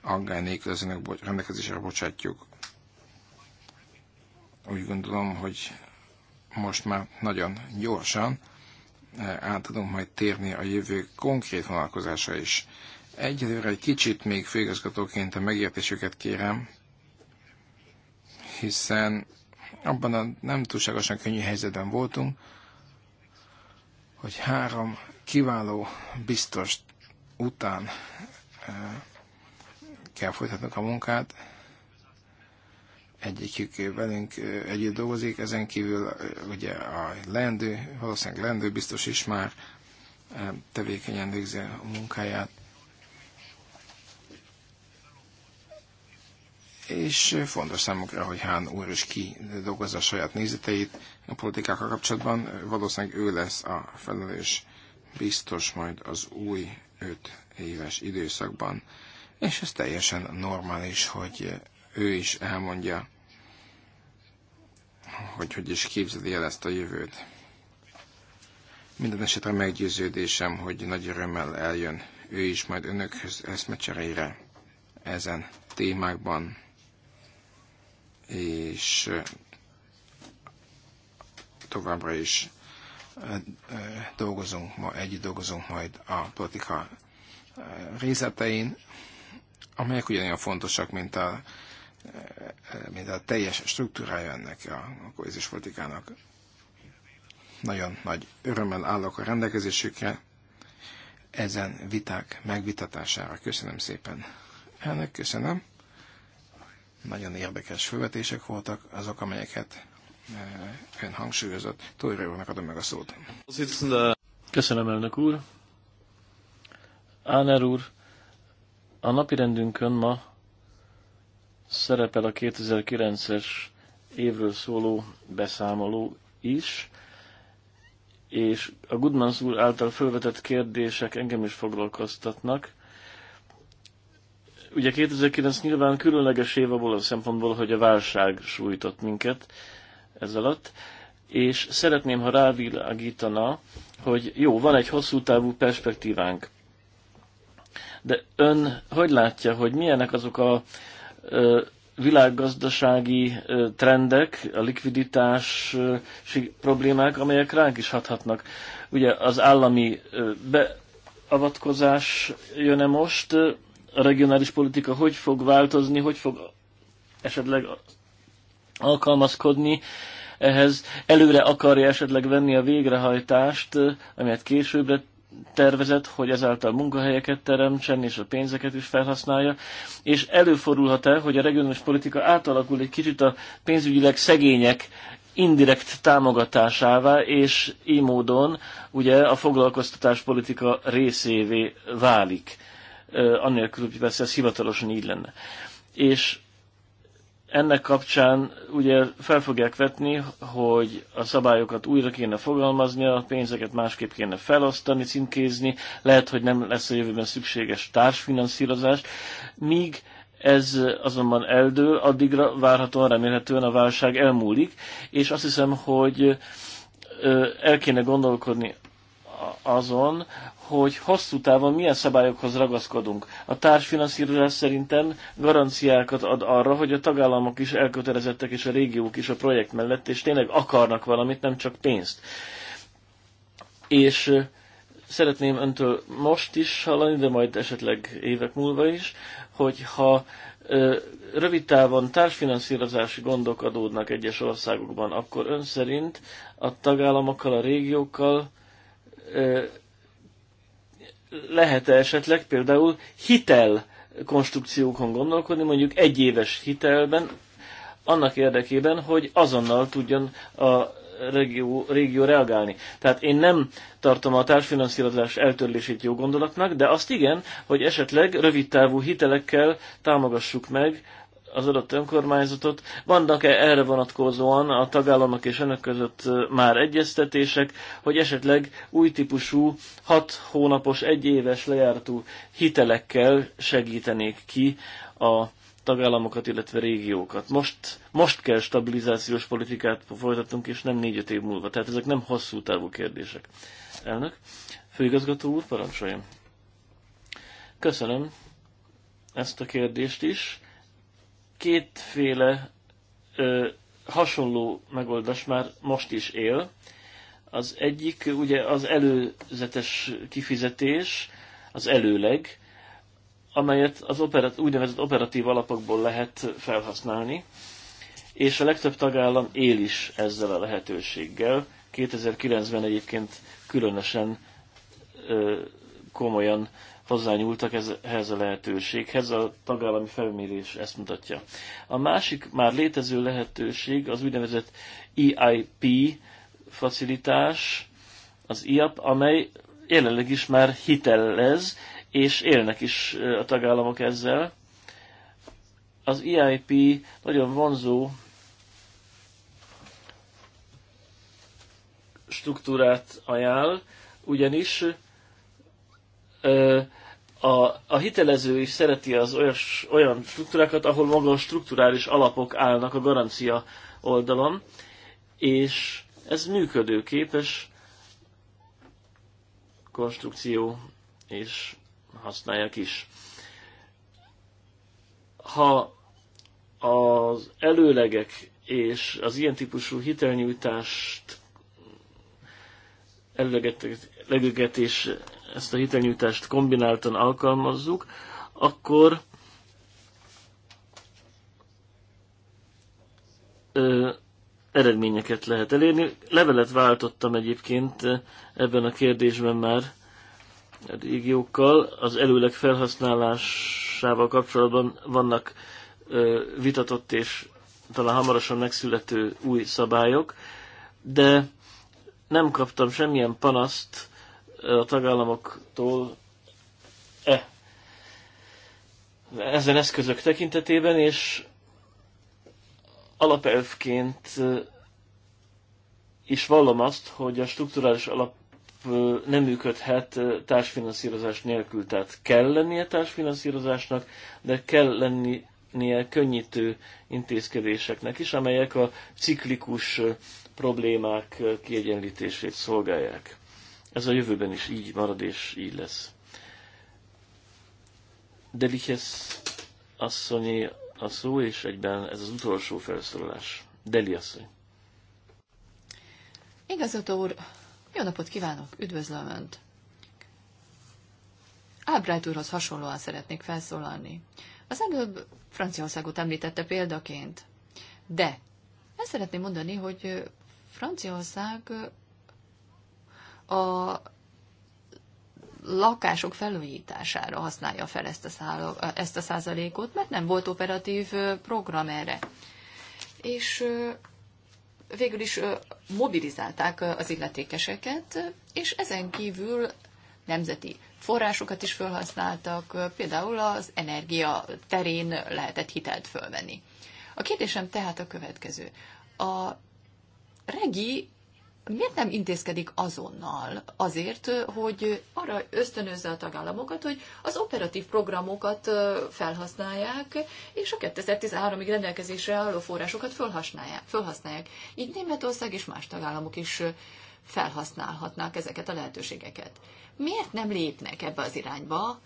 aggály nélkül az önök rendelkezésre bocsátjuk. Úgy gondolom, hogy most már nagyon gyorsan eh, át tudunk majd térni a jövő konkrét vonalkozása is. Egyelőre egy kicsit még főigazgatóként a megértésüket kérem, hiszen abban a nem túlságosan könnyű helyzetben voltunk, hogy három kiváló biztos után eh, kell folytatnunk a munkát. Egyikük velünk eh, együtt dolgozik, ezen kívül eh, ugye a lendő, valószínűleg lendő biztos is már tevékenyen végzi a munkáját. és fontos számukra, hogy Hán úr is kidolgozza a saját nézeteit a politikákkal kapcsolatban. Valószínűleg ő lesz a felelős biztos majd az új öt éves időszakban, és ez teljesen normális, hogy ő is elmondja, hogy hogy is képzeli el ezt a jövőt. Minden esetre meggyőződésem, hogy nagy örömmel eljön ő is majd önökhöz eszmecserére ezen témákban és továbbra is dolgozunk, ma együtt dolgozunk majd a politika részletein, amelyek ugyanolyan fontosak, mint a, mint a teljes struktúrája ennek a, kohézis politikának. Nagyon nagy örömmel állok a rendelkezésükre ezen viták megvitatására. Köszönöm szépen. Ennek köszönöm. Nagyon érdekes felvetések voltak, azok, amelyeket eh, ön hangsúlyozott. Tóri úrnak adom meg a szót. Köszönöm, elnök úr. Áner úr, a napirendünkön ma szerepel a 2009-es évről szóló beszámoló is, és a Goodmans úr által felvetett kérdések engem is foglalkoztatnak. Ugye 2009 nyilván különleges év abból a szempontból, hogy a válság sújtott minket ez alatt, és szeretném, ha rávilágítana, hogy jó, van egy hosszú távú perspektívánk, de ön hogy látja, hogy milyenek azok a ö, világgazdasági ö, trendek, a likviditás problémák, amelyek ránk is hathatnak? Ugye az állami ö, beavatkozás jön-e most, a regionális politika hogy fog változni, hogy fog esetleg alkalmazkodni ehhez, előre akarja esetleg venni a végrehajtást, amelyet későbbre tervezett, hogy ezáltal munkahelyeket teremtsen, és a pénzeket is felhasználja, és előfordulhat-e, hogy a regionális politika átalakul egy kicsit a pénzügyileg szegények indirekt támogatásává, és így módon ugye a foglalkoztatás politika részévé válik annélkül, hogy persze ez hivatalosan így lenne. És ennek kapcsán ugye fel fogják vetni, hogy a szabályokat újra kéne fogalmazni, a pénzeket másképp kéne felosztani, címkézni, lehet, hogy nem lesz a jövőben szükséges társfinanszírozás, míg ez azonban eldől, addigra várhatóan remélhetően a válság elmúlik, és azt hiszem, hogy el kéne gondolkodni azon, hogy hosszú távon milyen szabályokhoz ragaszkodunk. A társfinanszírozás szerintem garanciákat ad arra, hogy a tagállamok is elkötelezettek, és a régiók is a projekt mellett, és tényleg akarnak valamit, nem csak pénzt. És szeretném öntől most is hallani, de majd esetleg évek múlva is, hogy ha rövid távon társfinanszírozási gondok adódnak egyes országokban, akkor ön szerint a tagállamokkal, a régiókkal lehet-e esetleg például hitel konstrukciókon gondolkodni, mondjuk egyéves hitelben, annak érdekében, hogy azonnal tudjon a régió, régió reagálni. Tehát én nem tartom a társfinanszírozás eltörlését jó gondolatnak, de azt igen, hogy esetleg rövidtávú hitelekkel támogassuk meg az adott önkormányzatot. Vannak-e erre vonatkozóan a tagállamok és önök között már egyeztetések, hogy esetleg új típusú, hat hónapos, egy éves lejártú hitelekkel segítenék ki a tagállamokat, illetve régiókat. Most, most kell stabilizációs politikát folytatnunk, és nem négy-öt év múlva. Tehát ezek nem hosszú távú kérdések. Elnök, főigazgató úr, parancsoljon. Köszönöm ezt a kérdést is kétféle ö, hasonló megoldás már most is él. Az egyik ugye az előzetes kifizetés, az előleg, amelyet az operat, úgynevezett operatív alapokból lehet felhasználni, és a legtöbb tagállam él is ezzel a lehetőséggel. 2009-ben egyébként különösen ö, komolyan hozzányúltak ehhez a lehetőséghez, a tagállami felmérés ezt mutatja. A másik már létező lehetőség az úgynevezett EIP facilitás, az IAP, amely jelenleg is már hitellez, és élnek is a tagállamok ezzel. Az EIP nagyon vonzó struktúrát ajánl, ugyanis a, a hitelező is szereti az olyas, olyan struktúrákat, ahol maga a strukturális alapok állnak a garancia oldalon, és ez működőképes konstrukció, és használják is. Ha az előlegek és az ilyen típusú hitelnyújtást előlegetés ezt a hitelnyújtást kombináltan alkalmazzuk, akkor ö, eredményeket lehet elérni. Levelet váltottam egyébként ebben a kérdésben már a régiókkal. Az előleg felhasználásával kapcsolatban vannak ö, vitatott és talán hamarosan megszülető új szabályok, de nem kaptam semmilyen panaszt a tagállamoktól e, ezen eszközök tekintetében, és alapelvként is vallom azt, hogy a strukturális alap nem működhet társfinanszírozás nélkül. Tehát kell lennie társfinanszírozásnak, de kell lennie könnyítő intézkedéseknek is, amelyek a ciklikus problémák kiegyenlítését szolgálják. Ez a jövőben is így marad és így lesz. Deliches asszonyi a szó, és egyben ez az utolsó felszólalás. Deli asszony. Igazgató úr, jó napot kívánok, üdvözlöm Önt. Ábrájt úrhoz hasonlóan szeretnék felszólalni. Az előbb Franciaországot említette példaként. De ezt szeretném mondani, hogy Franciaország a lakások felújítására használja fel ezt a, szálló, ezt a százalékot, mert nem volt operatív program erre. És végül is mobilizálták az illetékeseket, és ezen kívül nemzeti forrásokat is felhasználtak, például az energia terén lehetett hitelt fölvenni. A kérdésem tehát a következő. A regi miért nem intézkedik azonnal? Azért, hogy arra ösztönözze a tagállamokat, hogy az operatív programokat felhasználják, és a 2013-ig rendelkezésre álló forrásokat felhasználják. felhasználják. Így Németország és más tagállamok is felhasználhatnák ezeket a lehetőségeket. Miért nem lépnek ebbe az irányba?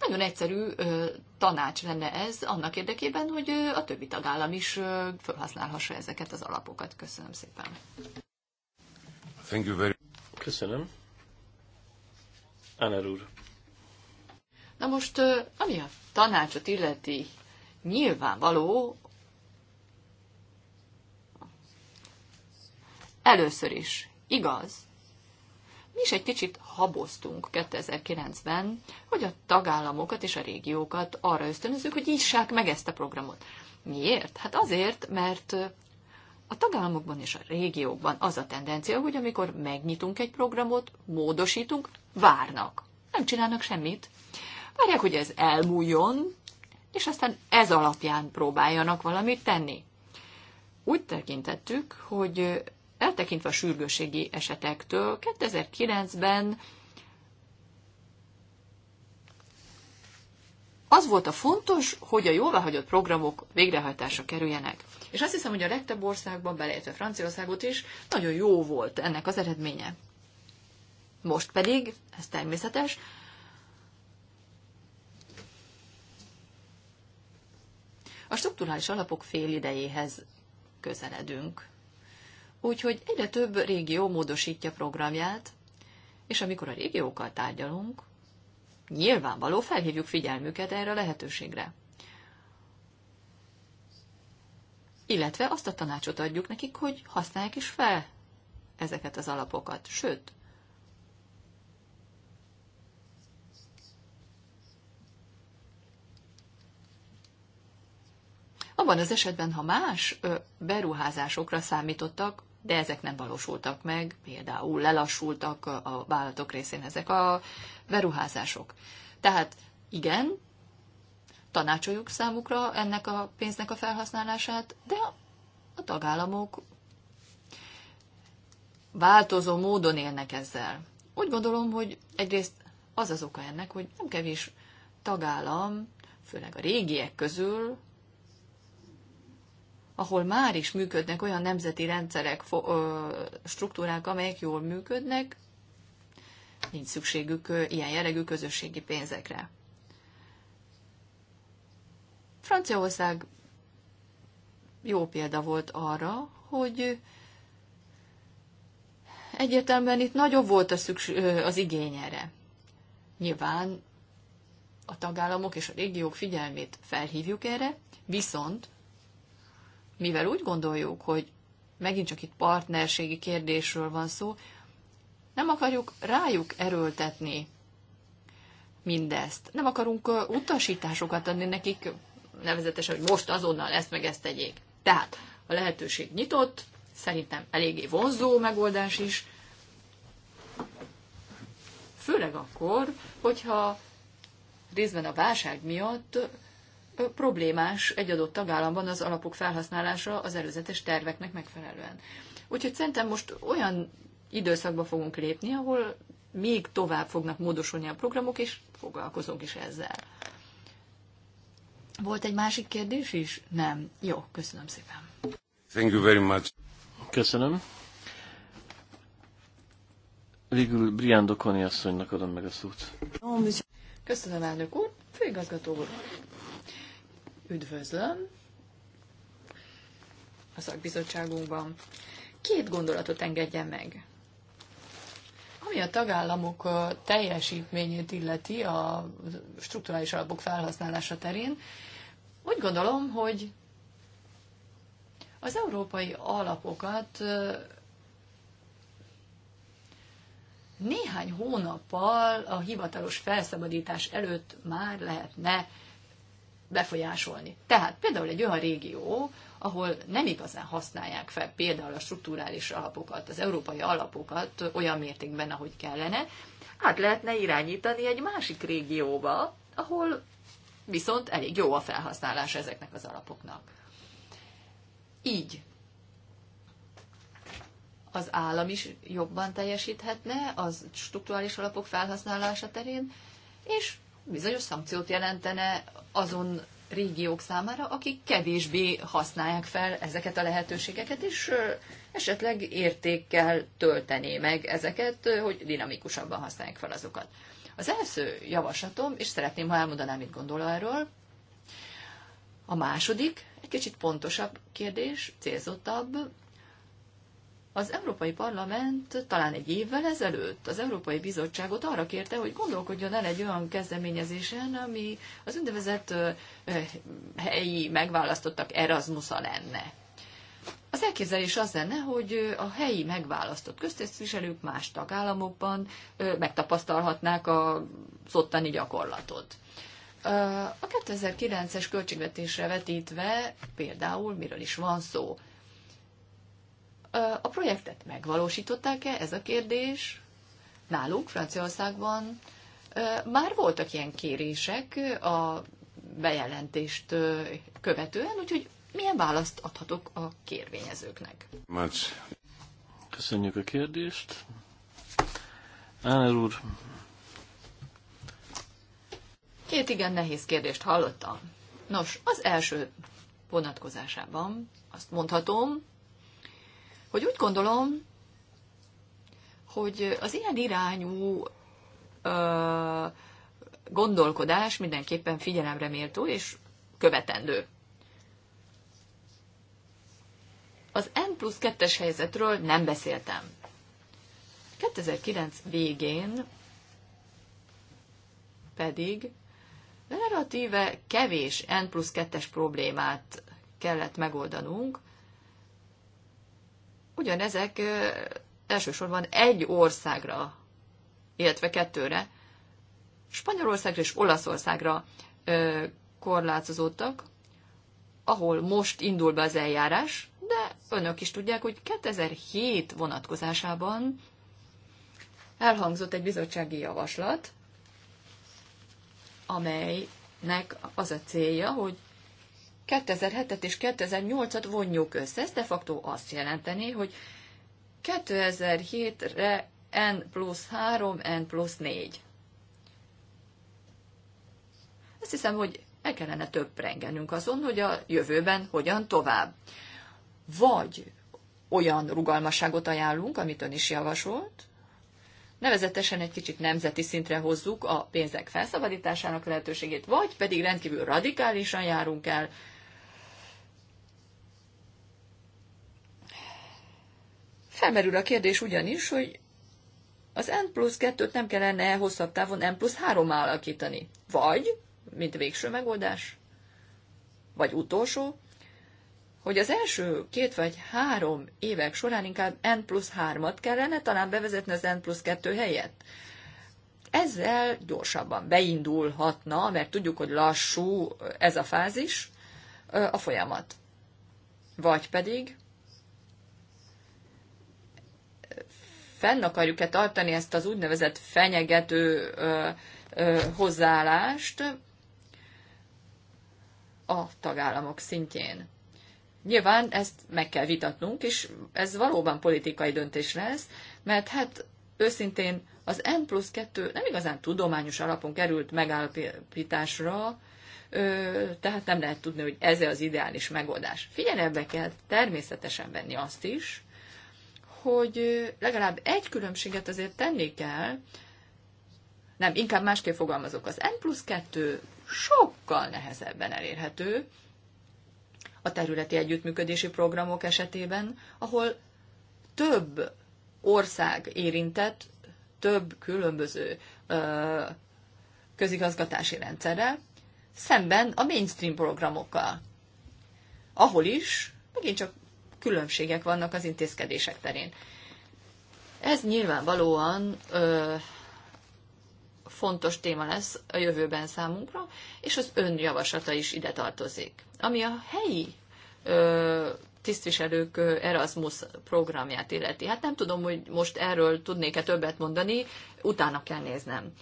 Nagyon egyszerű ö, tanács lenne ez annak érdekében, hogy ö, a többi tagállam is ö, felhasználhassa ezeket az alapokat. Köszönöm szépen. Thank you very... Köszönöm. Anna úr. Na most, ami a tanácsot illeti, nyilvánvaló, először is, igaz, mi is egy kicsit haboztunk 2009-ben, hogy a tagállamokat és a régiókat arra ösztönözzük, hogy nyissák meg ezt a programot. Miért? Hát azért, mert a tagállamokban és a régiókban az a tendencia, hogy amikor megnyitunk egy programot, módosítunk, várnak. Nem csinálnak semmit. Várják, hogy ez elmúljon, és aztán ez alapján próbáljanak valamit tenni. Úgy tekintettük, hogy eltekintve a sürgőségi esetektől 2009-ben az volt a fontos, hogy a jóváhagyott programok végrehajtásra kerüljenek. És azt hiszem, hogy a legtöbb országban, beleértve Franciaországot is, nagyon jó volt ennek az eredménye. Most pedig, ez természetes, a strukturális alapok idejéhez közeledünk. Úgyhogy egyre több régió módosítja programját, és amikor a régiókkal tárgyalunk, nyilvánvaló felhívjuk figyelmüket erre a lehetőségre. Illetve azt a tanácsot adjuk nekik, hogy használják is fel ezeket az alapokat. Sőt, abban az esetben, ha más beruházásokra számítottak, de ezek nem valósultak meg, például lelassultak a vállalatok részén ezek a beruházások. Tehát igen, tanácsoljuk számukra ennek a pénznek a felhasználását, de a tagállamok változó módon élnek ezzel. Úgy gondolom, hogy egyrészt az az oka ennek, hogy nem kevés tagállam, főleg a régiek közül, ahol már is működnek olyan nemzeti rendszerek, struktúrák, amelyek jól működnek, nincs szükségük ilyen jellegű közösségi pénzekre. Franciaország jó példa volt arra, hogy egyértelműen itt nagyobb volt a szükség, az igény erre. Nyilván a tagállamok és a régiók figyelmét felhívjuk erre, viszont mivel úgy gondoljuk, hogy megint csak itt partnerségi kérdésről van szó, nem akarjuk rájuk erőltetni mindezt. Nem akarunk utasításokat adni nekik, nevezetesen, hogy most azonnal ezt meg ezt tegyék. Tehát a lehetőség nyitott, szerintem eléggé vonzó megoldás is, főleg akkor, hogyha részben a válság miatt problémás egy adott tagállamban az alapok felhasználása az előzetes terveknek megfelelően. Úgyhogy szerintem most olyan időszakba fogunk lépni, ahol még tovább fognak módosulni a programok, és foglalkozunk is ezzel. Volt egy másik kérdés is? Nem. Jó, köszönöm szépen. Thank you very much. Köszönöm. Végül Brian Dokoni asszonynak adom meg a szót. Köszönöm, elnök úr, főigazgató úr. Üdvözlöm a szakbizottságunkban. Két gondolatot engedjen meg. Ami a tagállamok teljesítményét illeti a strukturális alapok felhasználása terén, úgy gondolom, hogy az európai alapokat néhány hónappal a hivatalos felszabadítás előtt már lehetne befolyásolni. Tehát például egy olyan régió, ahol nem igazán használják fel például a strukturális alapokat, az európai alapokat olyan mértékben, ahogy kellene, át lehetne irányítani egy másik régióba, ahol viszont elég jó a felhasználás ezeknek az alapoknak. Így az állam is jobban teljesíthetne az strukturális alapok felhasználása terén, és bizonyos szankciót jelentene azon régiók számára, akik kevésbé használják fel ezeket a lehetőségeket, és esetleg értékkel töltené meg ezeket, hogy dinamikusabban használják fel azokat. Az első javaslatom, és szeretném, ha elmondanám, mit gondol erről, a második, egy kicsit pontosabb kérdés, célzottabb, az Európai Parlament talán egy évvel ezelőtt az Európai Bizottságot arra kérte, hogy gondolkodjon el egy olyan kezdeményezésen, ami az úgynevezett Eh, helyi megválasztottak Erasmusa lenne. Az elképzelés az lenne, hogy eh, a helyi megválasztott köztisztviselők más tagállamokban eh, megtapasztalhatnák a ottani gyakorlatot. A 2009-es költségvetésre vetítve például miről is van szó? A projektet megvalósították-e? Ez a kérdés. Náluk, Franciaországban már voltak ilyen kérések a bejelentést követően, úgyhogy milyen választ adhatok a kérvényezőknek? Mács. Köszönjük a kérdést. Áner úr. Két igen nehéz kérdést hallottam. Nos, az első vonatkozásában azt mondhatom, hogy úgy gondolom, hogy az ilyen irányú uh, gondolkodás mindenképpen figyelemre méltó és követendő. Az N plusz 2-es helyzetről nem beszéltem. 2009 végén pedig relatíve kevés N plusz 2-es problémát kellett megoldanunk, ugyanezek elsősorban egy országra, illetve kettőre Spanyolországra és Olaszországra ö, korlátozódtak, ahol most indul be az eljárás, de önök is tudják, hogy 2007 vonatkozásában elhangzott egy bizottsági javaslat, amelynek az a célja, hogy 2007-et és 2008-at vonjuk össze. Ez de facto azt jelenteni, hogy 2007-re N plusz 3, N plusz 4. Azt hiszem, hogy el kellene több rengenünk azon, hogy a jövőben hogyan tovább. Vagy olyan rugalmasságot ajánlunk, amit ön is javasolt, nevezetesen egy kicsit nemzeti szintre hozzuk a pénzek felszabadításának lehetőségét, vagy pedig rendkívül radikálisan járunk el, Felmerül a kérdés ugyanis, hogy az N plusz 2-t nem kellene hosszabb távon N plusz 3 alakítani. Vagy mint végső megoldás, vagy utolsó, hogy az első két vagy három évek során inkább N plusz 3-at kellene talán bevezetni az N plusz 2 helyett. Ezzel gyorsabban beindulhatna, mert tudjuk, hogy lassú ez a fázis, a folyamat. Vagy pedig fenn akarjuk-e tartani ezt az úgynevezett fenyegető hozzáállást, a tagállamok szintjén. Nyilván ezt meg kell vitatnunk, és ez valóban politikai döntés lesz, mert hát őszintén az N plusz 2 nem igazán tudományos alapon került megállapításra, tehát nem lehet tudni, hogy ez az ideális megoldás. Figyelembe kell természetesen venni azt is, hogy legalább egy különbséget azért tenni kell, nem, inkább másképp fogalmazok. Az N plusz 2 sokkal nehezebben elérhető a területi együttműködési programok esetében, ahol több ország érintett, több különböző ö, közigazgatási rendszerrel, szemben a mainstream programokkal, ahol is megint csak különbségek vannak az intézkedések terén. Ez nyilvánvalóan ö, fontos téma lesz a jövőben számunkra, és az ön javaslata is ide tartozik. Ami a helyi ö, tisztviselők Erasmus programját illeti. Hát nem tudom, hogy most erről tudnék-e többet mondani, utána kell néznem.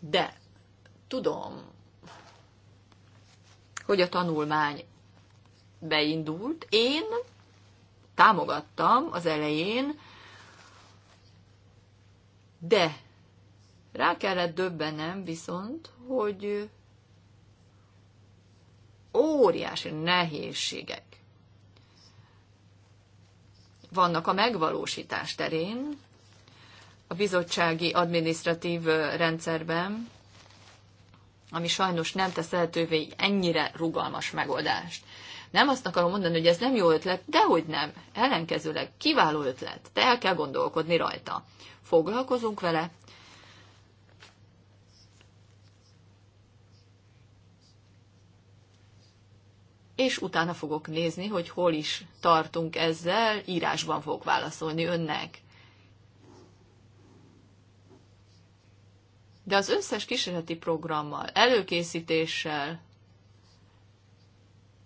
De tudom, hogy a tanulmány beindult. Én támogattam az elején, de rá kellett döbbenem viszont, hogy óriási nehézségek vannak a megvalósítás terén, a bizottsági adminisztratív rendszerben, ami sajnos nem tesz lehetővé ennyire rugalmas megoldást. Nem azt akarom mondani, hogy ez nem jó ötlet, de hogy nem. Ellenkezőleg kiváló ötlet, de el kell gondolkodni rajta. Foglalkozunk vele, és utána fogok nézni, hogy hol is tartunk ezzel, írásban fogok válaszolni önnek. De az összes kísérleti programmal, előkészítéssel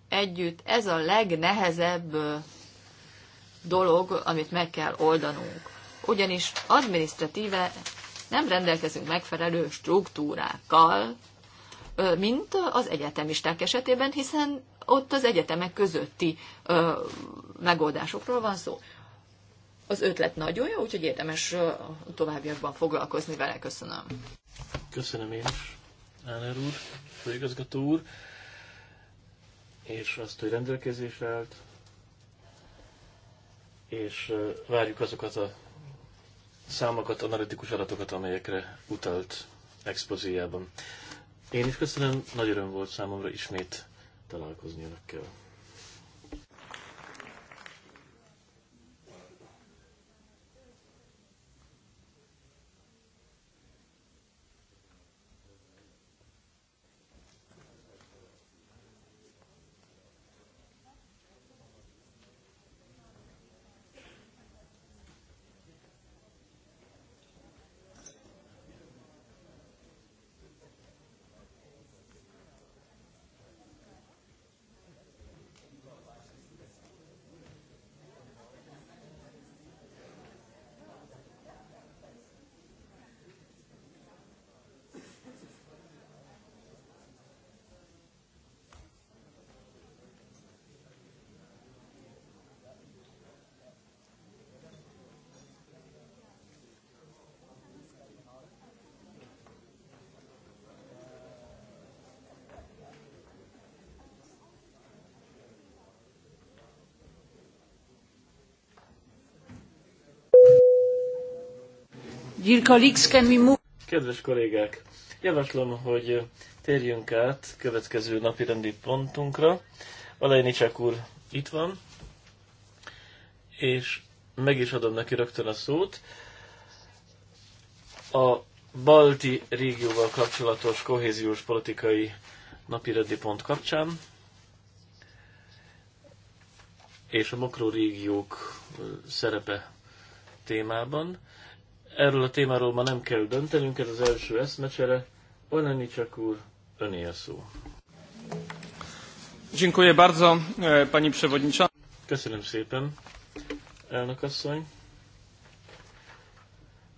együtt ez a legnehezebb dolog, amit meg kell oldanunk. Ugyanis adminisztratíve nem rendelkezünk megfelelő struktúrákkal, mint az egyetemisták esetében, hiszen ott az egyetemek közötti ö, megoldásokról van szó. Az ötlet nagyon jó, úgyhogy érdemes továbbiakban foglalkozni vele. Köszönöm. Köszönöm én is, Áner úr, főigazgató úr, és azt, hogy rendelkezésre állt, és várjuk azokat a számokat, analitikus adatokat, amelyekre utalt expozíjában. Én is köszönöm, nagy öröm volt számomra ismét találkoznia kell. Kedves kollégák, javaslom, hogy térjünk át következő napi rendi pontunkra. Alejni Csák úr itt van, és meg is adom neki rögtön a szót. A balti régióval kapcsolatos kohéziós politikai napirendi pont kapcsán és a makrorégiók szerepe témában. Erről a témáról ma nem kell döntenünk, ez az első eszmecsere. Onani csak úr, öné a szó. Dziękuję bardzo, e, pani przewodnicząca. Köszönöm szépen, elnök asszony.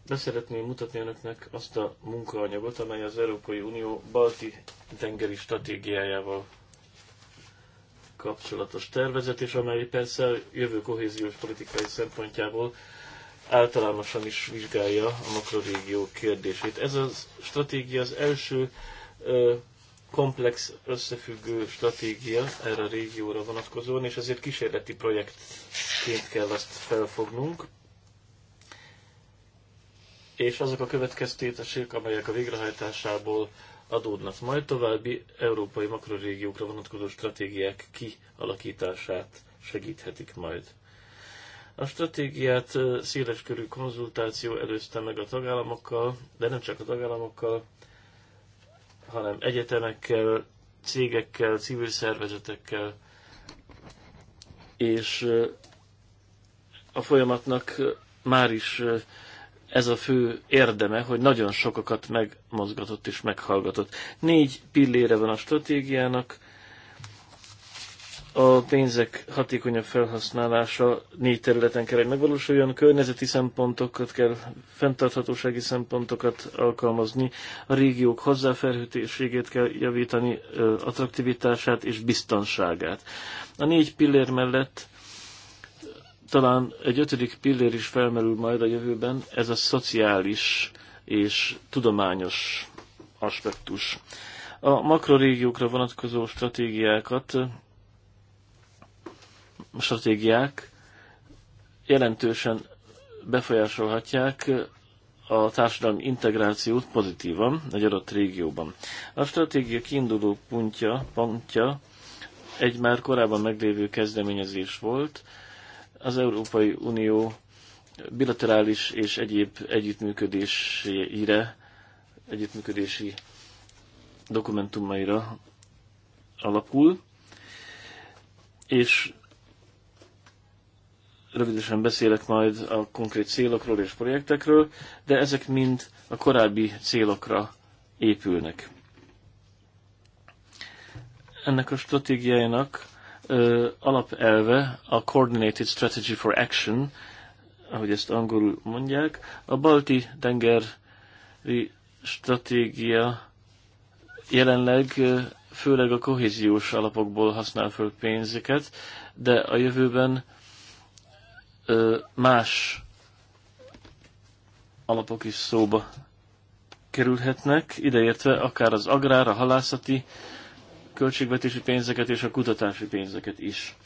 Beszeretném mutatni önöknek azt a munkaanyagot, amely az Európai Unió balti tengeri stratégiájával kapcsolatos tervezet, és amely persze a jövő kohéziós politikai szempontjából általánosan is vizsgálja a makrorégió kérdését. Ez a stratégia az első ö, komplex összefüggő stratégia erre a régióra vonatkozóan, és ezért kísérleti projektként kell azt felfognunk. És azok a következtetések, amelyek a végrehajtásából adódnak majd további európai makrorégiókra vonatkozó stratégiák kialakítását segíthetik majd. A stratégiát széleskörű konzultáció előzte meg a tagállamokkal, de nem csak a tagállamokkal, hanem egyetemekkel, cégekkel, civil szervezetekkel, és a folyamatnak már is ez a fő érdeme, hogy nagyon sokakat megmozgatott és meghallgatott. Négy pillére van a stratégiának, a pénzek hatékonyabb felhasználása négy területen kell, hogy megvalósuljon. Környezeti szempontokat kell, fenntarthatósági szempontokat alkalmazni, a régiók hozzáférhetőségét kell javítani, attraktivitását és biztonságát. A négy pillér mellett talán egy ötödik pillér is felmerül majd a jövőben, ez a szociális és tudományos aspektus. A makrorégiókra vonatkozó stratégiákat stratégiák jelentősen befolyásolhatják a társadalmi integrációt pozitívan egy adott régióban. A stratégia kiinduló pontja, pontja egy már korábban meglévő kezdeményezés volt, az Európai Unió bilaterális és egyéb együttműködésére, együttműködési dokumentumaira alapul, és rövidesen beszélek majd a konkrét célokról és projektekről, de ezek mind a korábbi célokra épülnek. Ennek a stratégiájának ö, alapelve a Coordinated Strategy for Action, ahogy ezt angolul mondják, a balti tengeri stratégia jelenleg ö, főleg a kohéziós alapokból használ föl pénzeket, de a jövőben más alapok is szóba kerülhetnek, ideértve akár az agrár, a halászati költségvetési pénzeket és a kutatási pénzeket is.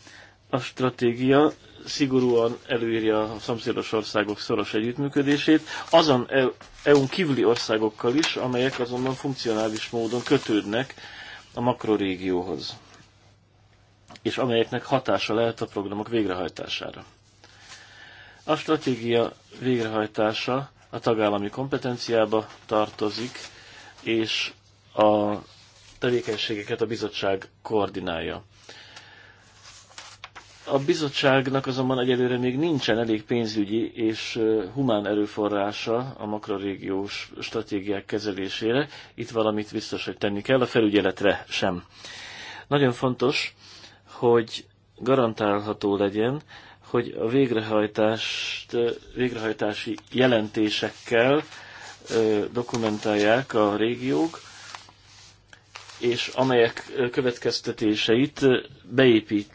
A stratégia szigorúan előírja a szomszédos országok szoros együttműködését, azon e- EU-n kívüli országokkal is, amelyek azonban funkcionális módon kötődnek a makrorégióhoz, és amelyeknek hatása lehet a programok végrehajtására. A stratégia végrehajtása a tagállami kompetenciába tartozik, és a tevékenységeket a bizottság koordinálja. A bizottságnak azonban egyelőre még nincsen elég pénzügyi és humán erőforrása a makrorégiós stratégiák kezelésére. Itt valamit biztos, hogy tenni kell, a felügyeletre sem. Nagyon fontos, hogy garantálható legyen, hogy a végrehajtást, végrehajtási jelentésekkel dokumentálják a régiók, és amelyek következtetéseit beépít,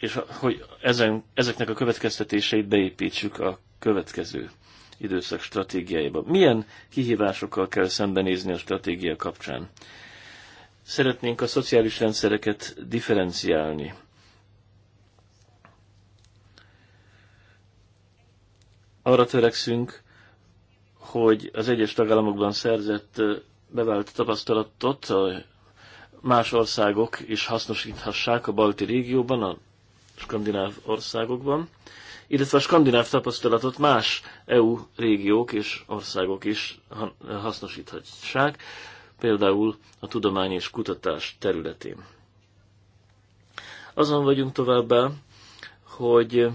és hogy ezen, ezeknek a következtetéseit beépítsük a következő időszak stratégiájába. Milyen kihívásokkal kell szembenézni a stratégia kapcsán? Szeretnénk a szociális rendszereket differenciálni Arra törekszünk, hogy az egyes tagállamokban szerzett bevált tapasztalatot más országok is hasznosíthassák a balti régióban, a skandináv országokban, illetve a skandináv tapasztalatot más EU régiók és országok is hasznosíthassák, például a tudomány és kutatás területén. Azon vagyunk továbbá, hogy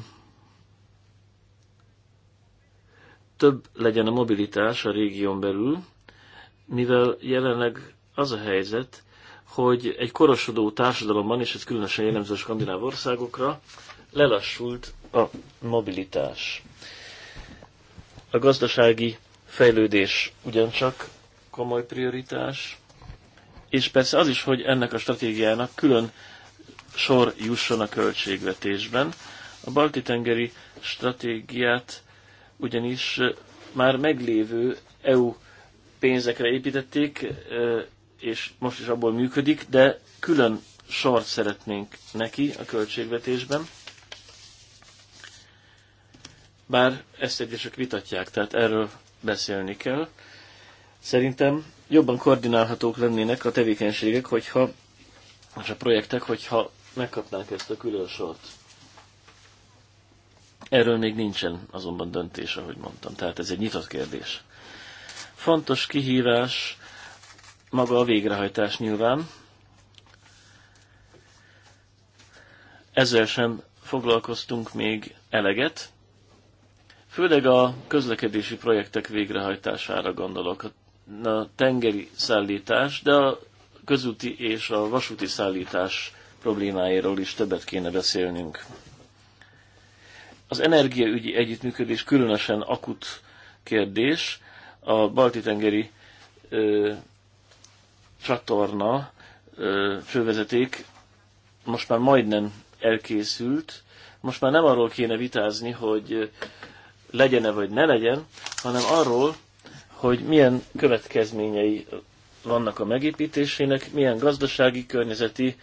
több legyen a mobilitás a régión belül, mivel jelenleg az a helyzet, hogy egy korosodó társadalomban, és ez különösen jellemző a skandináv országokra, lelassult a mobilitás. A gazdasági fejlődés ugyancsak komoly prioritás, és persze az is, hogy ennek a stratégiának külön sor jusson a költségvetésben. A balti-tengeri stratégiát ugyanis már meglévő EU pénzekre építették, és most is abból működik, de külön sort szeretnénk neki a költségvetésben. Bár ezt egyesek vitatják, tehát erről beszélni kell. Szerintem jobban koordinálhatók lennének a tevékenységek, hogyha, és a projektek, hogyha megkapnánk ezt a külön sort. Erről még nincsen azonban döntés, ahogy mondtam, tehát ez egy nyitott kérdés. Fontos kihívás maga a végrehajtás nyilván. Ezzel sem foglalkoztunk még eleget. Főleg a közlekedési projektek végrehajtására gondolok. A tengeri szállítás, de a közúti és a vasúti szállítás problémáiról is többet kéne beszélnünk. Az energiaügyi együttműködés különösen akut kérdés. A balti-tengeri ö, csatorna ö, fővezeték most már majdnem elkészült. Most már nem arról kéne vitázni, hogy legyen-e vagy ne legyen, hanem arról, hogy milyen következményei vannak a megépítésének, milyen gazdasági, környezeti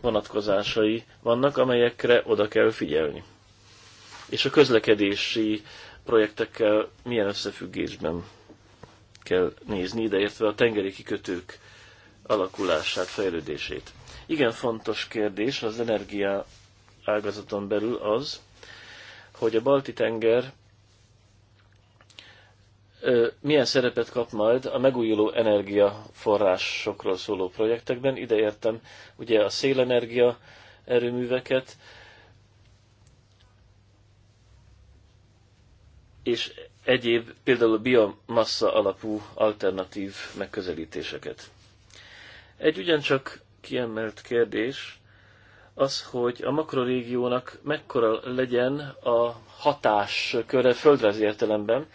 vonatkozásai vannak, amelyekre oda kell figyelni és a közlekedési projektekkel milyen összefüggésben kell nézni, ideértve a tengeri kikötők alakulását, fejlődését. Igen fontos kérdés az energia ágazaton belül az, hogy a Balti-tenger milyen szerepet kap majd a megújuló energiaforrásokról szóló projektekben. Ide értem ugye a szélenergia erőműveket, és egyéb, például a biomassa alapú alternatív megközelítéseket. Egy ugyancsak kiemelt kérdés az, hogy a makrorégiónak mekkora legyen a hatás köre földrajzi értelemben,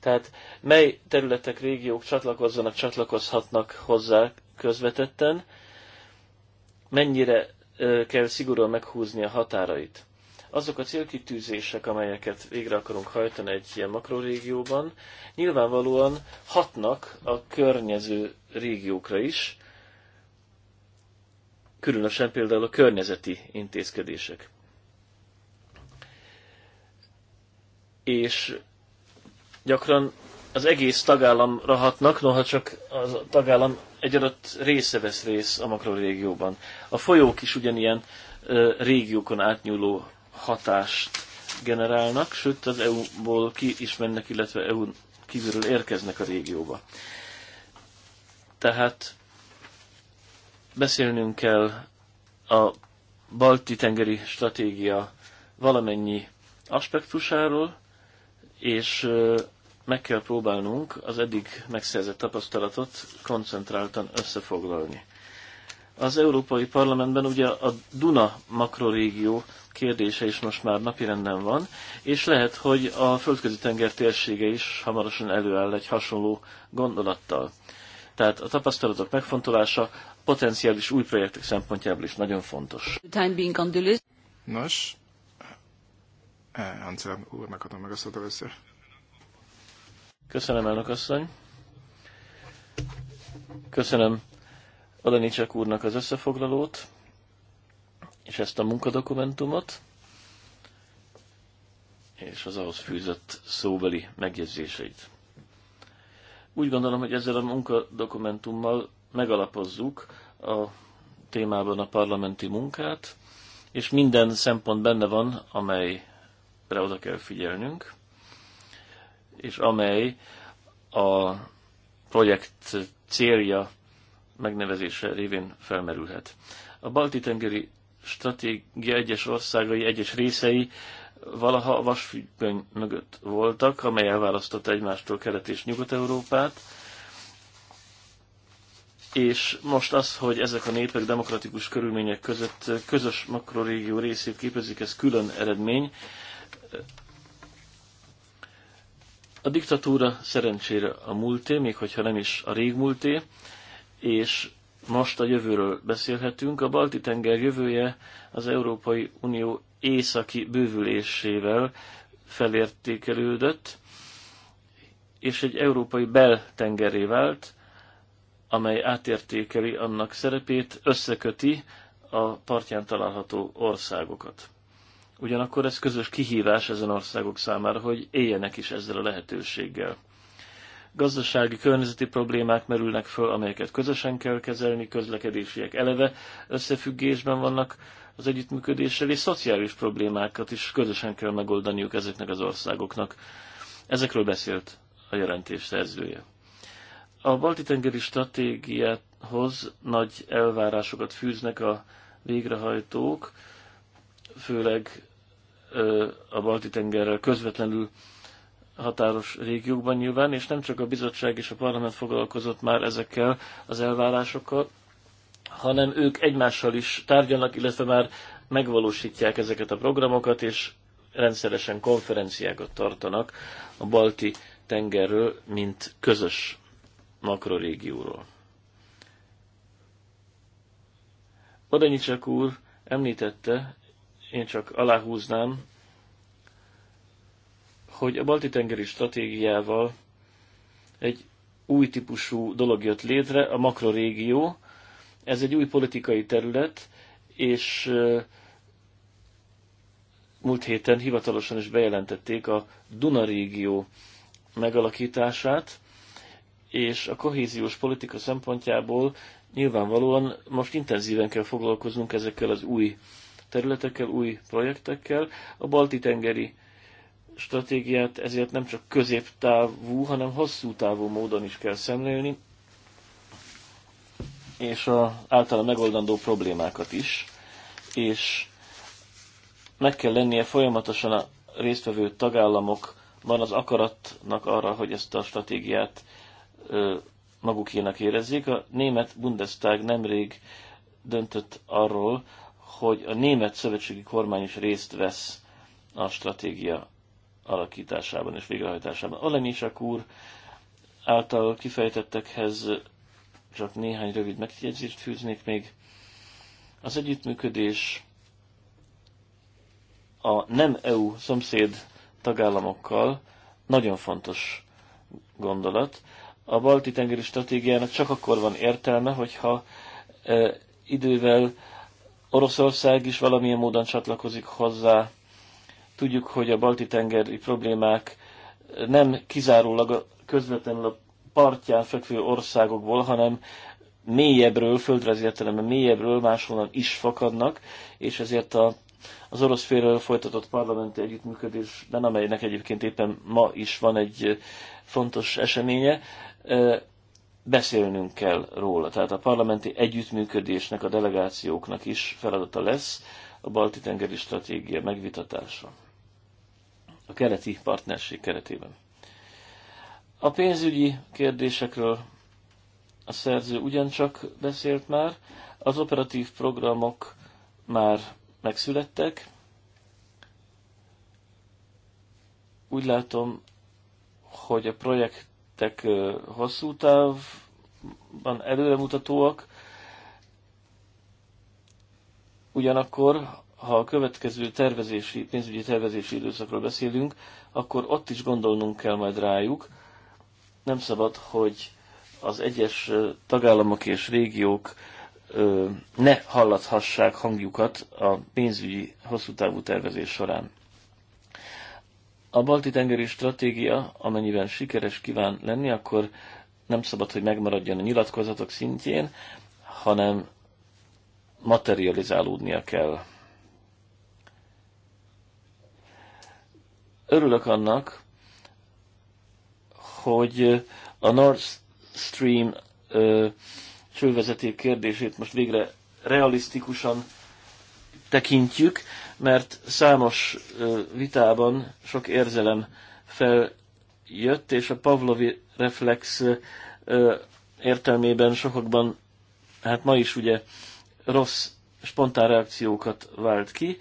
tehát mely területek, régiók csatlakozzanak, csatlakozhatnak hozzá közvetetten, mennyire kell szigorúan meghúzni a határait azok a célkitűzések, amelyeket végre akarunk hajtani egy ilyen makrorégióban, nyilvánvalóan hatnak a környező régiókra is, különösen például a környezeti intézkedések. És gyakran az egész tagállamra hatnak, noha csak a tagállam egy adott része vesz rész a makrorégióban. A folyók is ugyanilyen régiókon átnyúló hatást generálnak, sőt az EU-ból ki is mennek, illetve EU-n kívülről érkeznek a régióba. Tehát beszélnünk kell a balti-tengeri stratégia valamennyi aspektusáról, és meg kell próbálnunk az eddig megszerzett tapasztalatot koncentráltan összefoglalni. Az Európai Parlamentben ugye a Duna makrorégió kérdése is most már napirenden van, és lehet, hogy a földközi tenger térsége is hamarosan előáll egy hasonló gondolattal. Tehát a tapasztalatok megfontolása potenciális új projektek szempontjából is nagyon fontos. Nos, eh, Ancelem úr, adom meg a szót először. Köszönöm, elnök asszony. Köszönöm Adanicsek úrnak az összefoglalót és ezt a munkadokumentumot, és az ahhoz fűzött szóbeli megjegyzéseit. Úgy gondolom, hogy ezzel a munkadokumentummal megalapozzuk a témában a parlamenti munkát, és minden szempont benne van, amelyre oda kell figyelnünk, és amely a projekt célja megnevezése révén felmerülhet. A balti tengeri stratégia egyes országai, egyes részei valaha a vasfüggöny mögött voltak, amely elválasztotta egymástól Kelet- és Nyugat-Európát, és most az, hogy ezek a népek demokratikus körülmények között közös makrorégió részét képezik, ez külön eredmény. A diktatúra szerencsére a múlté, még hogyha nem is a régmúlté, és most a jövőről beszélhetünk. A Balti-tenger jövője az Európai Unió északi bővülésével felértékelődött, és egy európai beltengeré vált, amely átértékeli annak szerepét, összeköti a partján található országokat. Ugyanakkor ez közös kihívás ezen országok számára, hogy éljenek is ezzel a lehetőséggel gazdasági, környezeti problémák merülnek föl, amelyeket közösen kell kezelni, közlekedésiek eleve összefüggésben vannak az együttműködéssel, és szociális problémákat is közösen kell megoldaniuk ezeknek az országoknak. Ezekről beszélt a jelentés szerzője. A balti-tengeri stratégiához nagy elvárásokat fűznek a végrehajtók, főleg a balti tengerrel közvetlenül határos régiókban nyilván, és nem csak a bizottság és a parlament foglalkozott már ezekkel az elvárásokkal, hanem ők egymással is tárgyalnak, illetve már megvalósítják ezeket a programokat, és rendszeresen konferenciákat tartanak a balti tengerről, mint közös makrorégióról. Odanyi csak úr említette, én csak aláhúznám, hogy a balti-tengeri stratégiával egy új típusú dolog jött létre, a makrorégió. Ez egy új politikai terület, és múlt héten hivatalosan is bejelentették a Duna régió megalakítását, és a kohéziós politika szempontjából nyilvánvalóan most intenzíven kell foglalkoznunk ezekkel az új területekkel, új projektekkel. A balti tengeri stratégiát ezért nem csak középtávú, hanem hosszú távú módon is kell szemlélni, és a általa megoldandó problémákat is, és meg kell lennie folyamatosan a résztvevő tagállamokban az akaratnak arra, hogy ezt a stratégiát magukénak érezzék. A német Bundestag nemrég döntött arról, hogy a német szövetségi kormány is részt vesz a stratégia alakításában és végrehajtásában. Lenisak úr által kifejtettekhez csak néhány rövid megjegyzést fűznék még. Az együttműködés a nem EU szomszéd tagállamokkal nagyon fontos gondolat. A balti tengeri stratégiának csak akkor van értelme, hogyha e, idővel Oroszország is valamilyen módon csatlakozik hozzá Tudjuk, hogy a balti-tengeri problémák nem kizárólag a közvetlenül a partján fekvő országokból, hanem mélyebbről, földrajzi értelemben mélyebbről máshonnan is fakadnak, és ezért a, az orosz félről folytatott parlamenti együttműködésben, amelynek egyébként éppen ma is van egy fontos eseménye, beszélnünk kell róla. Tehát a parlamenti együttműködésnek, a delegációknak is feladata lesz a balti-tengeri stratégia megvitatása a keleti partnerség keretében. A pénzügyi kérdésekről a szerző ugyancsak beszélt már, az operatív programok már megszülettek. Úgy látom, hogy a projektek hosszú távban előremutatóak, ugyanakkor ha a következő tervezési, pénzügyi tervezési időszakról beszélünk, akkor ott is gondolnunk kell majd rájuk. Nem szabad, hogy az egyes tagállamok és régiók ne hallathassák hangjukat a pénzügyi hosszú távú tervezés során. A balti-tengeri stratégia, amennyiben sikeres kíván lenni, akkor nem szabad, hogy megmaradjon a nyilatkozatok szintjén, hanem materializálódnia kell. Örülök annak, hogy a Nord Stream csővezeték kérdését most végre realisztikusan tekintjük, mert számos vitában sok érzelem feljött, és a Pavlovi reflex értelmében sokakban, hát ma is ugye rossz spontán reakciókat vált ki.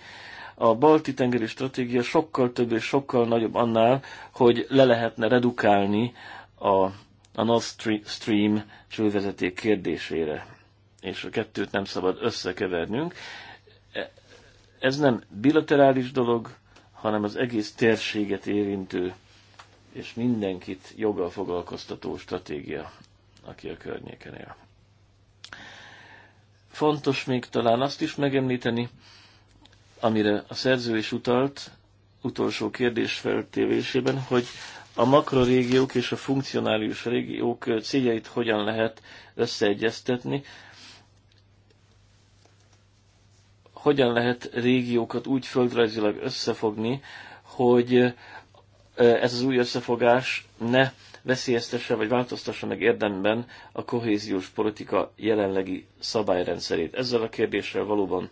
A balti tengeri stratégia sokkal több és sokkal nagyobb annál, hogy le lehetne redukálni a, a Nord Stream csővezeték kérdésére. És a kettőt nem szabad összekevernünk. Ez nem bilaterális dolog, hanem az egész térséget érintő és mindenkit joggal foglalkoztató stratégia, aki a környéken él. Fontos még talán azt is megemlíteni, amire a szerző is utalt utolsó kérdés feltévésében, hogy a makrorégiók és a funkcionális régiók céljait hogyan lehet összeegyeztetni, hogyan lehet régiókat úgy földrajzilag összefogni, hogy ez az új összefogás ne veszélyeztesse vagy változtassa meg érdemben a kohéziós politika jelenlegi szabályrendszerét. Ezzel a kérdéssel valóban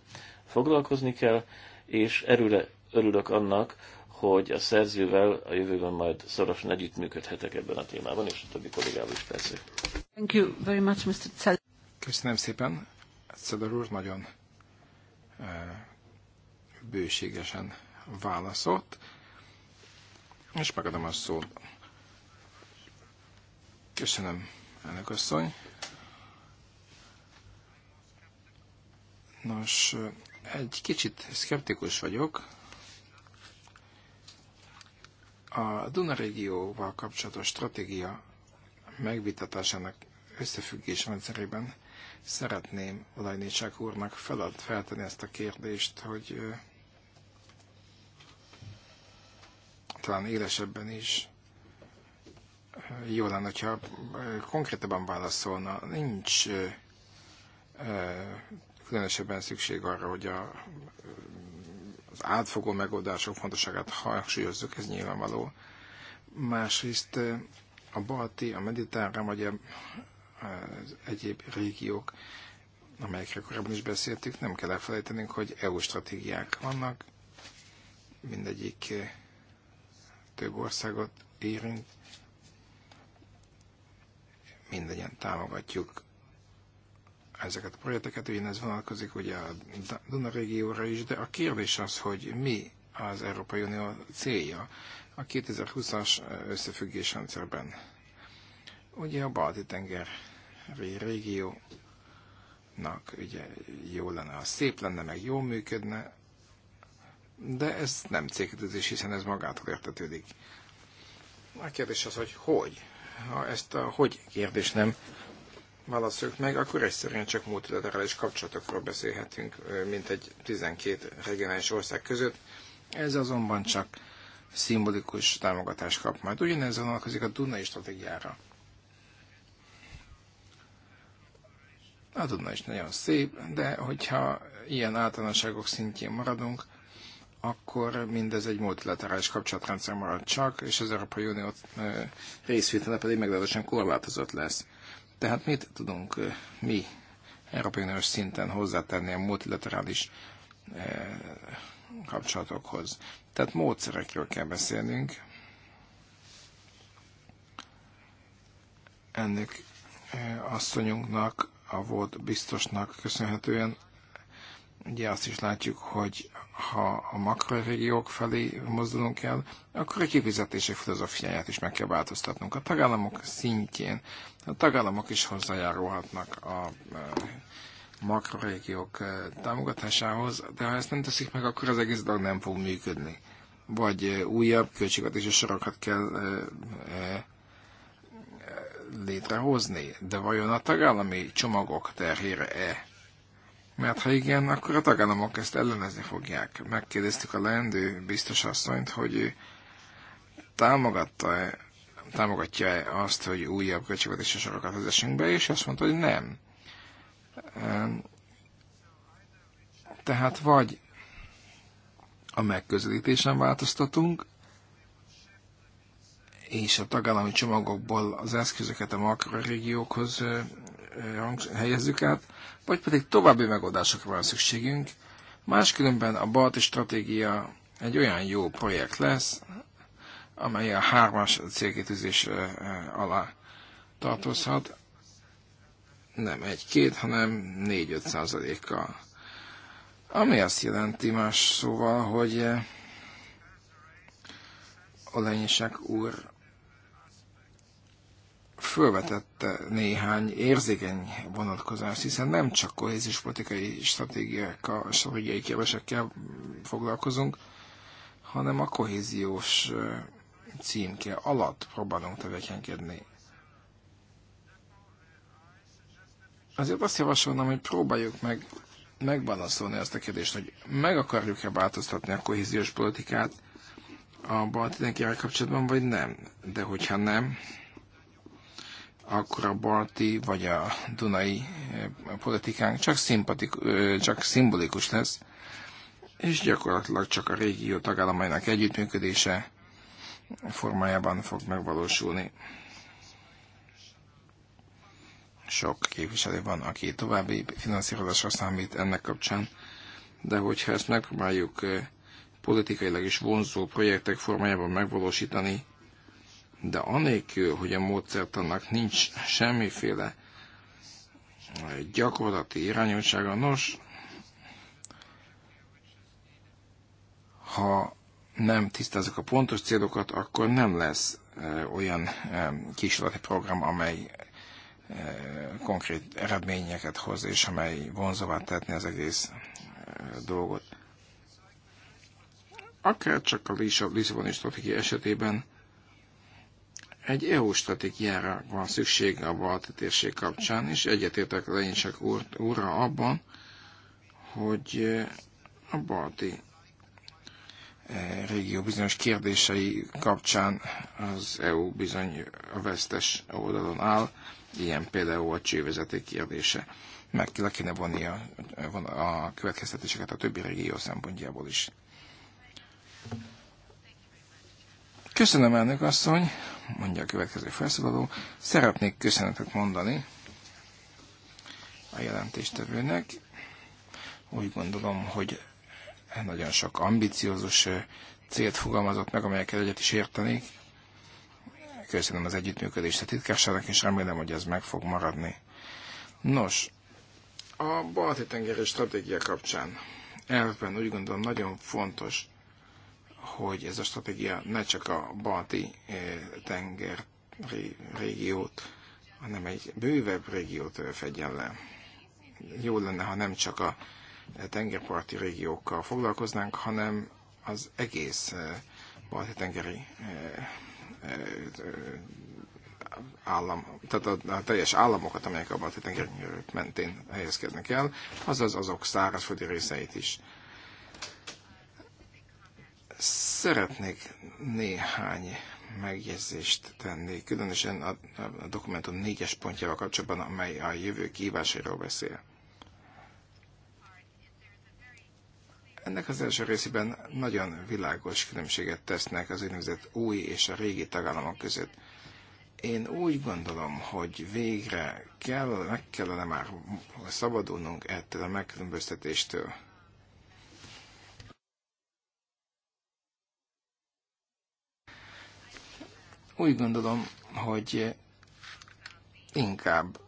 foglalkozni kell, és erőle örülök annak, hogy a szerzővel a jövőben majd szorosan együttműködhetek ebben a témában, és a többi kollégával is persze. Thank you very much, Mr. Köszönöm szépen. Cedar úr nagyon eh, bőségesen válaszolt, és megadom a szót. Köszönöm, elnök asszony. Nos, egy kicsit szkeptikus vagyok. A Duna régióval kapcsolatos stratégia megvitatásának összefüggés rendszerében szeretném Olajnécsák úrnak felad, feltenni ezt a kérdést, hogy talán élesebben is jó lenne, hogyha konkrétabban válaszolna. Nincs különösebben szükség arra, hogy a, az átfogó megoldások fontosságát hangsúlyozzuk, ez nyilvánvaló. Másrészt a balti, a mediterrán vagy az egyéb régiók, amelyekről korábban is beszéltük, nem kell elfelejtenünk, hogy EU stratégiák vannak, mindegyik több országot érint, mindegyen támogatjuk ezeket a projekteket, ez vonatkozik ugye a Duna régióra is, de a kérdés az, hogy mi az Európai Unió célja a 2020-as összefüggés rendszerben. Ugye a balti tenger régiónak ugye jó lenne, ha szép lenne, meg jól működne, de ez nem cégkötözés, hiszen ez magától értetődik. A kérdés az, hogy hogy? Ha ezt a hogy kérdés nem válaszoljuk meg, akkor egyszerűen csak multilaterális kapcsolatokról beszélhetünk, mint egy 12 regionális ország között. Ez azonban csak szimbolikus támogatást kap majd. Ugyanez vonatkozik a Dunai stratégiára. A Duna is nagyon szép, de hogyha ilyen általánosságok szintjén maradunk, akkor mindez egy multilaterális kapcsolatrendszer marad csak, és az Európai Unió részvétele pedig meglehetősen korlátozott lesz. Tehát mit tudunk eh, mi Európai Uniós szinten hozzátenni a multilaterális eh, kapcsolatokhoz? Tehát módszerekről kell beszélnünk. Ennek eh, asszonyunknak, a volt biztosnak köszönhetően, ugye azt is látjuk, hogy ha a makroregiók felé mozdulunk el, akkor a kifizetések filozófiáját is meg kell változtatnunk. A tagállamok szintjén a tagállamok is hozzájárulhatnak a e, makroregiók e, támogatásához, de ha ezt nem teszik meg, akkor az egész dolog nem fog működni. Vagy e, újabb költségvetési sorokat kell létrehozni, de vajon a tagállami csomagok terhére-e mert ha igen, akkor a tagállamok ezt ellenezni fogják. Megkérdeztük a leendő biztos asszonyt, hogy támogatta-e, támogatja-e azt, hogy újabb költségvetési sorokat vezessünk be, és azt mondta, hogy nem. Ehm, tehát vagy a megközelítésen változtatunk, és a tagállami csomagokból az eszközöket a makroregiókhoz helyezzük át, vagy pedig további megoldásokra van szükségünk, máskülönben a balti stratégia egy olyan jó projekt lesz, amely a hármas célkétűzés alá tartozhat, nem egy-két, hanem négy-öt százalékkal. Ami azt jelenti más szóval, hogy Olejnyisek úr fölvetette néhány érzékeny vonatkozást, hiszen nem csak kohézis politikai a stratégiai kérdésekkel foglalkozunk, hanem a kohéziós címke alatt próbálunk tevékenykedni. Azért azt javasolnám, hogy próbáljuk meg megválaszolni ezt a kérdést, hogy meg akarjuk-e változtatni a kohéziós politikát a balti kapcsolatban, vagy nem. De hogyha nem, akkor a balti vagy a dunai eh, politikánk csak, szimpatik, csak szimbolikus lesz, és gyakorlatilag csak a régió tagállamainak együttműködése formájában fog megvalósulni. Sok képviselő van, aki további finanszírozásra számít ennek kapcsán, de hogyha ezt megpróbáljuk eh, politikailag is vonzó projektek formájában megvalósítani, de anélkül, hogy a módszertannak nincs semmiféle eh, gyakorlati irányultsága, nos, ha nem tisztázok a pontos célokat, akkor nem lesz eh, olyan eh, kísérleti program, amely konkrét eredményeket hoz, és amely vonzóvá tetni az egész dolgot. Akár csak a Lisszaboni stratégia esetében egy EU stratégiára van szükség a balti térség kapcsán, és egyetértek az úr, úrra abban, hogy eh, a balti eh, régió bizonyos kérdései kapcsán az EU bizony a vesztes oldalon áll, ilyen például a csővezeték kérdése. Meg le kéne vonni a, a következtetéseket a többi régió szempontjából is. Köszönöm, elnök asszony! mondja a következő felszabadó, Szeretnék köszönetet mondani a jelentéstevőnek. Úgy gondolom, hogy nagyon sok ambiciózus célt fogalmazott meg, amelyeket egyet is értenék. Köszönöm az együttműködést a titkárságnak, és remélem, hogy ez meg fog maradni. Nos, a balti tengeri stratégia kapcsán elvben úgy gondolom nagyon fontos, hogy ez a stratégia ne csak a balti eh, tenger régiót, hanem egy bővebb régiót eh, fedjen le. Jó lenne, ha nem csak a eh, tengerparti régiókkal foglalkoznánk, hanem az egész balti tengeri állam, tehát a, a teljes államokat, amelyek a balti tenger mentén helyezkednek el, azaz azok szárazföldi részeit is. Szeretnék néhány megjegyzést tenni, különösen a, a dokumentum négyes pontjával kapcsolatban, amely a jövő kívásairól beszél. Ennek az első részében nagyon világos különbséget tesznek az úgynevezett új és a régi tagállamok között. Én úgy gondolom, hogy végre kell, meg kellene már szabadulnunk ettől a megkülönböztetéstől Úgy gondolom, hogy inkább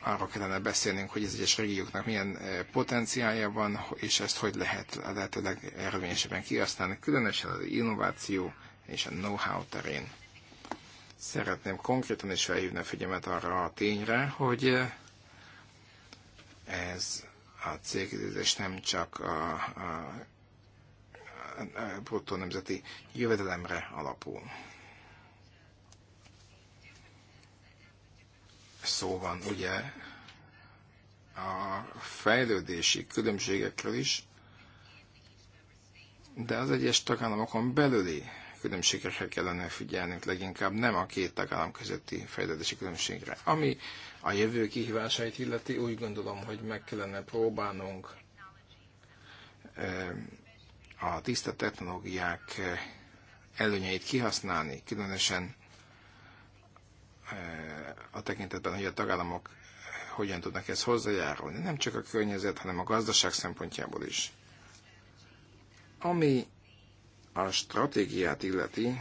arról kellene beszélnünk, hogy az egyes régióknak milyen eh, potenciálja van, és ezt hogy lehet a lehető legerőnyesebben kihasználni, különösen az innováció és a know-how terén. Szeretném konkrétan is felhívni a figyelmet arra a tényre, hogy eh, ez a cégkérdés nem csak a, a bruttó nemzeti jövedelemre alapul. Szó van ugye a fejlődési különbségekről is, de az egyes tagállamokon belüli különbségekre kellene figyelnünk, leginkább nem a két tagállam közötti fejlődési különbségre. Ami a jövő kihívásait illeti, úgy gondolom, hogy meg kellene próbálnunk eh, a tiszta technológiák eh, előnyeit kihasználni, különösen eh, a tekintetben, hogy a tagállamok eh, hogyan tudnak ezt hozzájárulni, nem csak a környezet, hanem a gazdaság szempontjából is. Ami a stratégiát illeti,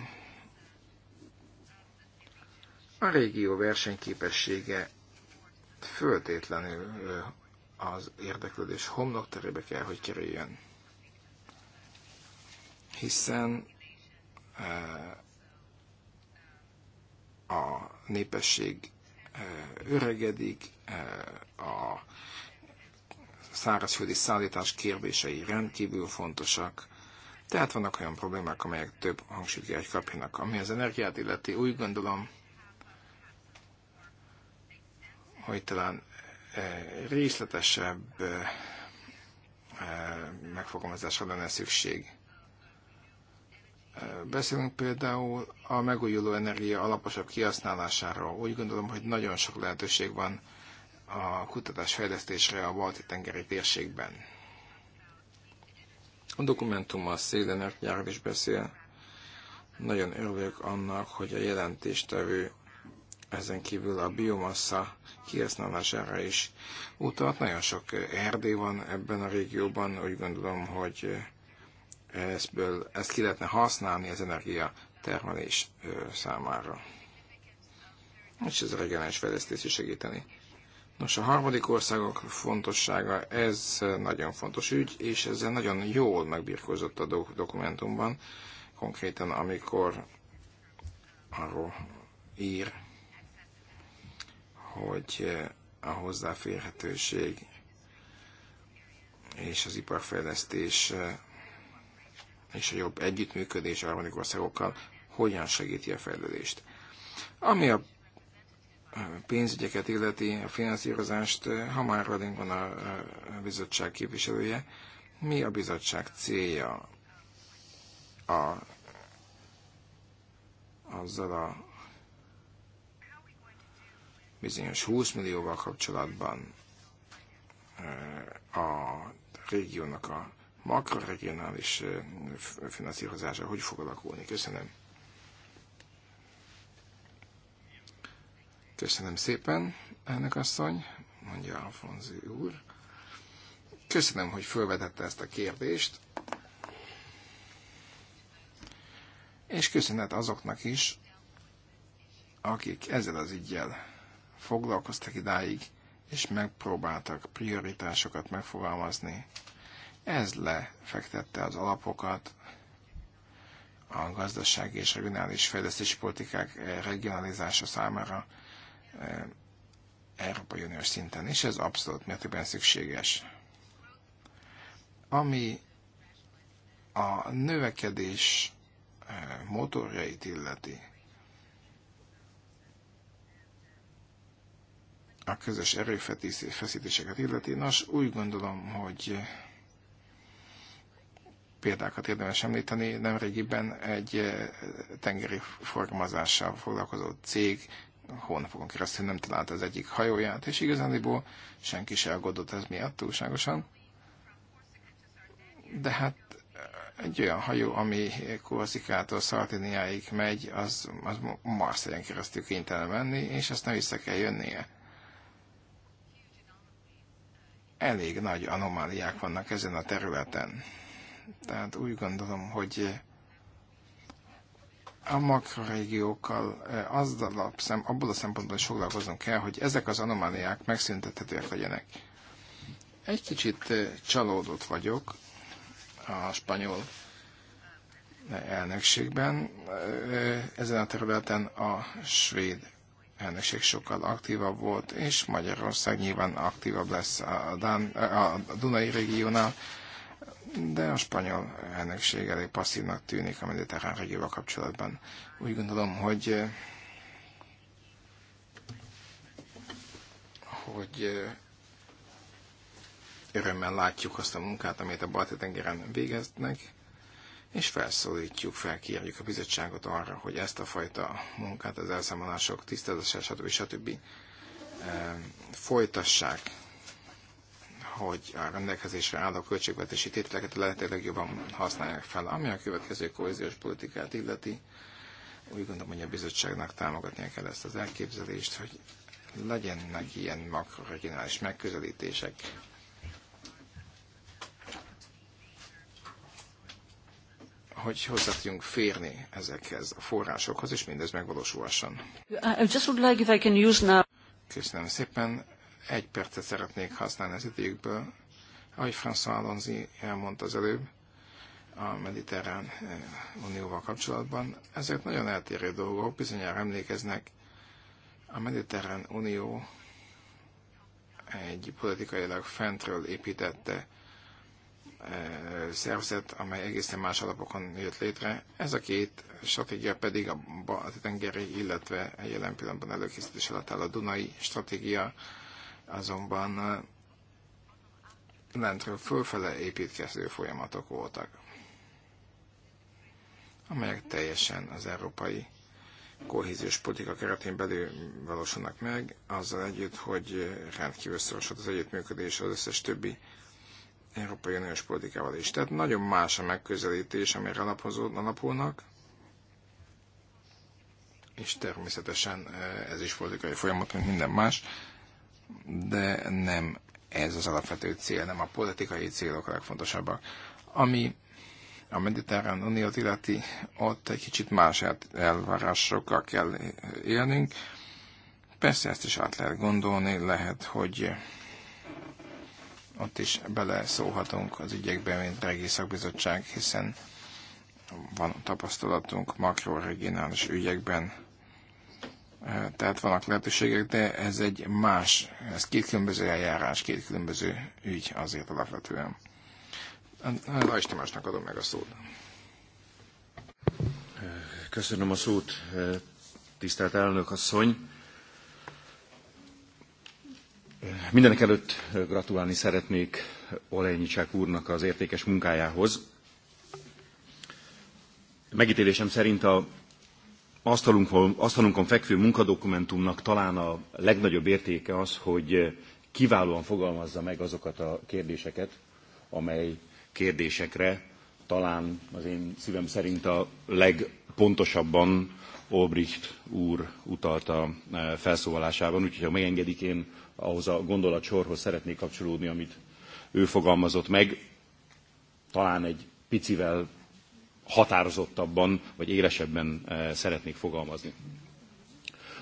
a régió versenyképessége föltétlenül az érdeklődés homlokterébe kell, hogy kerüljön hiszen eh, a népesség eh, öregedik, eh, a szárazföldi szállítás kérdései rendkívül fontosak, tehát vannak olyan problémák, amelyek több hangsúlyt kell, hogy kapjanak. Ami az energiát illeti, úgy gondolom, hogy talán részletesebb megfogalmazásra lenne szükség. Beszélünk például a megújuló energia alaposabb kihasználásáról. Úgy gondolom, hogy nagyon sok lehetőség van a kutatás fejlesztésre a Balti-tengeri térségben. A dokumentum a szélenergiáról is beszél. Nagyon örülök annak, hogy a jelentéstevő ezen kívül a biomassa kihasználására is utat. Nagyon sok erdély van ebben a régióban, úgy gondolom, hogy ezből ezt ki lehetne használni az energia termelés számára. És ez a regionális fejlesztés is segíteni. Nos, a harmadik országok fontossága, ez nagyon fontos ügy, és ezzel nagyon jól megbirkózott a dokumentumban, konkrétan amikor arról ír, hogy a hozzáférhetőség és az iparfejlesztés és a jobb együttműködés a harmadik országokkal hogyan segíti a fejlődést. Ami a pénzügyeket illeti, a finanszírozást, már Roding van a bizottság képviselője. Mi a bizottság célja a, azzal a bizonyos 20 millióval kapcsolatban a régiónak a makroregionális finanszírozása hogy fog alakulni. Köszönöm. Köszönöm szépen, elnök asszony, mondja Alfonzi úr. Köszönöm, hogy felvetette ezt a kérdést. És köszönet azoknak is, akik ezzel az ügyjel foglalkoztak idáig, és megpróbáltak prioritásokat megfogalmazni ez lefektette az alapokat a gazdasági és regionális fejlesztési politikák eh, regionalizása számára eh, Európai Uniós szinten, és ez abszolút mértékben szükséges. Ami a növekedés eh, motorjait illeti, a közös erőfeszítéseket illeti, nos, úgy gondolom, hogy példákat érdemes említeni. Nemrégiben egy eh, tengeri forgalmazással foglalkozó cég hónapokon keresztül nem találta az egyik hajóját, és igazániból senki se aggódott ez miatt túlságosan. De hát eh, egy olyan hajó, ami Korzikától Szartiniáig megy, az, az Marszegyen keresztül kénytelen menni, és nem vissza kell jönnie. Elég nagy anomáliák vannak ezen a területen. Tehát úgy gondolom, hogy eh, a makrorégiókkal eh, az a szem, abból a szempontból is foglalkoznunk kell, hogy ezek az anomáliák megszüntethetőek legyenek. Egy kicsit eh, csalódott vagyok a spanyol elnökségben. Ezen a területen a svéd elnökség sokkal aktívabb volt, és Magyarország nyilván aktívabb lesz a, Dán, a Dunai régiónál de a spanyol elnökség elég passzívnak tűnik a mediterrán regióval kapcsolatban. Úgy gondolom, hogy eh, hogy eh, örömmel látjuk azt a munkát, amit a Balti-tengeren végeznek, és felszólítjuk, felkérjük a bizottságot arra, hogy ezt a fajta munkát, az elszámolások, tisztázását, stb. stb. Eh, folytassák hogy a rendelkezésre álló költségvetési tételeket lehetőleg legjobban használják fel. Ami a következő kohéziós politikát illeti, úgy gondolom, hogy a bizottságnak támogatnia kell ezt az elképzelést, hogy legyenek ilyen makroregionális megközelítések. hogy hozzá tudjunk férni ezekhez a forrásokhoz, és mindez megvalósulhasson. Köszönöm szépen. Egy percet szeretnék használni az időkből. Ahogy François Alonzi elmondta az előbb, a Mediterrán eh, Unióval kapcsolatban. Ezek nagyon eltérő dolgok, bizonyára emlékeznek. A Mediterrán Unió egy politikailag fentről építette eh, szervezet, amely egészen más alapokon jött létre. Ez a két stratégia pedig a tengeri, illetve jelen pillanatban előkészítés alatt áll a Dunai stratégia, azonban lentről fölfele építkező folyamatok voltak, amelyek teljesen az európai kohéziós politika keretén belül valósulnak meg, azzal együtt, hogy rendkívül szoros az együttműködés az összes többi Európai Uniós politikával is. Tehát nagyon más a megközelítés, amire alapulnak, és természetesen ez is politikai folyamat, mint minden más de nem ez az alapvető cél, nem a politikai célok a legfontosabbak. Ami a mediterrán uniót illeti, ott egy kicsit más elvárásokkal kell élnünk. Persze ezt is át lehet gondolni, lehet, hogy ott is bele szólhatunk az ügyekbe, mint regi szakbizottság, hiszen van tapasztalatunk makroregionális ügyekben, tehát vannak lehetőségek, de ez egy más, ez két különböző eljárás, két különböző ügy azért alapvetően. és Tamásnak adom meg a szót. Köszönöm a szót, tisztelt elnök asszony. Mindenek előtt gratulálni szeretnék Olejnyicsák úrnak az értékes munkájához. Megítélésem szerint a asztalunkon, asztalunkon fekvő munkadokumentumnak talán a legnagyobb értéke az, hogy eh, kiválóan fogalmazza meg azokat a kérdéseket, amely kérdésekre talán az én szívem szerint a legpontosabban Olbricht úr utalt a eh, felszólalásában, úgyhogy ha megengedik, én ahhoz a gondolatsorhoz szeretnék kapcsolódni, amit ő fogalmazott meg. Talán egy picivel határozottabban vagy élesebben eh, szeretnék fogalmazni.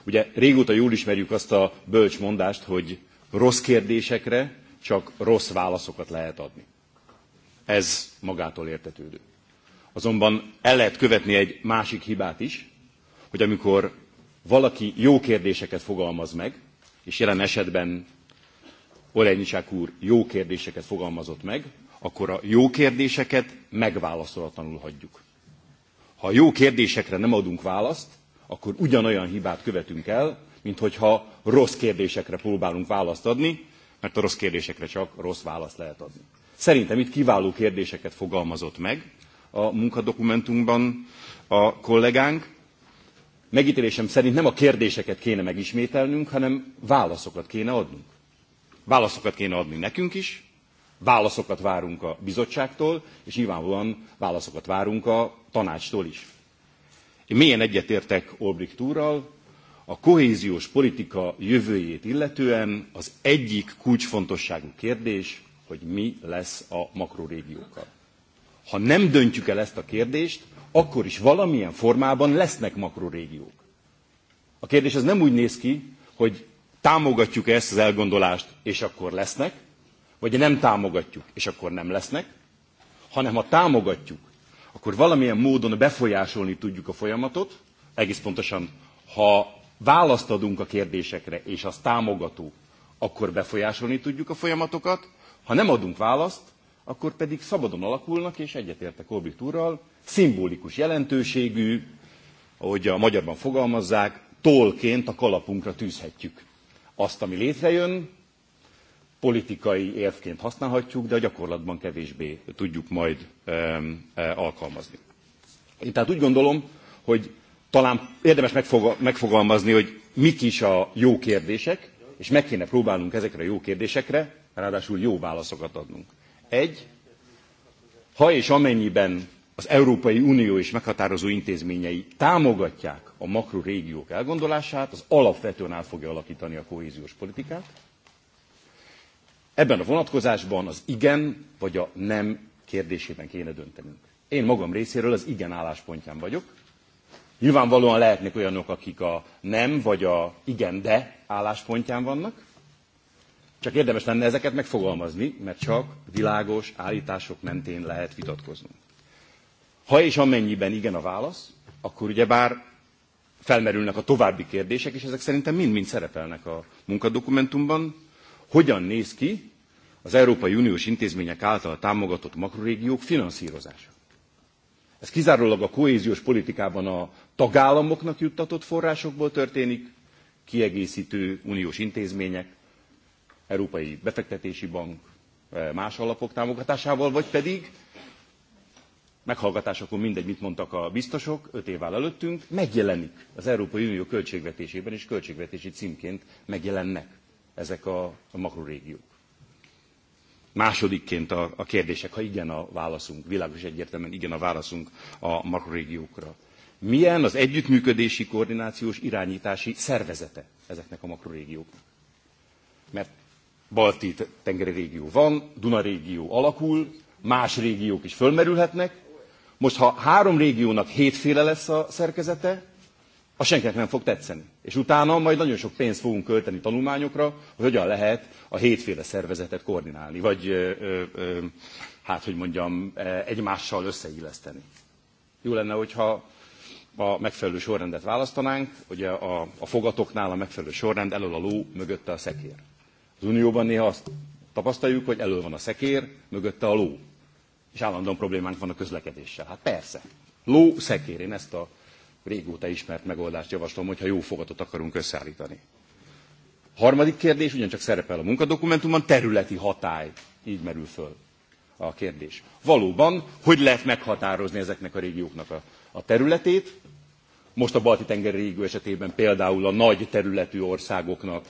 Ugye régóta jól ismerjük azt a bölcs mondást, hogy rossz kérdésekre csak rossz válaszokat lehet adni. Ez magától értetődő. Azonban el lehet követni egy másik hibát is, hogy amikor valaki jó kérdéseket fogalmaz meg, és jelen esetben Olejnicsák úr jó kérdéseket fogalmazott meg, akkor a jó kérdéseket megválaszolatlanul hagyjuk. Ha a jó kérdésekre nem adunk választ, akkor ugyanolyan hibát követünk el, mint hogyha rossz kérdésekre próbálunk választ adni, mert a rossz kérdésekre csak rossz választ lehet adni. Szerintem itt kiváló kérdéseket fogalmazott meg a munkadokumentumban a kollégánk. Megítélésem szerint nem a kérdéseket kéne megismételnünk, hanem válaszokat kéne adnunk. Válaszokat kéne adni nekünk is, Válaszokat várunk a bizottságtól, és nyilvánvalóan válaszokat várunk a tanácstól is. Én mélyen egyetértek Olbricht úrral, a kohéziós politika jövőjét illetően az egyik kulcsfontosságú kérdés, hogy mi lesz a makrorégiókkal. Ha nem döntjük el ezt a kérdést, akkor is valamilyen formában lesznek makrorégiók. A kérdés az nem úgy néz ki, hogy támogatjuk -e ezt az elgondolást, és akkor lesznek, vagy nem támogatjuk, és akkor nem lesznek, hanem ha támogatjuk, akkor valamilyen módon befolyásolni tudjuk a folyamatot, egész pontosan, ha választ adunk a kérdésekre, és az támogató, akkor befolyásolni tudjuk a folyamatokat, ha nem adunk választ, akkor pedig szabadon alakulnak, és egyetértek Orbit úrral, szimbolikus jelentőségű, ahogy a magyarban fogalmazzák, tollként a kalapunkra tűzhetjük. Azt, ami létrejön, politikai érvként használhatjuk, de a gyakorlatban kevésbé tudjuk majd e, alkalmazni. Én tehát úgy gondolom, hogy talán érdemes megfogalmazni, hogy mik is a jó kérdések, és meg kéne próbálnunk ezekre a jó kérdésekre, ráadásul jó válaszokat adnunk. Egy, ha és amennyiben az Európai Unió és meghatározó intézményei támogatják a makrorégiók elgondolását, az alapvetően át fogja alakítani a kohéziós politikát. Ebben a vonatkozásban az igen vagy a nem kérdésében kéne döntenünk. Én magam részéről az igen álláspontján vagyok. Nyilvánvalóan lehetnek olyanok, akik a nem vagy a igen de álláspontján vannak. Csak érdemes lenne ezeket megfogalmazni, mert csak világos állítások mentén lehet vitatkoznunk. Ha és amennyiben igen a válasz, akkor ugyebár felmerülnek a további kérdések, és ezek szerintem mind-mind szerepelnek a munkadokumentumban. Hogyan néz ki az Európai Uniós intézmények által támogatott makrorégiók finanszírozása. Ez kizárólag a kohéziós politikában a tagállamoknak juttatott forrásokból történik, kiegészítő uniós intézmények, Európai Befektetési Bank, eh, más alapok támogatásával, vagy pedig meghallgatásokon mindegy, mit mondtak a biztosok, öt évvel előttünk, megjelenik az Európai Unió költségvetésében, és költségvetési címként megjelennek ezek a makrorégiók. Másodikként a, a kérdések, ha igen a válaszunk, világos egyértelműen igen a válaszunk a makrorégiókra. Milyen az együttműködési, koordinációs, irányítási szervezete ezeknek a makrorégióknak? Mert balti tengeri régió van, Duna régió alakul, más régiók is fölmerülhetnek. Most ha három régiónak hétféle lesz a szerkezete, az senkinek nem fog tetszeni. És utána majd nagyon sok pénzt fogunk költeni tanulmányokra, hogy hogyan lehet a hétféle szervezetet koordinálni, vagy ö, ö, ö, hát, hogy mondjam, e, egymással összeilleszteni. Jó lenne, hogyha a megfelelő sorrendet választanánk, ugye a, a fogatoknál a megfelelő sorrend, elől a ló, mögötte a szekér. Az Unióban néha azt tapasztaljuk, hogy elől van a szekér, mögötte a ló. És állandóan problémánk van a közlekedéssel. Hát persze. Ló, szekér, én ezt a régóta ismert megoldást javaslom, hogyha jó fogatot akarunk összeállítani. Harmadik kérdés, ugyancsak szerepel a munkadokumentumban, területi hatály. Így merül föl a kérdés. Valóban, hogy lehet meghatározni ezeknek a régióknak a, a területét? Most a Balti-tenger régió esetében például a nagy területű országoknak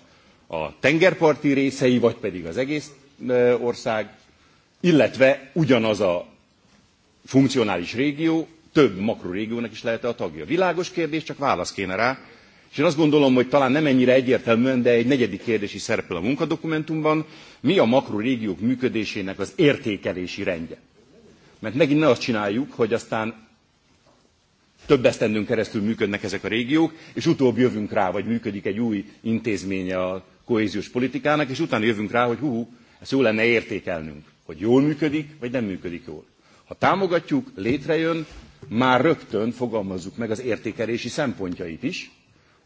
a tengerparti részei, vagy pedig az egész e, ország, illetve ugyanaz a funkcionális régió több makrorégiónak is lehet-e a tagja. Világos kérdés, csak válasz kéne rá. És én azt gondolom, hogy talán nem ennyire egyértelműen, de egy negyedik kérdés is szerepel a munkadokumentumban. Mi a makrorégiók működésének az értékelési rendje? Mert megint ne azt csináljuk, hogy aztán több esztendőn keresztül működnek ezek a régiók, és utóbb jövünk rá, vagy működik egy új intézménye a kohéziós politikának, és utána jövünk rá, hogy hú, ezt jó lenne értékelnünk, hogy jól működik, vagy nem működik jól. Ha támogatjuk, létrejön, már rögtön fogalmazzuk meg az értékelési szempontjait is,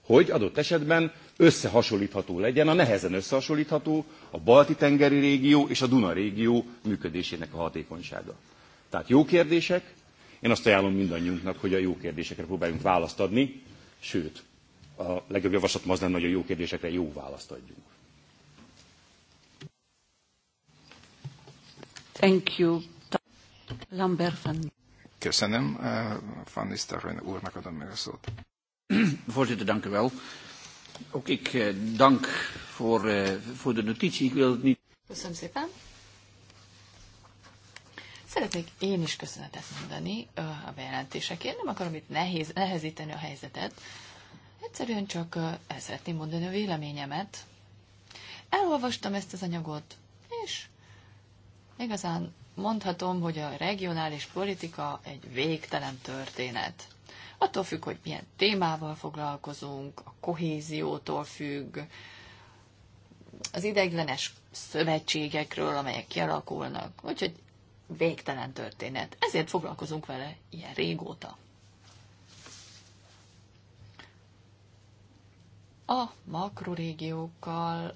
hogy adott esetben összehasonlítható legyen, a nehezen összehasonlítható a Balti-tengeri régió és a Duna régió működésének a hatékonysága. Tehát jó kérdések, én azt ajánlom mindannyiunknak, hogy a jó kérdésekre próbáljunk választ adni, sőt, a legjobb javaslatom az lenne, hogy a jó kérdésekre jó választ adjunk. Thank you. Lambert van Köszönöm. Eh, Van Nistelrooy úrnak adom meg a szót. Voorzitter, dank u wel. Ook ik eh, dank voor, eh, voor de notitie. Ik wil het niet... Köszönöm szépen. Szeretnék én is köszönetet mondani a bejelentésekért. Nem akarom itt nehéz, nehezíteni a helyzetet. Egyszerűen csak el szeretném mondani a véleményemet. Elolvastam ezt az anyagot, és igazán mondhatom, hogy a regionális politika egy végtelen történet. Attól függ, hogy milyen témával foglalkozunk, a kohéziótól függ, az ideiglenes szövetségekről, amelyek kialakulnak. Úgyhogy végtelen történet. Ezért foglalkozunk vele ilyen régóta. A makrorégiókkal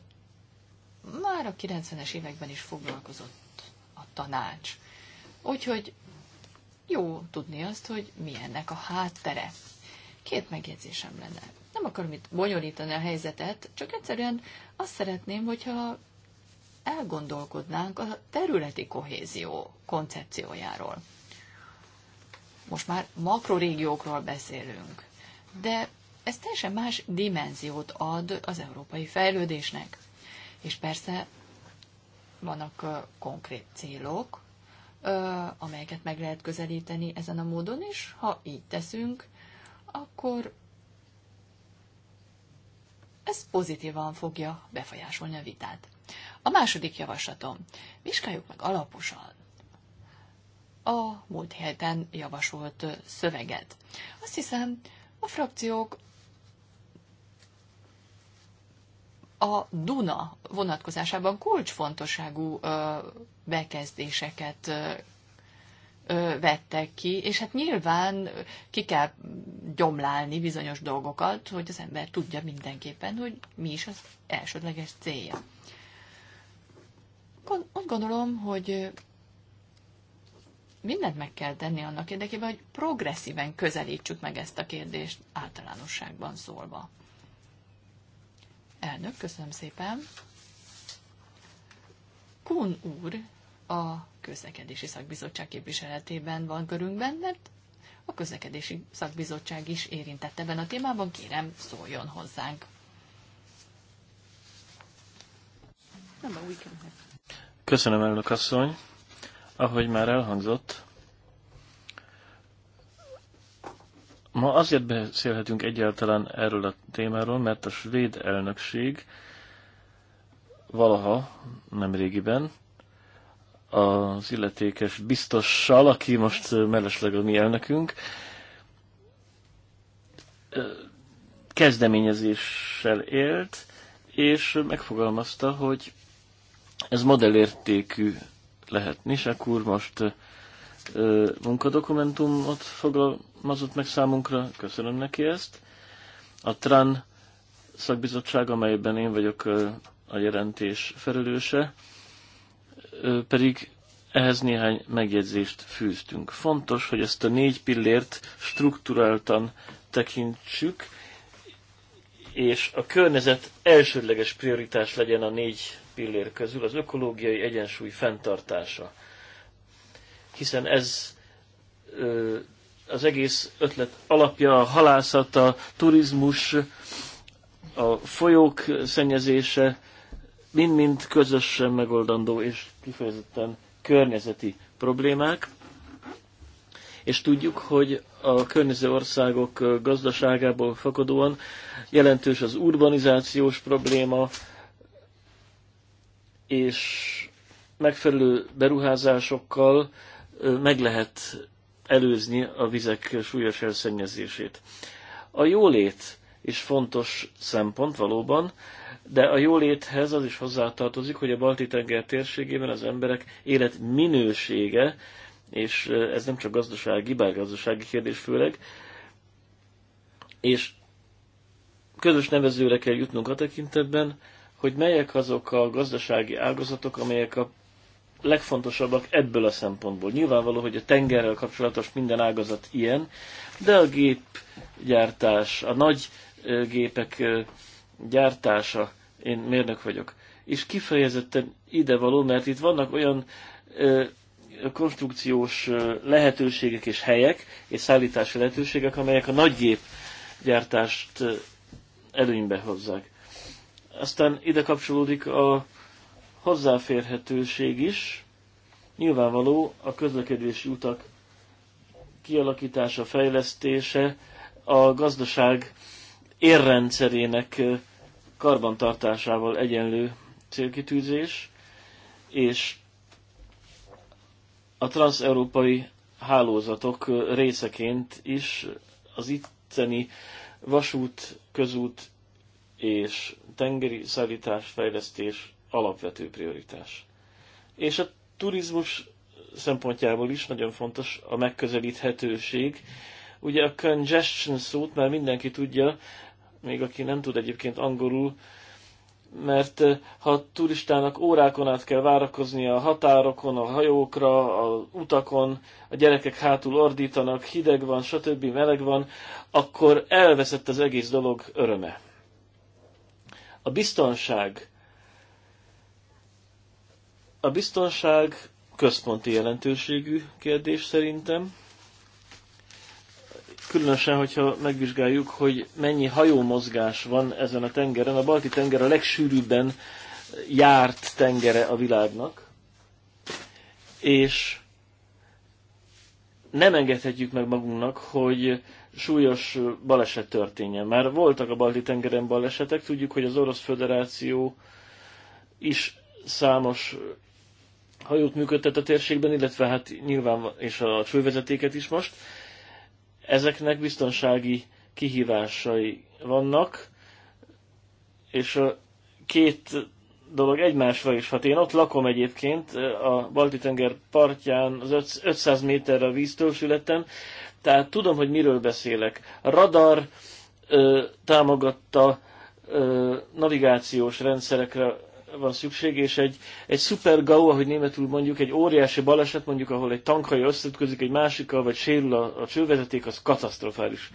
már a 90-es években is foglalkozott tanács. Úgyhogy jó tudni azt, hogy mi ennek a háttere. Két megjegyzésem lenne. Nem akarom itt bonyolítani a helyzetet, csak egyszerűen azt szeretném, hogyha elgondolkodnánk a területi kohézió koncepciójáról. Most már makrorégiókról beszélünk, de ez teljesen más dimenziót ad az európai fejlődésnek. És persze vannak konkrét célok, amelyeket meg lehet közelíteni ezen a módon, is, ha így teszünk, akkor ez pozitívan fogja befolyásolni a vitát. A második javaslatom. Vizsgáljuk meg alaposan a múlt héten javasolt szöveget. Azt hiszem, a frakciók a Duna vonatkozásában kulcsfontosságú bekezdéseket vettek ki, és hát nyilván ki kell gyomlálni bizonyos dolgokat, hogy az ember tudja mindenképpen, hogy mi is az elsődleges célja. Úgy gondolom, hogy mindent meg kell tenni annak érdekében, hogy progresszíven közelítsük meg ezt a kérdést általánosságban szólva. Elnök, köszönöm szépen. Kun úr a közlekedési szakbizottság képviseletében van körünkben, mert a közlekedési szakbizottság is érintett ebben a témában. Kérem, szóljon hozzánk. Köszönöm, elnök asszony. Ahogy már elhangzott, Ma azért beszélhetünk egyáltalán erről a témáról, mert a svéd elnökség valaha, nem régiben, az illetékes biztossal, aki most mellesleg a mi elnökünk, kezdeményezéssel élt, és megfogalmazta, hogy ez modellértékű lehet. Nisek úr most munkadokumentumot fog fogalmazott meg számunkra, köszönöm neki ezt. A TRAN szakbizottság, amelyben én vagyok a jelentés felelőse, pedig ehhez néhány megjegyzést fűztünk. Fontos, hogy ezt a négy pillért strukturáltan tekintsük, és a környezet elsődleges prioritás legyen a négy pillér közül az ökológiai egyensúly fenntartása. Hiszen ez ö, az egész ötlet alapja a halászat, a turizmus, a folyók szennyezése, mind-mind közösen megoldandó és kifejezetten környezeti problémák. És tudjuk, hogy a környező országok gazdaságából fakadóan jelentős az urbanizációs probléma, és megfelelő beruházásokkal meg lehet előzni a vizek súlyos elszennyezését. A jólét is fontos szempont valóban, de a jóléthez az is hozzátartozik, hogy a Balti-tenger térségében az emberek élet minősége, és ez nem csak gazdasági, bár gazdasági kérdés főleg, és közös nevezőre kell jutnunk a tekintetben, hogy melyek azok a gazdasági ágazatok, amelyek a legfontosabbak ebből a szempontból. Nyilvánvaló, hogy a tengerrel kapcsolatos minden ágazat ilyen, de a gépgyártás, a nagy gépek gyártása, én mérnök vagyok, és kifejezetten ide való, mert itt vannak olyan konstrukciós lehetőségek és helyek, és szállítási lehetőségek, amelyek a nagy gyártást előnybe hozzák. Aztán ide kapcsolódik a hozzáférhetőség is nyilvánvaló a közlekedési utak kialakítása, fejlesztése, a gazdaság érrendszerének karbantartásával egyenlő célkitűzés, és a transeurópai hálózatok részeként is az itteni vasút, közút és tengeri szállítás, fejlesztés alapvető prioritás. És a turizmus szempontjából is nagyon fontos a megközelíthetőség. Ugye a congestion szót már mindenki tudja, még aki nem tud egyébként angolul, mert eh, ha a turistának órákon át kell várakoznia a határokon, a hajókra, a utakon, a gyerekek hátul ordítanak, hideg van, stb. meleg van, akkor elveszett az egész dolog öröme. A biztonság a biztonság központi jelentőségű kérdés szerintem, különösen, hogyha megvizsgáljuk, hogy mennyi hajómozgás van ezen a tengeren. A Balti tenger a legsűrűbben járt tengere a világnak, és nem engedhetjük meg magunknak, hogy súlyos baleset történjen. Már voltak a balti tengeren balesetek, tudjuk, hogy az Orosz Föderáció is számos hajót működtet a térségben, illetve hát nyilván és a fővezetéket is most. Ezeknek biztonsági kihívásai vannak, és a két dolog egymásra is hat. Én ott lakom egyébként, a Balti-tenger partján, az 500 méterre a víztől születtem, tehát tudom, hogy miről beszélek. A radar ö, támogatta ö, navigációs rendszerekre van szükség, és egy, egy szuper gau, ahogy németül mondjuk, egy óriási baleset, mondjuk, ahol egy tankhajó összetközik egy másikkal, vagy sérül a, a csővezeték, az katasztrofális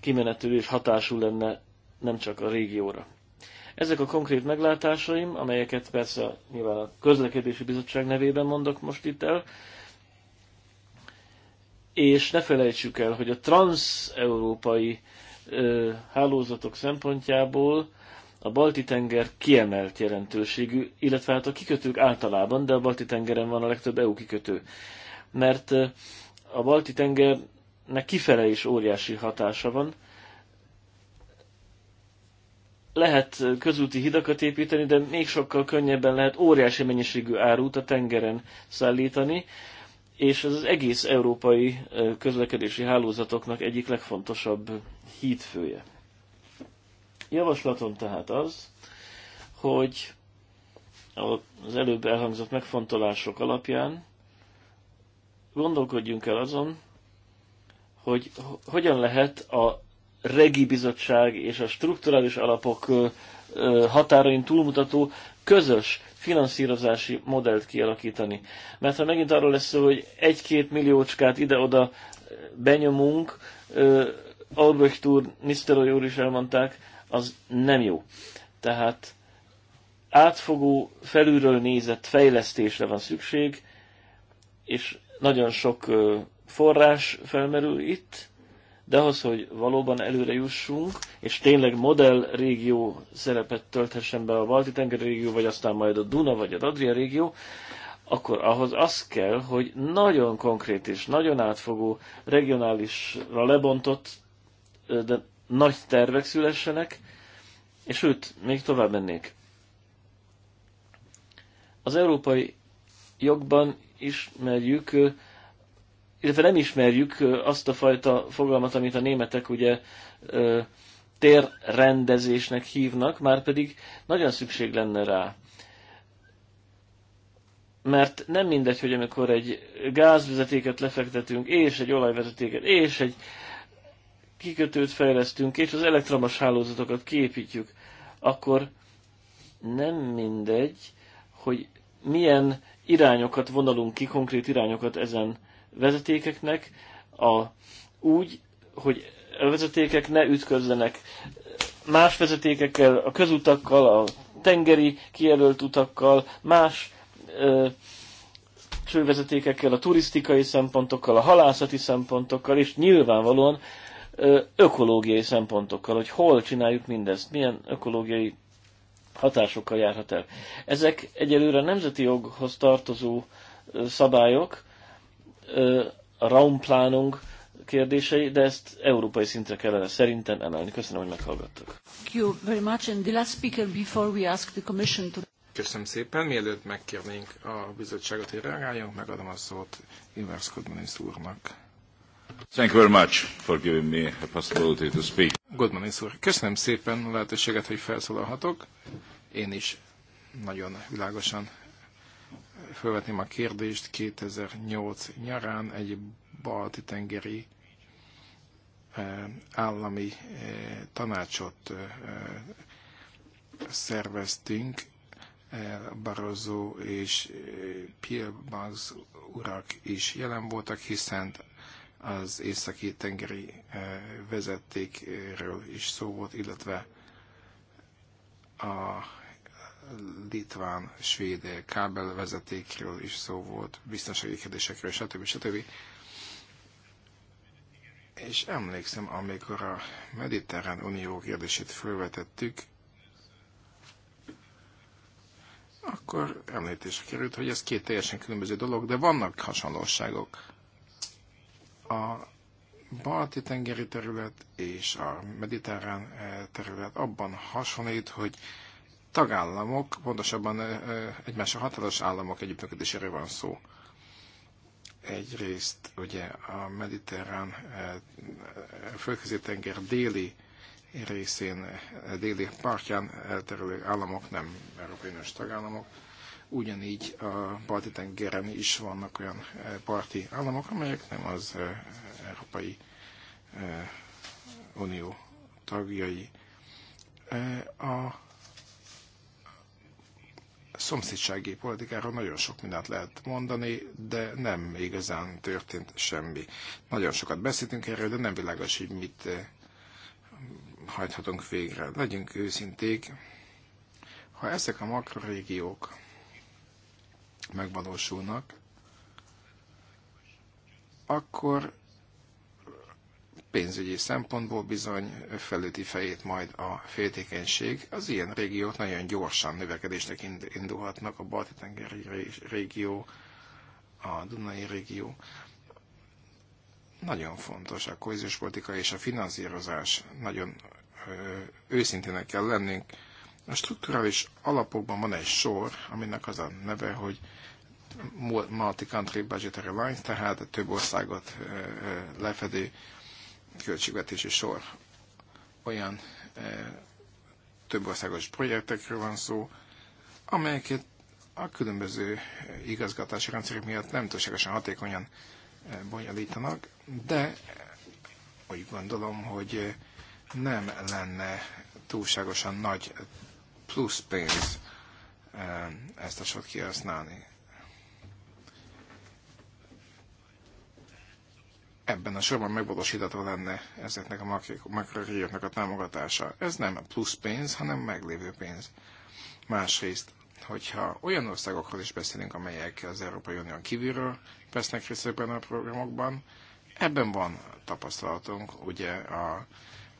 kimenetű és hatású lenne nem csak a régióra. Ezek a konkrét meglátásaim, amelyeket persze nyilván a közlekedési bizottság nevében mondok most itt el, és ne felejtsük el, hogy a transeurópai hálózatok szempontjából a Balti-tenger kiemelt jelentőségű, illetve hát a kikötők általában, de a Balti-tengeren van a legtöbb EU kikötő. Mert a Balti-tengernek kifele is óriási hatása van. Lehet közúti hidakat építeni, de még sokkal könnyebben lehet óriási mennyiségű árut a tengeren szállítani, és ez az egész európai közlekedési hálózatoknak egyik legfontosabb hídfője. Javaslatom tehát az, hogy az előbb elhangzott megfontolások alapján gondolkodjunk el azon, hogy hogyan lehet a regi bizottság és a strukturális alapok határain túlmutató közös finanszírozási modellt kialakítani. Mert ha megint arról lesz szó, hogy egy-két milliócskát ide-oda benyomunk, Albrecht úr, Mr. úr is elmondták, az nem jó. Tehát átfogó, felülről nézett fejlesztésre van szükség, és nagyon sok forrás felmerül itt, de ahhoz, hogy valóban előre jussunk, és tényleg modell régió szerepet tölthessen be a balti tenger régió, vagy aztán majd a Duna, vagy a Adria régió, akkor ahhoz az kell, hogy nagyon konkrét és nagyon átfogó, regionálisra lebontott, de nagy tervek szülessenek, és őt még tovább mennék. Az európai jogban ismerjük, illetve nem ismerjük azt a fajta fogalmat, amit a németek ugye térrendezésnek hívnak, már pedig nagyon szükség lenne rá. Mert nem mindegy, hogy amikor egy gázvezetéket lefektetünk, és egy olajvezetéket, és egy kikötőt fejlesztünk, és az elektromos hálózatokat kiépítjük, akkor nem mindegy, hogy milyen irányokat vonalunk ki, konkrét irányokat ezen vezetékeknek, a, úgy, hogy a vezetékek ne ütközzenek más vezetékekkel, a közutakkal, a tengeri kijelölt utakkal, más ö, csővezetékekkel, a turisztikai szempontokkal, a halászati szempontokkal, és nyilvánvalóan ökológiai szempontokkal, hogy hol csináljuk mindezt, milyen ökológiai hatásokkal járhat el. Ezek egyelőre nemzeti joghoz tartozó szabályok, a Raumplanung kérdései, de ezt európai szintre kellene szerintem emelni. Köszönöm, hogy meghallgattak. Köszönöm szépen. Mielőtt megkérnénk a bizottságot, hogy reagáljon, megadom a szót Invers Kodmanis úrnak. Thank you very much for giving me a possibility to speak. úr, köszönöm szépen a lehetőséget, hogy felszólalhatok. Én is nagyon világosan felvetném a kérdést. 2008 nyarán egy balti tengeri eh, állami eh, tanácsot eh, szerveztünk, Barroso és Pierre Banks urak is jelen voltak, hiszen az északi tengeri eh, vezetékről is szó volt, illetve a litván-svéd kábelvezetékről is szó volt, biztonsági kérdésekről, stb. stb. És emlékszem, amikor a Mediterrán Unió kérdését felvetettük, akkor említésre került, hogy ez két teljesen különböző dolog, de vannak hasonlóságok a balti tengeri terület és a mediterrán eh, terület abban hasonlít, hogy tagállamok, pontosabban eh, eh, egymásra határos államok együttműködésére van szó. Egyrészt ugye a mediterrán földközi tenger déli részén, déli partján elterülő államok nem Európai Uniós tagállamok, ugyanígy a balti tengeren is vannak olyan parti e, államok, amelyek nem az e, Európai e, Unió tagjai. A szomszédsági politikáról nagyon sok mindent lehet mondani, de nem igazán történt semmi. Nagyon sokat beszéltünk erről, de nem világos, hogy mit hajthatunk végre. Legyünk őszinték, ha ezek a makrorégiók megvalósulnak, akkor pénzügyi szempontból bizony felüti fejét majd a féltékenység. Az ilyen régiók nagyon gyorsan növekedésnek indulhatnak, a Balti-tengeri régió, a Dunai régió. Nagyon fontos a kohéziós politika és a finanszírozás. Nagyon őszintének kell lennünk a strukturális alapokban van egy sor, aminek az a neve, hogy Multi-Country Budgetary Lines, tehát a több országot lefedő költségvetési sor. Olyan több országos projektekről van szó, amelyeket a különböző igazgatási rendszerek miatt nem túlságosan hatékonyan bonyolítanak, de úgy gondolom, hogy nem lenne túlságosan nagy plusz pénz eh, ezt a sort kihasználni. Ebben a sorban megvalósítható lenne ezeknek a makrorégióknak a támogatása. Ez nem a plusz pénz, hanem meglévő pénz. Másrészt, hogyha olyan országokról is beszélünk, amelyek az Európai Unión kívülről vesznek részt ebben a programokban, ebben van tapasztalatunk, ugye a,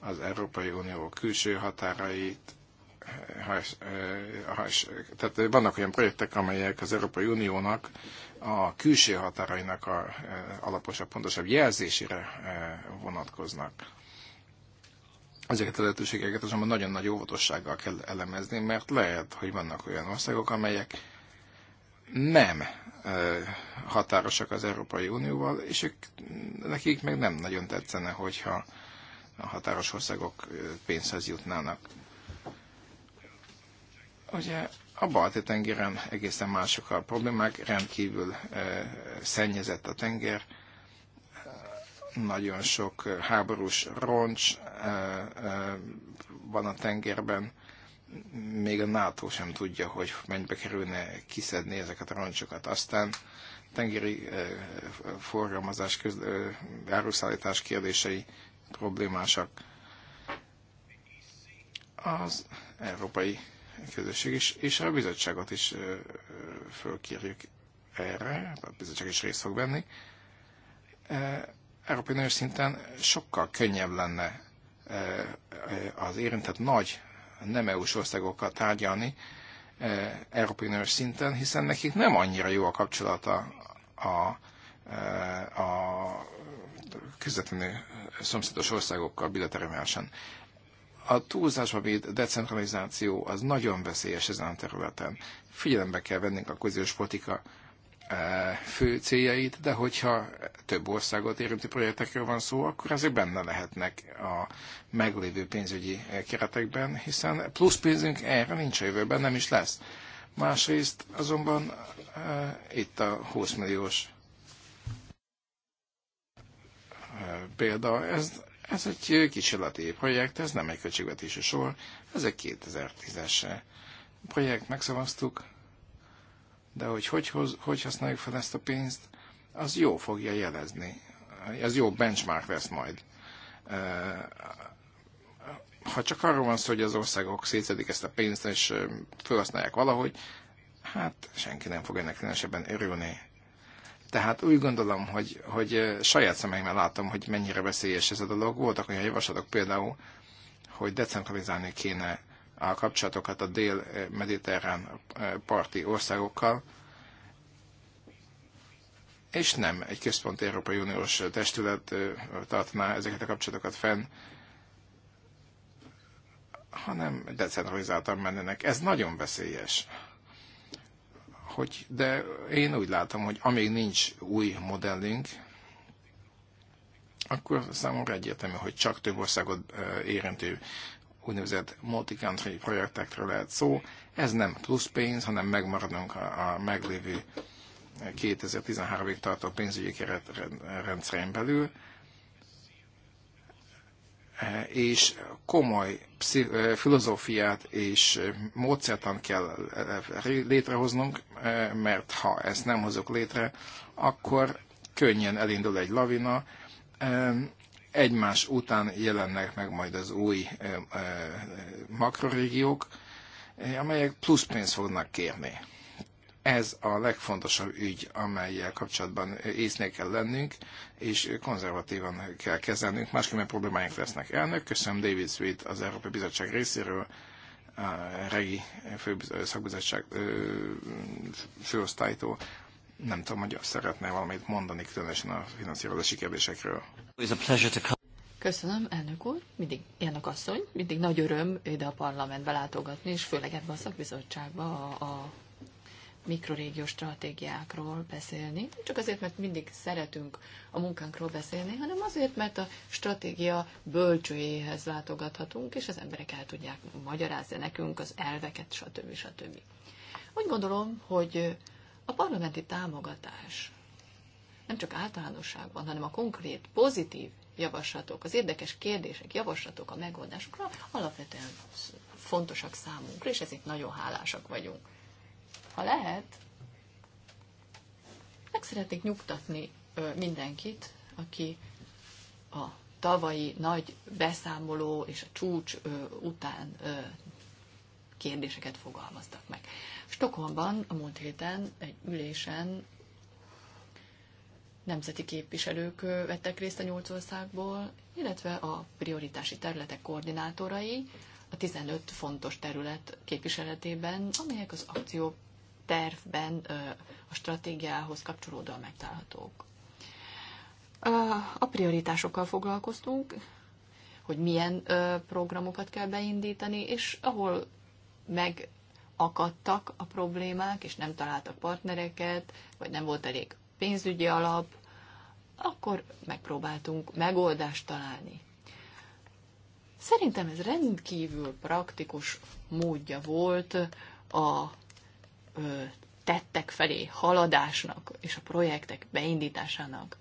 az Európai Unió külső határait tehát vannak olyan projektek, amelyek az Európai Uniónak a külső határainak a alaposabb, pontosabb jelzésére vonatkoznak. Ezeket a lehetőségeket azonban nagyon nagy óvatossággal kell elemezni, mert lehet, hogy vannak olyan országok, amelyek nem határosak az Európai Unióval, és ők, nekik meg nem nagyon tetszene, hogyha a határos országok pénzhez jutnának. Ugye a balti tengeren egészen mások a problémák, rendkívül eh, szennyezett a tenger, eh, nagyon sok eh, háborús roncs van a tengerben, még a NATO sem tudja, hogy mennybe kerülne kiszedni ezeket a roncsokat. Aztán tengeri forgalmazás, közd, áruszállítás kérdései problémásak. Az Európai közösség is, és a bizottságot is fölkérjük erre, a bizottság is részt fog venni. Európai Uniós szinten sokkal könnyebb lenne az érintett nagy nem EU-s országokkal tárgyalni Európai Uniós szinten, hiszen nekik nem annyira jó a kapcsolata a, a, a közvetlenül szomszédos országokkal bilaterálisan a túlzásba véd decentralizáció az nagyon veszélyes ezen a területen. Figyelembe kell vennünk a közös politika e, fő céljait, de hogyha több országot érintő projektekről van szó, akkor ezek benne lehetnek a meglévő pénzügyi keretekben, hiszen plusz pénzünk erre nincs a jövőben, nem is lesz. Másrészt azonban e, itt a 20 milliós e, példa, ez ez egy kísérleti projekt, ez nem egy költségvetési sor, ez egy 2010-es projekt, megszavaztuk, de hogy hogy, hoz, hogy használjuk fel ezt a pénzt, az jó fogja jelezni. Ez jó benchmark lesz majd. Ha csak arról van szó, hogy az országok szétszedik ezt a pénzt, és felhasználják valahogy, hát senki nem fog ennek különösebben örülni. Tehát úgy gondolom, hogy, hogy saját szemeimmel látom, hogy mennyire veszélyes ez a dolog. Voltak olyan javaslatok például, hogy decentralizálni kéne a kapcsolatokat a dél-mediterrán parti országokkal, és nem egy központi Európai Uniós testület tartaná ezeket a kapcsolatokat fenn, hanem decentralizáltan mennének. Ez nagyon veszélyes hogy, de én úgy látom, hogy amíg nincs új modellünk, akkor számomra egyértelmű, hogy csak több országot érintő úgynevezett multi-country projektekről lehet szó. Ez nem plusz pénz, hanem megmaradunk a, a meglévő 2013-ig tartó pénzügyi keretrendszerén belül és komoly filozófiát és módszertan kell létrehoznunk, mert ha ezt nem hozok létre, akkor könnyen elindul egy lavina, egymás után jelennek meg majd az új makrorégiók, amelyek plusz pénzt fognak kérni. Ez a legfontosabb ügy, amelyel kapcsolatban észnél kell lennünk, és konzervatívan kell kezelnünk, máskülönben problémáink lesznek. Elnök, köszönöm David Sweet az Európai Bizottság részéről, a Regi Szakbizottság főosztálytól. Nem tudom, hogy szeretne valamit mondani különösen a finanszírozási kérdésekről. Köszönöm, elnök úr, mindig, elnök asszony, mindig nagy öröm ide a parlamentbe látogatni, és főleg ebbe a szakbizottságba a, a mikrorégió stratégiákról beszélni, nem csak azért, mert mindig szeretünk a munkánkról beszélni, hanem azért, mert a stratégia bölcsőjéhez látogathatunk, és az emberek el tudják magyarázni nekünk az elveket, stb. stb. Úgy gondolom, hogy a parlamenti támogatás nem csak általánosságban, hanem a konkrét, pozitív javaslatok, az érdekes kérdések, javaslatok a megoldásokra alapvetően fontosak számunkra, és ezért nagyon hálásak vagyunk. Ha lehet, meg szeretnék nyugtatni mindenkit, aki a tavalyi nagy beszámoló és a csúcs után kérdéseket fogalmaztak meg. Stokholmban a múlt héten egy ülésen nemzeti képviselők vettek részt a nyolc országból, illetve a prioritási területek koordinátorai a 15 fontos terület képviseletében, amelyek az akció tervben a stratégiához kapcsolódóan megtalálhatók. A prioritásokkal foglalkoztunk, hogy milyen programokat kell beindítani, és ahol meg akadtak a problémák, és nem találtak partnereket, vagy nem volt elég pénzügyi alap, akkor megpróbáltunk megoldást találni. Szerintem ez rendkívül praktikus módja volt a tettek felé haladásnak és a projektek beindításának.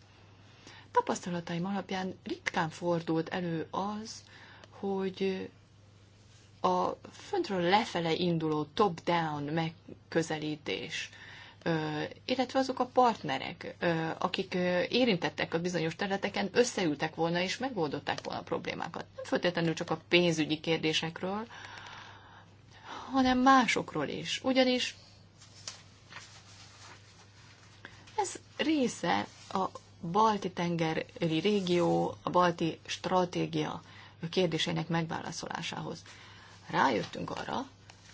Tapasztalataim alapján ritkán fordult elő az, hogy a föntről lefele induló top-down megközelítés, illetve azok a partnerek, akik érintettek a bizonyos területeken, összeültek volna és megoldották volna a problémákat. Nem feltétlenül csak a pénzügyi kérdésekről, hanem másokról is. Ugyanis része a balti tengeri régió, a balti stratégia kérdésének megválaszolásához. Rájöttünk arra,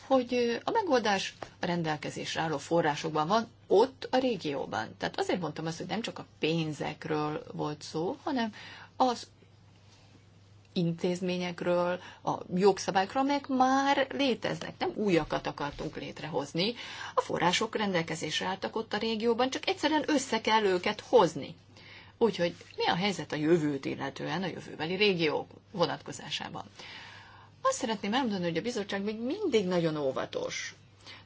hogy a megoldás a rendelkezésre álló forrásokban van, ott a régióban. Tehát azért mondtam azt, hogy nem csak a pénzekről volt szó, hanem az intézményekről, a jogszabályokról, amelyek már léteznek. Nem újakat akartunk létrehozni. A források rendelkezésre álltak ott a régióban, csak egyszerűen össze kell őket hozni. Úgyhogy mi a helyzet a jövőt illetően, a jövőbeli régiók vonatkozásában? Azt szeretném elmondani, hogy a bizottság még mindig nagyon óvatos.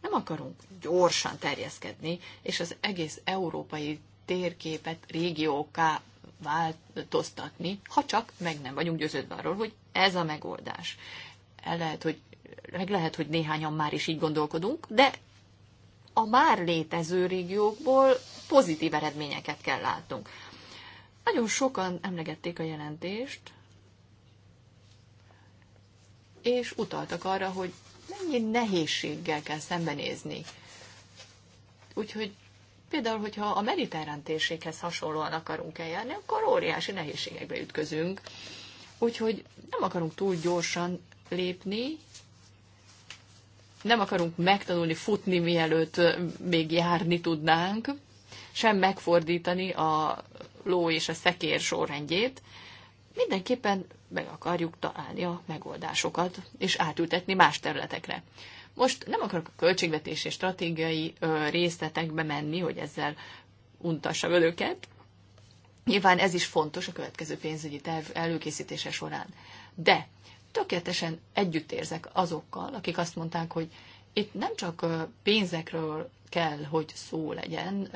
Nem akarunk gyorsan terjeszkedni, és az egész európai térképet régióká változtatni, ha csak meg nem vagyunk győződve arról, hogy ez a megoldás. El lehet, hogy, meg lehet, hogy néhányan már is így gondolkodunk, de a már létező régiókból pozitív eredményeket kell látnunk. Nagyon sokan emlegették a jelentést, és utaltak arra, hogy mennyi nehézséggel kell szembenézni. Úgyhogy Például, hogyha a mediterrán térséghez hasonlóan akarunk eljárni, akkor óriási nehézségekbe ütközünk. Úgyhogy nem akarunk túl gyorsan lépni, nem akarunk megtanulni futni, mielőtt még járni tudnánk, sem megfordítani a ló és a szekér sorrendjét. Mindenképpen meg akarjuk találni a megoldásokat, és átültetni más területekre. Most nem akarok a költségvetési stratégiai részletekbe menni, hogy ezzel untassam önöket. Nyilván ez is fontos a következő pénzügyi terv előkészítése során. De tökéletesen együttérzek azokkal, akik azt mondták, hogy itt nem csak pénzekről kell, hogy szó legyen,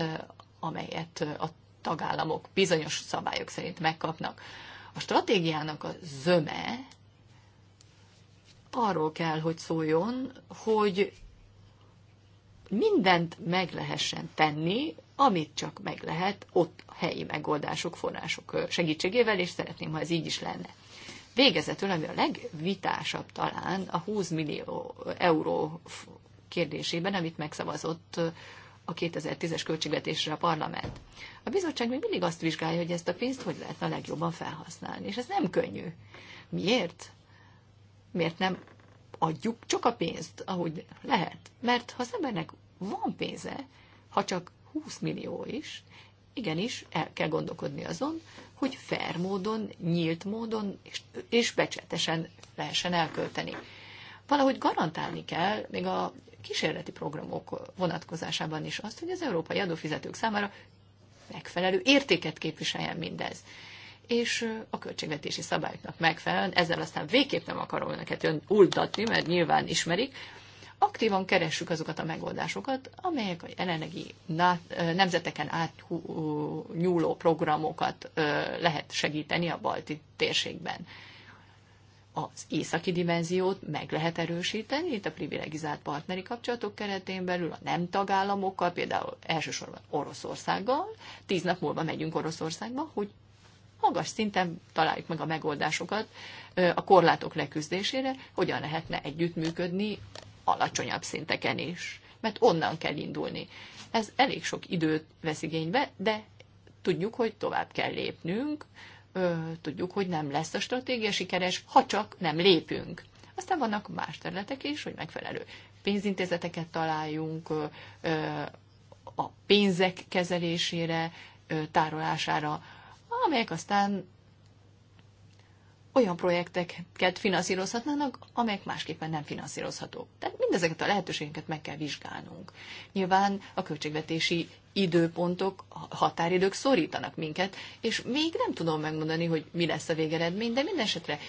amelyet a tagállamok bizonyos szabályok szerint megkapnak. A stratégiának a zöme arról kell, hogy szóljon, hogy mindent meg lehessen tenni, amit csak meg lehet, ott helyi megoldások, források segítségével, és szeretném, ha ez így is lenne. Végezetül, ami a legvitásabb talán a 20 millió euró kérdésében, amit megszavazott a 2010-es költségvetésre a parlament. A bizottság még mindig azt vizsgálja, hogy ezt a pénzt hogy lehetne a legjobban felhasználni, és ez nem könnyű. Miért? miért nem adjuk csak a pénzt, ahogy lehet? Mert ha az embernek van pénze, ha csak 20 millió is, igenis el kell gondolkodni azon, hogy fair módon, nyílt módon és, és becsetesen lehessen elkölteni. Valahogy garantálni kell még a kísérleti programok vonatkozásában is azt, hogy az európai adófizetők számára megfelelő értéket képviseljen mindez és a költségvetési szabályoknak megfelelően, ezzel aztán végképp nem akarom önöket ultatni, mert nyilván ismerik, aktívan keressük azokat a megoldásokat, amelyek a jelenlegi nemzeteken átnyúló programokat lehet segíteni a balti térségben. Az északi dimenziót meg lehet erősíteni, itt a privilegizált partneri kapcsolatok keretén belül, a nem tagállamokkal, például elsősorban Oroszországgal. Tíz nap múlva megyünk Oroszországba, hogy magas szinten találjuk meg a megoldásokat a korlátok leküzdésére, hogyan lehetne együttműködni alacsonyabb szinteken is. Mert onnan kell indulni. Ez elég sok időt vesz igénybe, de tudjuk, hogy tovább kell lépnünk, tudjuk, hogy nem lesz a stratégia sikeres, ha csak nem lépünk. Aztán vannak más területek is, hogy megfelelő pénzintézeteket találjunk, a pénzek kezelésére, tárolására, amelyek aztán olyan projekteket finanszírozhatnának, amelyek másképpen nem finanszírozhatók. Tehát mindezeket a lehetőségeket meg kell vizsgálnunk. Nyilván a költségvetési időpontok, határidők szorítanak minket, és még nem tudom megmondani, hogy mi lesz a végeredmény, de minden esetre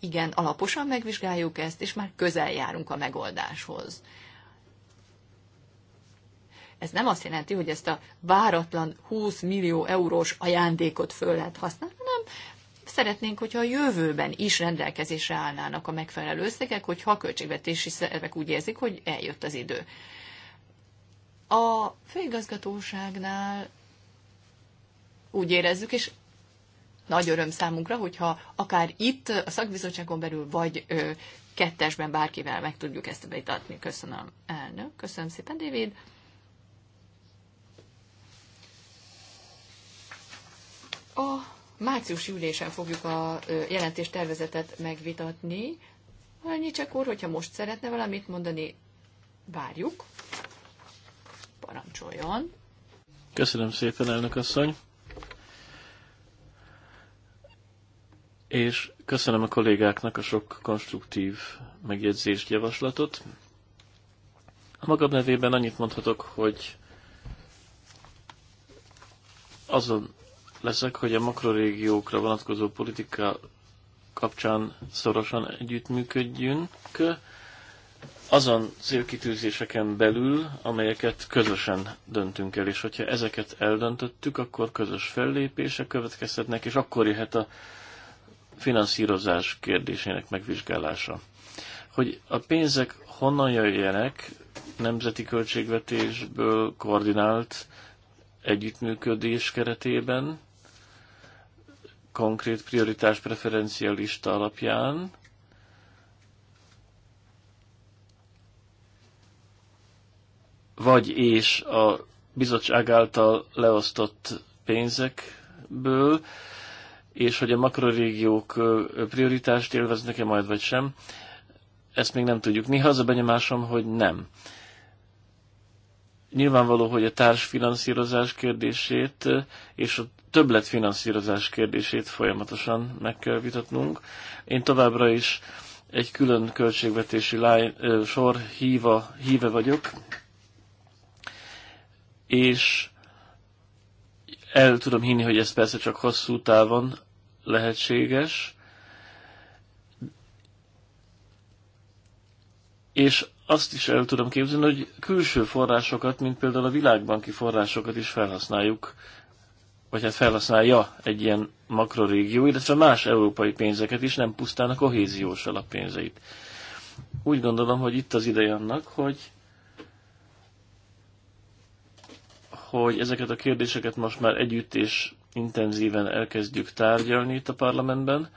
igen, alaposan megvizsgáljuk ezt, és már közel járunk a megoldáshoz. Ez nem azt jelenti, hogy ezt a váratlan 20 millió eurós ajándékot föl lehet használni, hanem szeretnénk, hogyha a jövőben is rendelkezésre állnának a megfelelő összegek, hogyha a költségvetési szervek úgy érzik, hogy eljött az idő. A főigazgatóságnál úgy érezzük, és nagy öröm számunkra, hogyha akár itt a szakbizottságon belül, vagy ö, kettesben bárkivel meg tudjuk ezt vitatni. Köszönöm, elnök. Köszönöm szépen, David. A márciusi ülésen fogjuk a jelentés tervezetet megvitatni. csak úr, hogyha most szeretne valamit mondani, várjuk. Parancsoljon. Köszönöm szépen, elnök asszony. És köszönöm a kollégáknak a sok konstruktív megjegyzést, javaslatot. A magam nevében annyit mondhatok, hogy azon leszek, hogy a makrorégiókra vonatkozó politika kapcsán szorosan együttműködjünk azon célkitűzéseken belül, amelyeket közösen döntünk el, és hogyha ezeket eldöntöttük, akkor közös fellépések következhetnek, és akkor jöhet a finanszírozás kérdésének megvizsgálása. Hogy a pénzek honnan jöjjenek, nemzeti költségvetésből koordinált együttműködés keretében, konkrét prioritás preferencia lista alapján. Vagy és a bizottság által leosztott pénzekből, és hogy a makrorégiók prioritást élveznek-e majd vagy sem, ezt még nem tudjuk. Néha az a benyomásom, hogy nem. Nyilvánvaló, hogy a társfinanszírozás kérdését eh, és a többletfinanszírozás kérdését folyamatosan meg kell vitatnunk. Én továbbra is egy külön költségvetési lány, eh, sor híva, híve vagyok, és el tudom hinni, hogy ez persze csak hosszú távon lehetséges, és azt is el tudom képzelni, hogy külső forrásokat, mint például a világbanki forrásokat is felhasználjuk, vagy hát felhasználja egy ilyen makrorégió, illetve más európai pénzeket is, nem pusztán a kohéziós alappénzeit. Úgy gondolom, hogy itt az ideje annak, hogy hogy ezeket a kérdéseket most már együtt és intenzíven elkezdjük tárgyalni itt a parlamentben,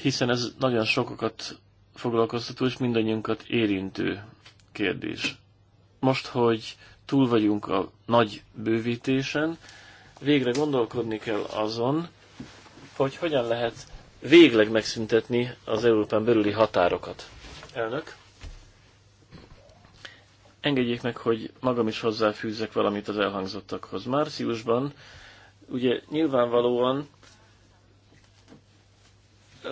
hiszen ez nagyon sokakat foglalkoztató és mindannyiunkat érintő kérdés. Most, hogy túl vagyunk a nagy bővítésen, végre gondolkodni kell azon, hogy hogyan lehet végleg megszüntetni az Európán belüli határokat. Elnök, engedjék meg, hogy magam is hozzáfűzzek valamit az elhangzottakhoz. Márciusban ugye nyilvánvalóan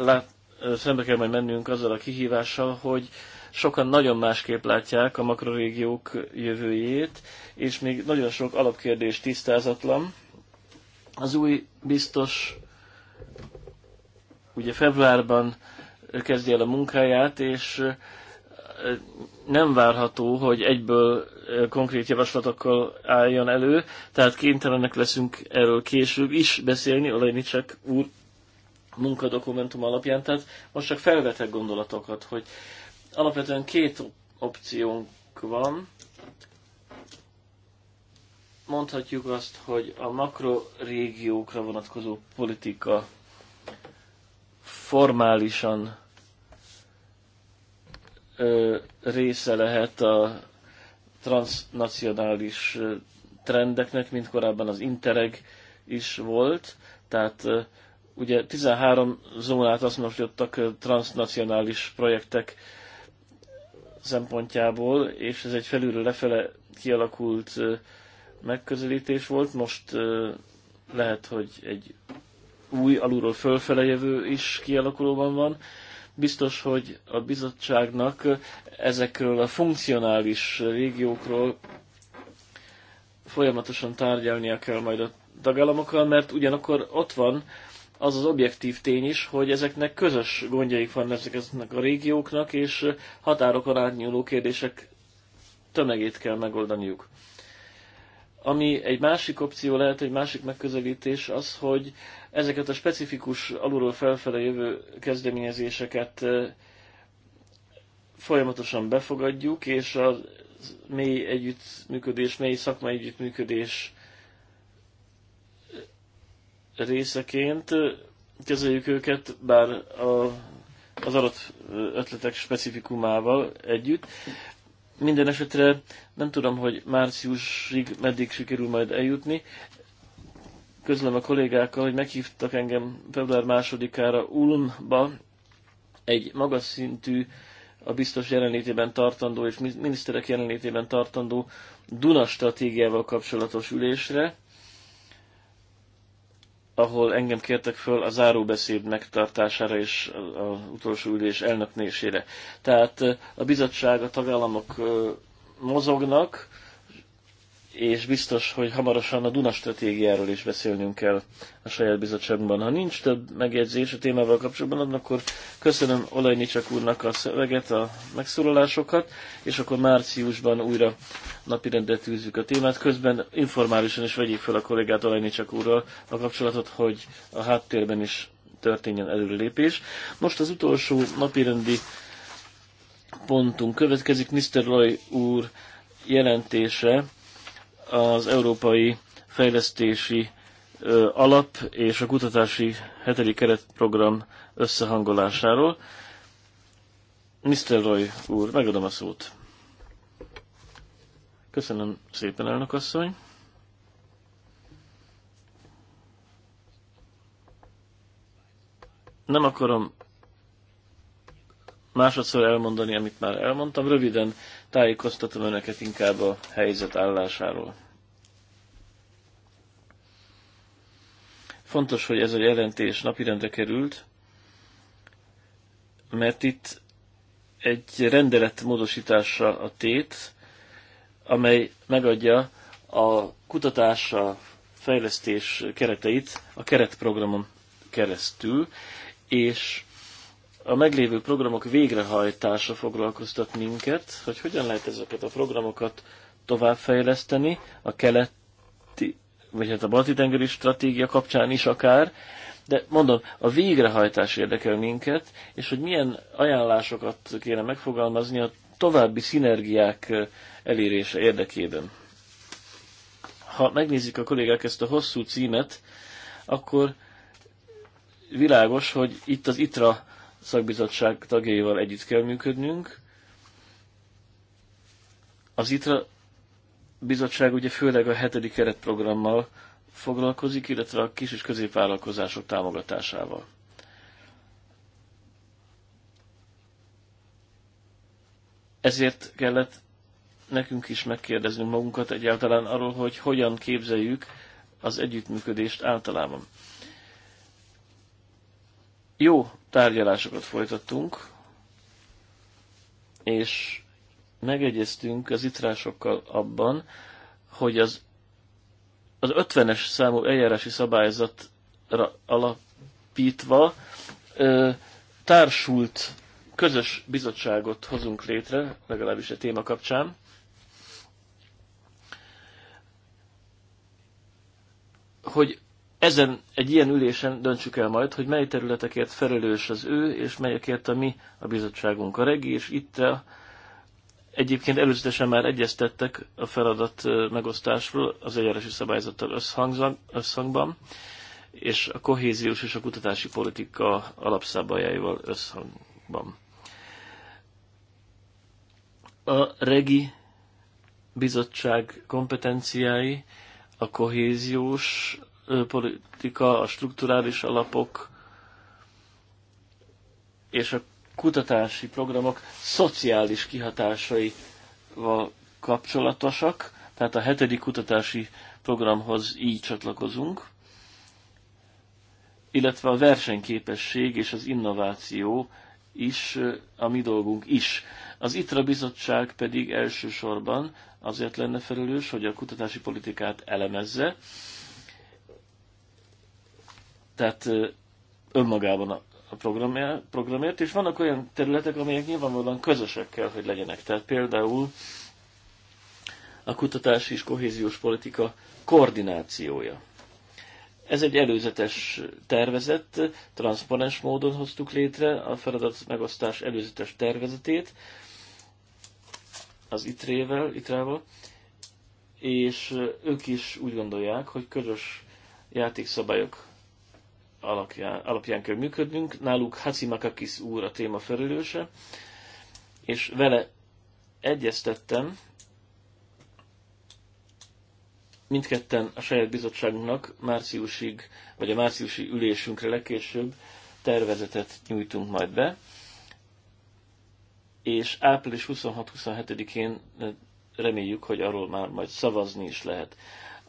lát, szembe kell majd mennünk azzal a kihívással, hogy sokan nagyon másképp látják a makrorégiók jövőjét, és még nagyon sok alapkérdés tisztázatlan. Az új biztos ugye februárban kezdi el a munkáját, és nem várható, hogy egyből konkrét javaslatokkal álljon elő, tehát kénytelenek leszünk erről később is beszélni, Olajnicsak úr munkadokumentum alapján. Tehát most csak felvetek gondolatokat, hogy alapvetően két opciónk van. Mondhatjuk azt, hogy a makrorégiókra vonatkozó politika formálisan ö, része lehet a transnacionális trendeknek, mint korábban az Interreg is volt, tehát Ugye 13 zónát azonosítottak transnacionális projektek szempontjából, és ez egy felülről lefele kialakult megközelítés volt. Most lehet, hogy egy új, alulról fölfele jövő is kialakulóban van. Biztos, hogy a bizottságnak ezekről a funkcionális régiókról folyamatosan tárgyalnia kell majd a tagállamokkal, mert ugyanakkor ott van az az objektív tény is, hogy ezeknek közös gondjaik van ezeknek a régióknak, és határokon átnyúló kérdések tömegét kell megoldaniuk. Ami egy másik opció lehet, egy másik megközelítés az, hogy ezeket a specifikus alulról felfele jövő kezdeményezéseket eh, folyamatosan befogadjuk, és a mély együttműködés, mély szakmai együttműködés részeként kezeljük őket, bár a, az adott ötletek specifikumával együtt. Minden esetre nem tudom, hogy márciusig meddig sikerül majd eljutni. Közlöm a kollégákkal, hogy meghívtak engem február másodikára Ulmba egy magas szintű, a biztos jelenlétében tartandó és miniszterek jelenlétében tartandó Duna stratégiával kapcsolatos ülésre ahol engem kértek föl a záróbeszéd megtartására és az utolsó ülés elnöknésére. Tehát a bizottság, a tagállamok mozognak, és biztos, hogy hamarosan a Duna stratégiáról is beszélnünk kell a saját bizottságban. Ha nincs több megjegyzés a témával kapcsolatban, akkor köszönöm Nicsak úrnak a szöveget, a megszólalásokat, és akkor márciusban újra napirendre tűzzük a témát. Közben informálisan is vegyék fel a kollégát Nicsak úrral a kapcsolatot, hogy a háttérben is történjen előrelépés. Most az utolsó napirendi pontunk következik, Mr. Roy úr jelentése az Európai Fejlesztési Alap és a Kutatási Heteli Keretprogram összehangolásáról. Mr. Roy úr, megadom a szót. Köszönöm szépen, elnök asszony. Nem akarom másodszor elmondani, amit már elmondtam. Röviden Tájékoztatom önöket inkább a helyzet állásáról. Fontos, hogy ez a jelentés napirendre került, mert itt egy rendelet módosítása a tét, amely megadja a kutatásra fejlesztés kereteit a keretprogramon keresztül, és a meglévő programok végrehajtása foglalkoztat minket, hogy hogyan lehet ezeket a programokat továbbfejleszteni, a keleti, vagy hát a balti-tengeri stratégia kapcsán is akár, de mondom, a végrehajtás érdekel minket, és hogy milyen ajánlásokat kéne megfogalmazni a további szinergiák elérése érdekében. Ha megnézik a kollégák ezt a hosszú címet, akkor világos, hogy itt az ITRA szakbizottság tagjaival együtt kell működnünk. Az ITRA bizottság ugye főleg a hetedik keretprogrammal foglalkozik, illetve a kis és középvállalkozások támogatásával. Ezért kellett nekünk is megkérdeznünk magunkat egyáltalán arról, hogy hogyan képzeljük az együttműködést általában. Jó tárgyalásokat folytattunk, és megegyeztünk az itrásokkal abban, hogy az, az 50-es számú eljárási szabályzatra alapítva ö, társult közös bizottságot hozunk létre, legalábbis a téma kapcsán. Hogy ezen egy ilyen ülésen döntsük el majd, hogy mely területekért felelős az ő, és melyekért a mi a bizottságunk a regi, és itt a, egyébként előzetesen már egyeztettek a feladat megosztásról az eljárási szabályzattal összhangban, és a kohéziós és a kutatási politika alapszabályaival összhangban. A regi bizottság kompetenciái a kohéziós politika, a strukturális alapok és a kutatási programok szociális kihatásaival kapcsolatosak, tehát a hetedik kutatási programhoz így csatlakozunk, illetve a versenyképesség és az innováció is a mi dolgunk is. Az ITRA bizottság pedig elsősorban azért lenne felelős, hogy a kutatási politikát elemezze, tehát önmagában a programért, programért, és vannak olyan területek, amelyek nyilvánvalóan közösek kell, hogy legyenek. Tehát például a kutatási és kohéziós politika koordinációja. Ez egy előzetes tervezet, transzparens módon hoztuk létre a feladat megosztás előzetes tervezetét az itre vel itre val és ők is úgy gondolják, hogy közös játékszabályok alapján, alapján kell működnünk. Náluk Hacimakakis úr a téma felülőse, és vele egyeztettem, mindketten a saját bizottságunknak márciusig, vagy a márciusi ülésünkre legkésőbb tervezetet nyújtunk majd be, és április 26-27-én eh, reméljük, hogy arról már majd szavazni is lehet.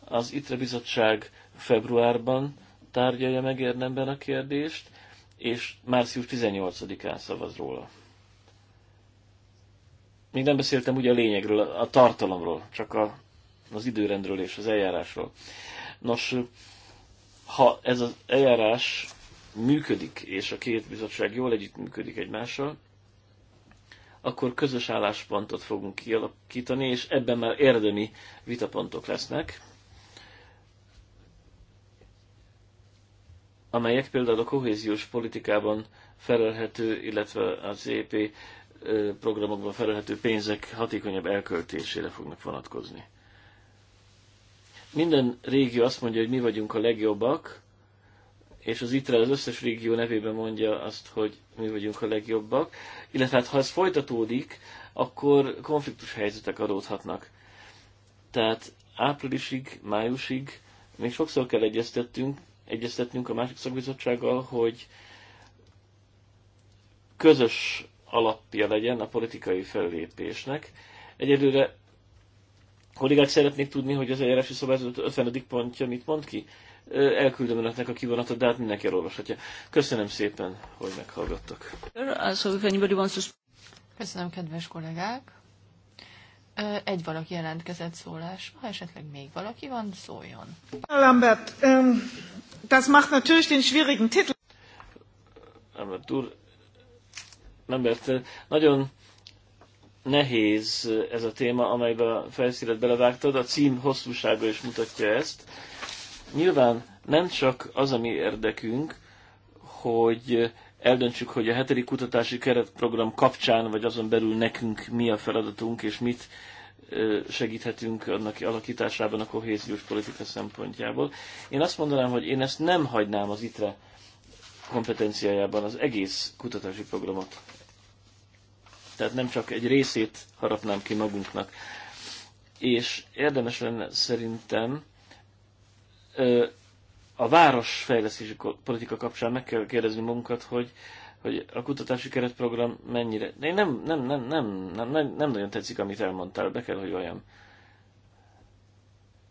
Az ITRE bizottság februárban tárgyalja meg érdemben a kérdést, és március 18-án szavaz róla. Még nem beszéltem ugye a lényegről, a tartalomról, csak a, az időrendről és az eljárásról. Nos, ha ez az eljárás működik, és a két bizottság jól együttműködik egymással, akkor közös álláspontot fogunk kialakítani, és ebben már érdemi vitapontok lesznek. amelyek például a kohéziós politikában felelhető, illetve az EP programokban felelhető pénzek hatékonyabb elköltésére fognak vonatkozni. Minden régió azt mondja, hogy mi vagyunk a legjobbak, és az ITRE az összes régió nevében mondja azt, hogy mi vagyunk a legjobbak, illetve hát, ha ez folytatódik, akkor konfliktus helyzetek adódhatnak. Tehát áprilisig, májusig még sokszor kell egyeztettünk, egyeztetnünk a másik szakbizottsággal, hogy közös alapja legyen a politikai fellépésnek. Egyelőre kollégák szeretnék tudni, hogy az eljárási szabályzat 50. pontja mit mond ki? Elküldöm önöknek a kivonatot, de hát mindenki elolvashatja. Köszönöm szépen, hogy meghallgattak. Köszönöm, kedves kollégák. Egy valaki jelentkezett Ha esetleg még valaki van, szóljon. Lambert, um, das macht natürlich den schwierigen Titel. Lambert nagyon nehéz eh, ez a téma, amelybe a felszínet belevágtad, a cím hosszúsága is mutatja ezt. Nyilván nem csak az, ami érdekünk, hogy eldöntsük, hogy a hetedik kutatási keretprogram kapcsán, vagy azon belül nekünk mi a feladatunk, és mit segíthetünk annak alakításában a kohéziós politika szempontjából. Én azt mondanám, hogy én ezt nem hagynám az ITRE kompetenciájában az egész kutatási programot. Tehát nem csak egy részét harapnám ki magunknak. És érdemes lenne szerintem a városfejlesztési politika kapcsán meg kell kérdezni magunkat, hogy hogy a kutatási keretprogram mennyire... De nem, nem, nem, nem, nem, nem, nem nagyon tetszik, amit elmondtál, be kell, hogy olyan.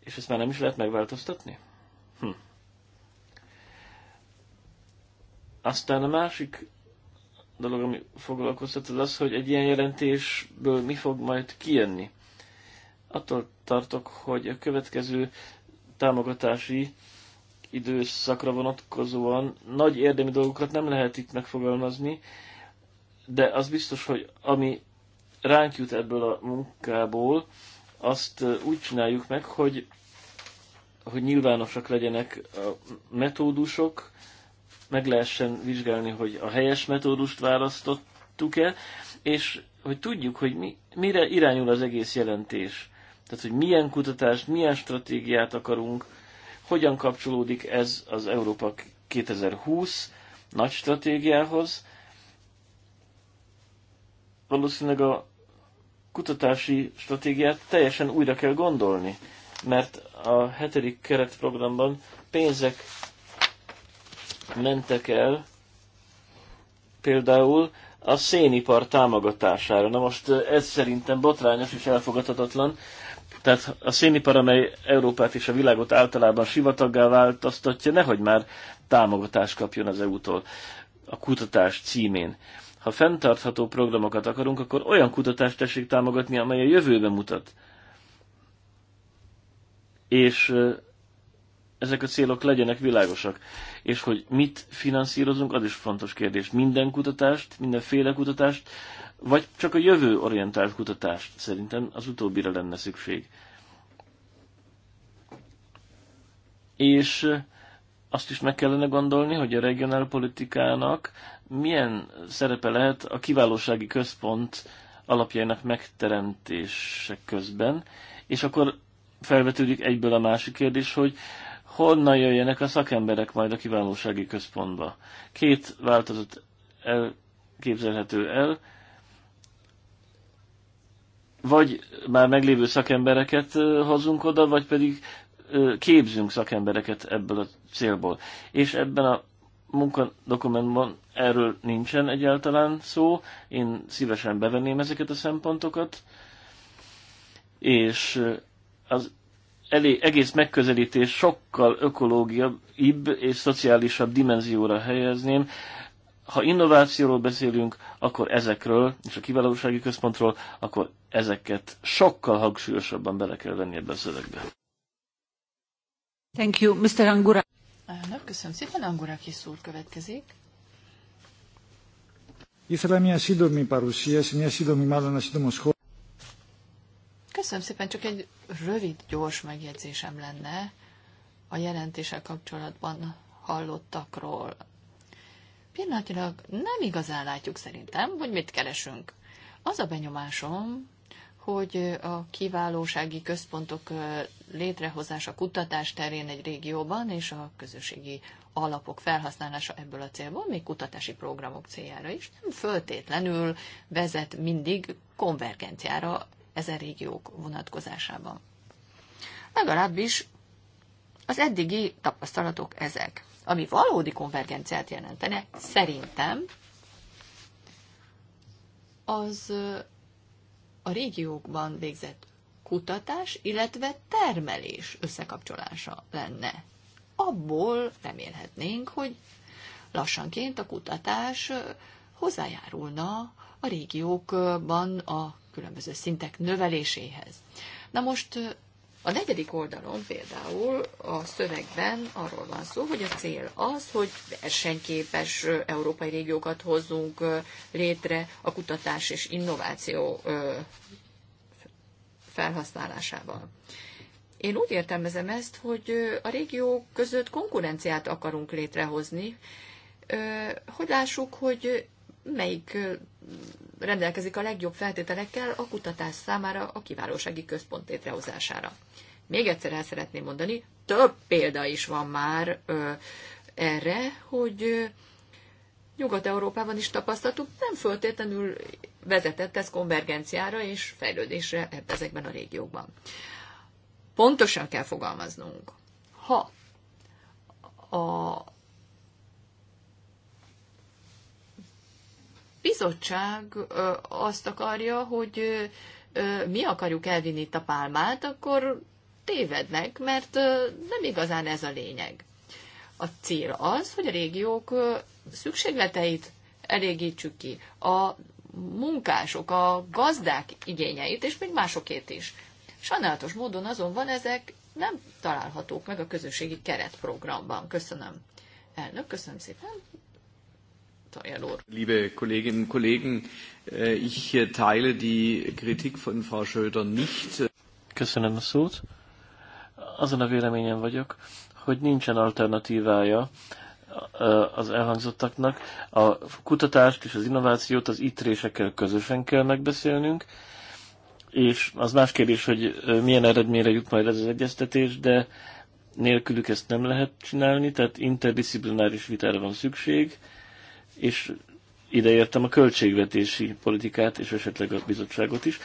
És ezt már nem is lehet megváltoztatni? Hm. Aztán a másik dolog, ami foglalkoztat, az az, hogy egy ilyen jelentésből mi fog majd kijönni. Attól tartok, hogy a következő támogatási időszakra vonatkozóan nagy érdemi dolgokat nem lehet itt megfogalmazni, de az biztos, hogy ami ránk jut ebből a munkából, azt úgy csináljuk meg, hogy, hogy nyilvánosak legyenek a metódusok, meg lehessen vizsgálni, hogy a helyes metódust választottuk-e, és hogy tudjuk, hogy mi, mire irányul az egész jelentés. Tehát, hogy milyen kutatást, milyen stratégiát akarunk, hogyan kapcsolódik ez az Európa 2020 nagy stratégiához? Valószínűleg a kutatási stratégiát teljesen újra kell gondolni, mert a hetedik keretprogramban pénzek mentek el például a szénipar támogatására. Na most ez szerintem botrányos és elfogadhatatlan, tehát a szénipar, amely Európát és a világot általában sivataggá változtatja, nehogy már támogatást kapjon az EU-tól a kutatás címén. Ha fenntartható programokat akarunk, akkor olyan kutatást tessék támogatni, amely a jövőbe mutat. És ezek a célok legyenek világosak. És hogy mit finanszírozunk, az is fontos kérdés. Minden kutatást, mindenféle kutatást, vagy csak a jövő orientált kutatást szerintem az utóbbira lenne szükség. És azt is meg kellene gondolni, hogy a regionálpolitikának milyen szerepe lehet a kiválósági központ alapjainak megteremtése közben, és akkor felvetődik egyből a másik kérdés, hogy honnan jöjjenek a szakemberek majd a kiválósági központba. Két változat elképzelhető el, vagy már meglévő szakembereket hozunk oda, vagy pedig képzünk szakembereket ebből a célból. És ebben a munkadokumentumban erről nincsen egyáltalán szó, én szívesen bevenném ezeket a szempontokat, és az elé, egész megközelítés sokkal ökológiaibb és szociálisabb dimenzióra helyezném. Ha innovációról beszélünk, akkor ezekről, és a kiválósági központról, akkor ezeket sokkal hangsúlyosabban bele kell venni ebbe a szövegbe. Thank you, Mr. Angura. Elnök, köszönöm szépen. Angura kis úr következik. Ήθελα μια σύντομη παρουσίαση, μια σύντομη μάλλον ένα σύντομο σχόλιο. Köszönöm szépen, csak egy rövid, gyors megjegyzésem lenne a jelentéssel kapcsolatban hallottakról. Pillanatilag nem igazán látjuk szerintem, hogy mit keresünk. Az a benyomásom, hogy a kiválósági központok létrehozása kutatás terén egy régióban és a közösségi alapok felhasználása ebből a célból, még kutatási programok céljára is, nem föltétlenül vezet mindig konvergenciára ezen régiók vonatkozásában. Legalábbis az eddigi tapasztalatok ezek. Ami valódi konvergenciát jelentene, szerintem az a régiókban végzett kutatás, illetve termelés összekapcsolása lenne. Abból remélhetnénk, hogy lassanként a kutatás hozzájárulna a régiókban a különböző szintek növeléséhez. Na most a negyedik oldalon például a szövegben arról van szó, hogy a cél az, hogy versenyképes európai régiókat hozzunk létre a kutatás és innováció felhasználásával. Én úgy értelmezem ezt, hogy a régió között konkurenciát akarunk létrehozni, hogy lássuk, hogy melyik rendelkezik a legjobb feltételekkel a kutatás számára a kiválósági központ létrehozására. Még egyszer el szeretném mondani, több példa is van már ö, erre, hogy ö, Nyugat-Európában is tapasztaltuk, nem föltétlenül vezetett ez konvergenciára és fejlődésre ezekben a régiókban. Pontosan kell fogalmaznunk. Ha a bizottság azt akarja, hogy mi akarjuk elvinni itt a pálmát, akkor tévednek, mert nem igazán ez a lényeg. A cél az, hogy a régiók szükségleteit elégítsük ki, a munkások, a gazdák igényeit, és még másokét is. Sajnálatos módon azon van ezek nem találhatók meg a közösségi keretprogramban. Köszönöm. Elnök, köszönöm szépen. Liebe Kolleginnen und Kollegen, äh, ich äh, teile die Kritik von Frau Schröder nicht. Köszönöm a szót. Azon a véleményen vagyok, hogy nincsen alternatívája äh, az elhangzottaknak. A kutatást és az innovációt az itrésekkel közösen kell megbeszélnünk, és az más kérdés, hogy milyen eredményre jut majd ez az egyeztetés, de nélkülük ezt nem lehet csinálni, tehát interdisziplináris vitára van szükség, és ideértem a költségvetési politikát és esetleg a bizottságot is.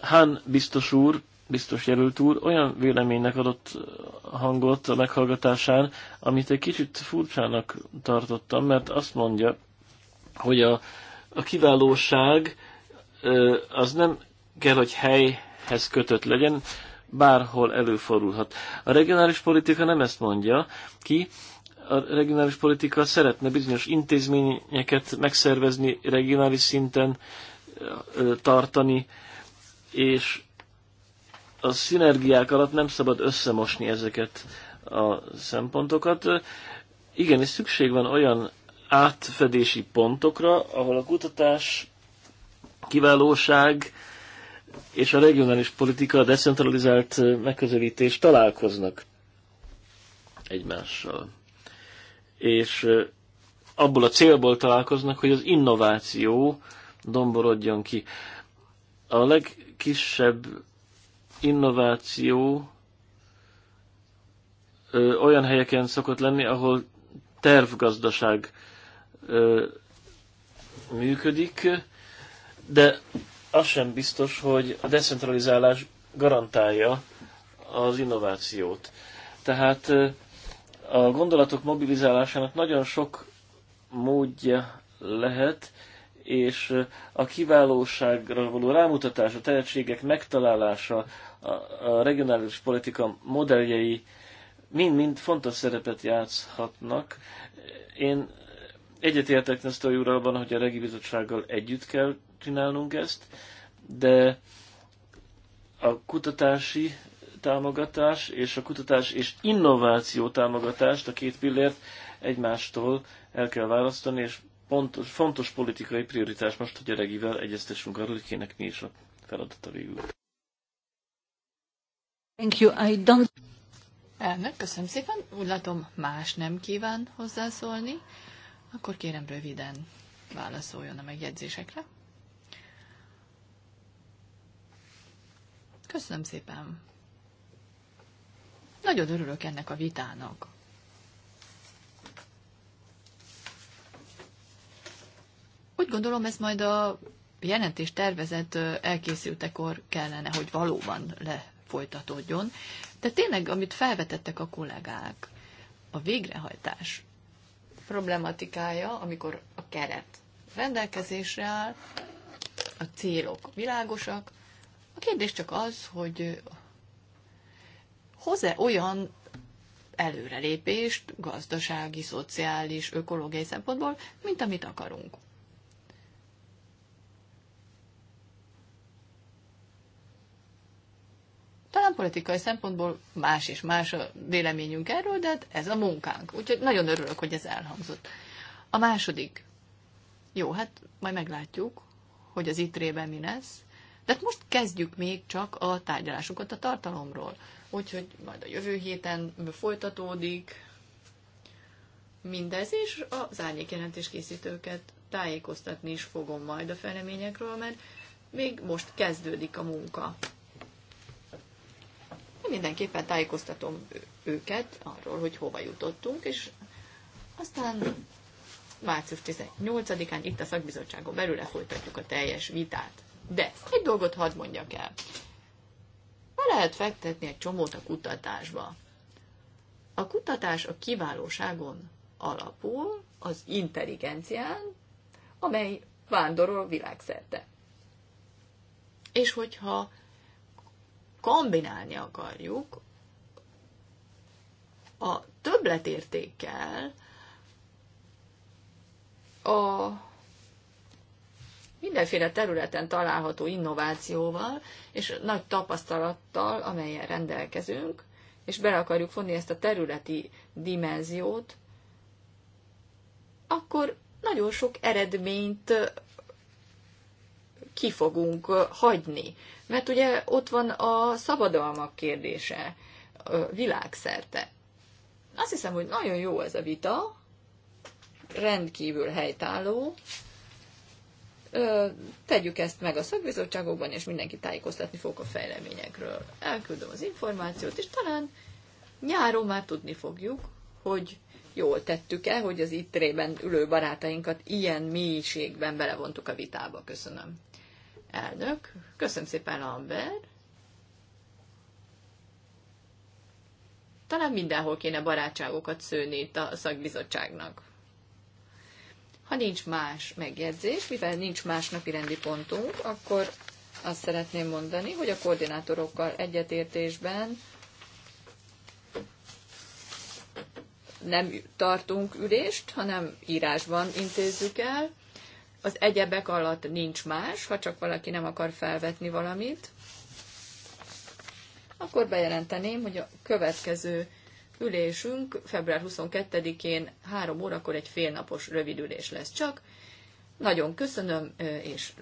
Hán biztos úr, biztos jelölt úr olyan véleménynek adott hangot a meghallgatásán, amit egy kicsit furcsának tartottam, mert azt mondja, hogy a, a kiválóság az nem kell, hogy helyhez kötött legyen, bárhol előfordulhat. A regionális politika nem ezt mondja ki, a regionális politika szeretne bizonyos intézményeket megszervezni regionális szinten, tartani, és a szinergiák alatt nem szabad összemosni ezeket a szempontokat. Igen, és szükség van olyan átfedési pontokra, ahol a kutatás, kiválóság és a regionális politika, a decentralizált megközelítés találkoznak egymással és abból a célból találkoznak, hogy az innováció domborodjon ki. A legkisebb innováció ö, olyan helyeken szokott lenni, ahol tervgazdaság ö, működik, de az sem biztos, hogy a decentralizálás garantálja az innovációt. Tehát a gondolatok mobilizálásának nagyon sok módja lehet, és a kiválóságra való rámutatás, a tehetségek megtalálása, a regionális politika modelljei mind-mind fontos szerepet játszhatnak. Én egyetértek Nesztor úr abban, hogy a Regi Bizottsággal együtt kell csinálnunk ezt, de a kutatási támogatás és a kutatás és innováció támogatást, a két pillért egymástól el kell választani, és pontos, fontos politikai prioritás most, hogy a gyeregivel egyeztessünk arról, hogy kének mi is a feladata végül. Thank you. I don't... Elnök, köszönöm szépen. Úgy látom, más nem kíván hozzászólni. Akkor kérem röviden válaszoljon a megjegyzésekre. Köszönöm szépen. Nagyon örülök ennek a vitának. Úgy gondolom, ez majd a jelentés tervezet elkészültekor kellene, hogy valóban lefolytatódjon. De tényleg, amit felvetettek a kollégák, a végrehajtás problematikája, amikor a keret rendelkezésre áll, a célok világosak. A kérdés csak az, hogy hoz-e olyan előrelépést gazdasági, szociális, ökológiai szempontból, mint amit akarunk. Talán politikai szempontból más és más a véleményünk erről, de hát ez a munkánk. Úgyhogy nagyon örülök, hogy ez elhangzott. A második. Jó, hát majd meglátjuk, hogy az itrében mi lesz. De hát most kezdjük még csak a tárgyalásokat a tartalomról úgyhogy majd a jövő héten folytatódik mindez, és az árnyékjelentés készítőket tájékoztatni is fogom majd a feleményekről, mert még most kezdődik a munka. Én mindenképpen tájékoztatom őket arról, hogy hova jutottunk, és aztán március 18-án itt a szakbizottságon belül folytatjuk a teljes vitát. De egy dolgot hadd mondjak el be lehet fektetni egy csomót a kutatásba. A kutatás a kiválóságon alapul, az intelligencián, amely vándorol világszerte. És hogyha kombinálni akarjuk a többletértékkel a mindenféle területen található innovációval és nagy tapasztalattal, amelyen rendelkezünk, és bele akarjuk fonni ezt a területi dimenziót, akkor nagyon sok eredményt ki fogunk hagyni. Mert ugye ott van a szabadalmak kérdése világszerte. Azt hiszem, hogy nagyon jó ez a vita, rendkívül helytálló, tegyük ezt meg a szakbizottságokban, és mindenki tájékoztatni fog a fejleményekről. Elküldöm az információt, és talán nyáron már tudni fogjuk, hogy jól tettük-e, hogy az ittrében ülő barátainkat ilyen mélységben belevontuk a vitába. Köszönöm. Elnök, köszönöm szépen, Amber. Talán mindenhol kéne barátságokat szőni itt a szakbizottságnak. Ha nincs más megjegyzés, mivel nincs más napi rendi pontunk, akkor azt szeretném mondani, hogy a koordinátorokkal egyetértésben nem tartunk ülést, hanem írásban intézzük el. Az egyebek alatt nincs más, ha csak valaki nem akar felvetni valamit. Akkor bejelenteném, hogy a következő ülésünk február 22-én három órakor egy félnapos rövid ülés lesz csak. Nagyon köszönöm, és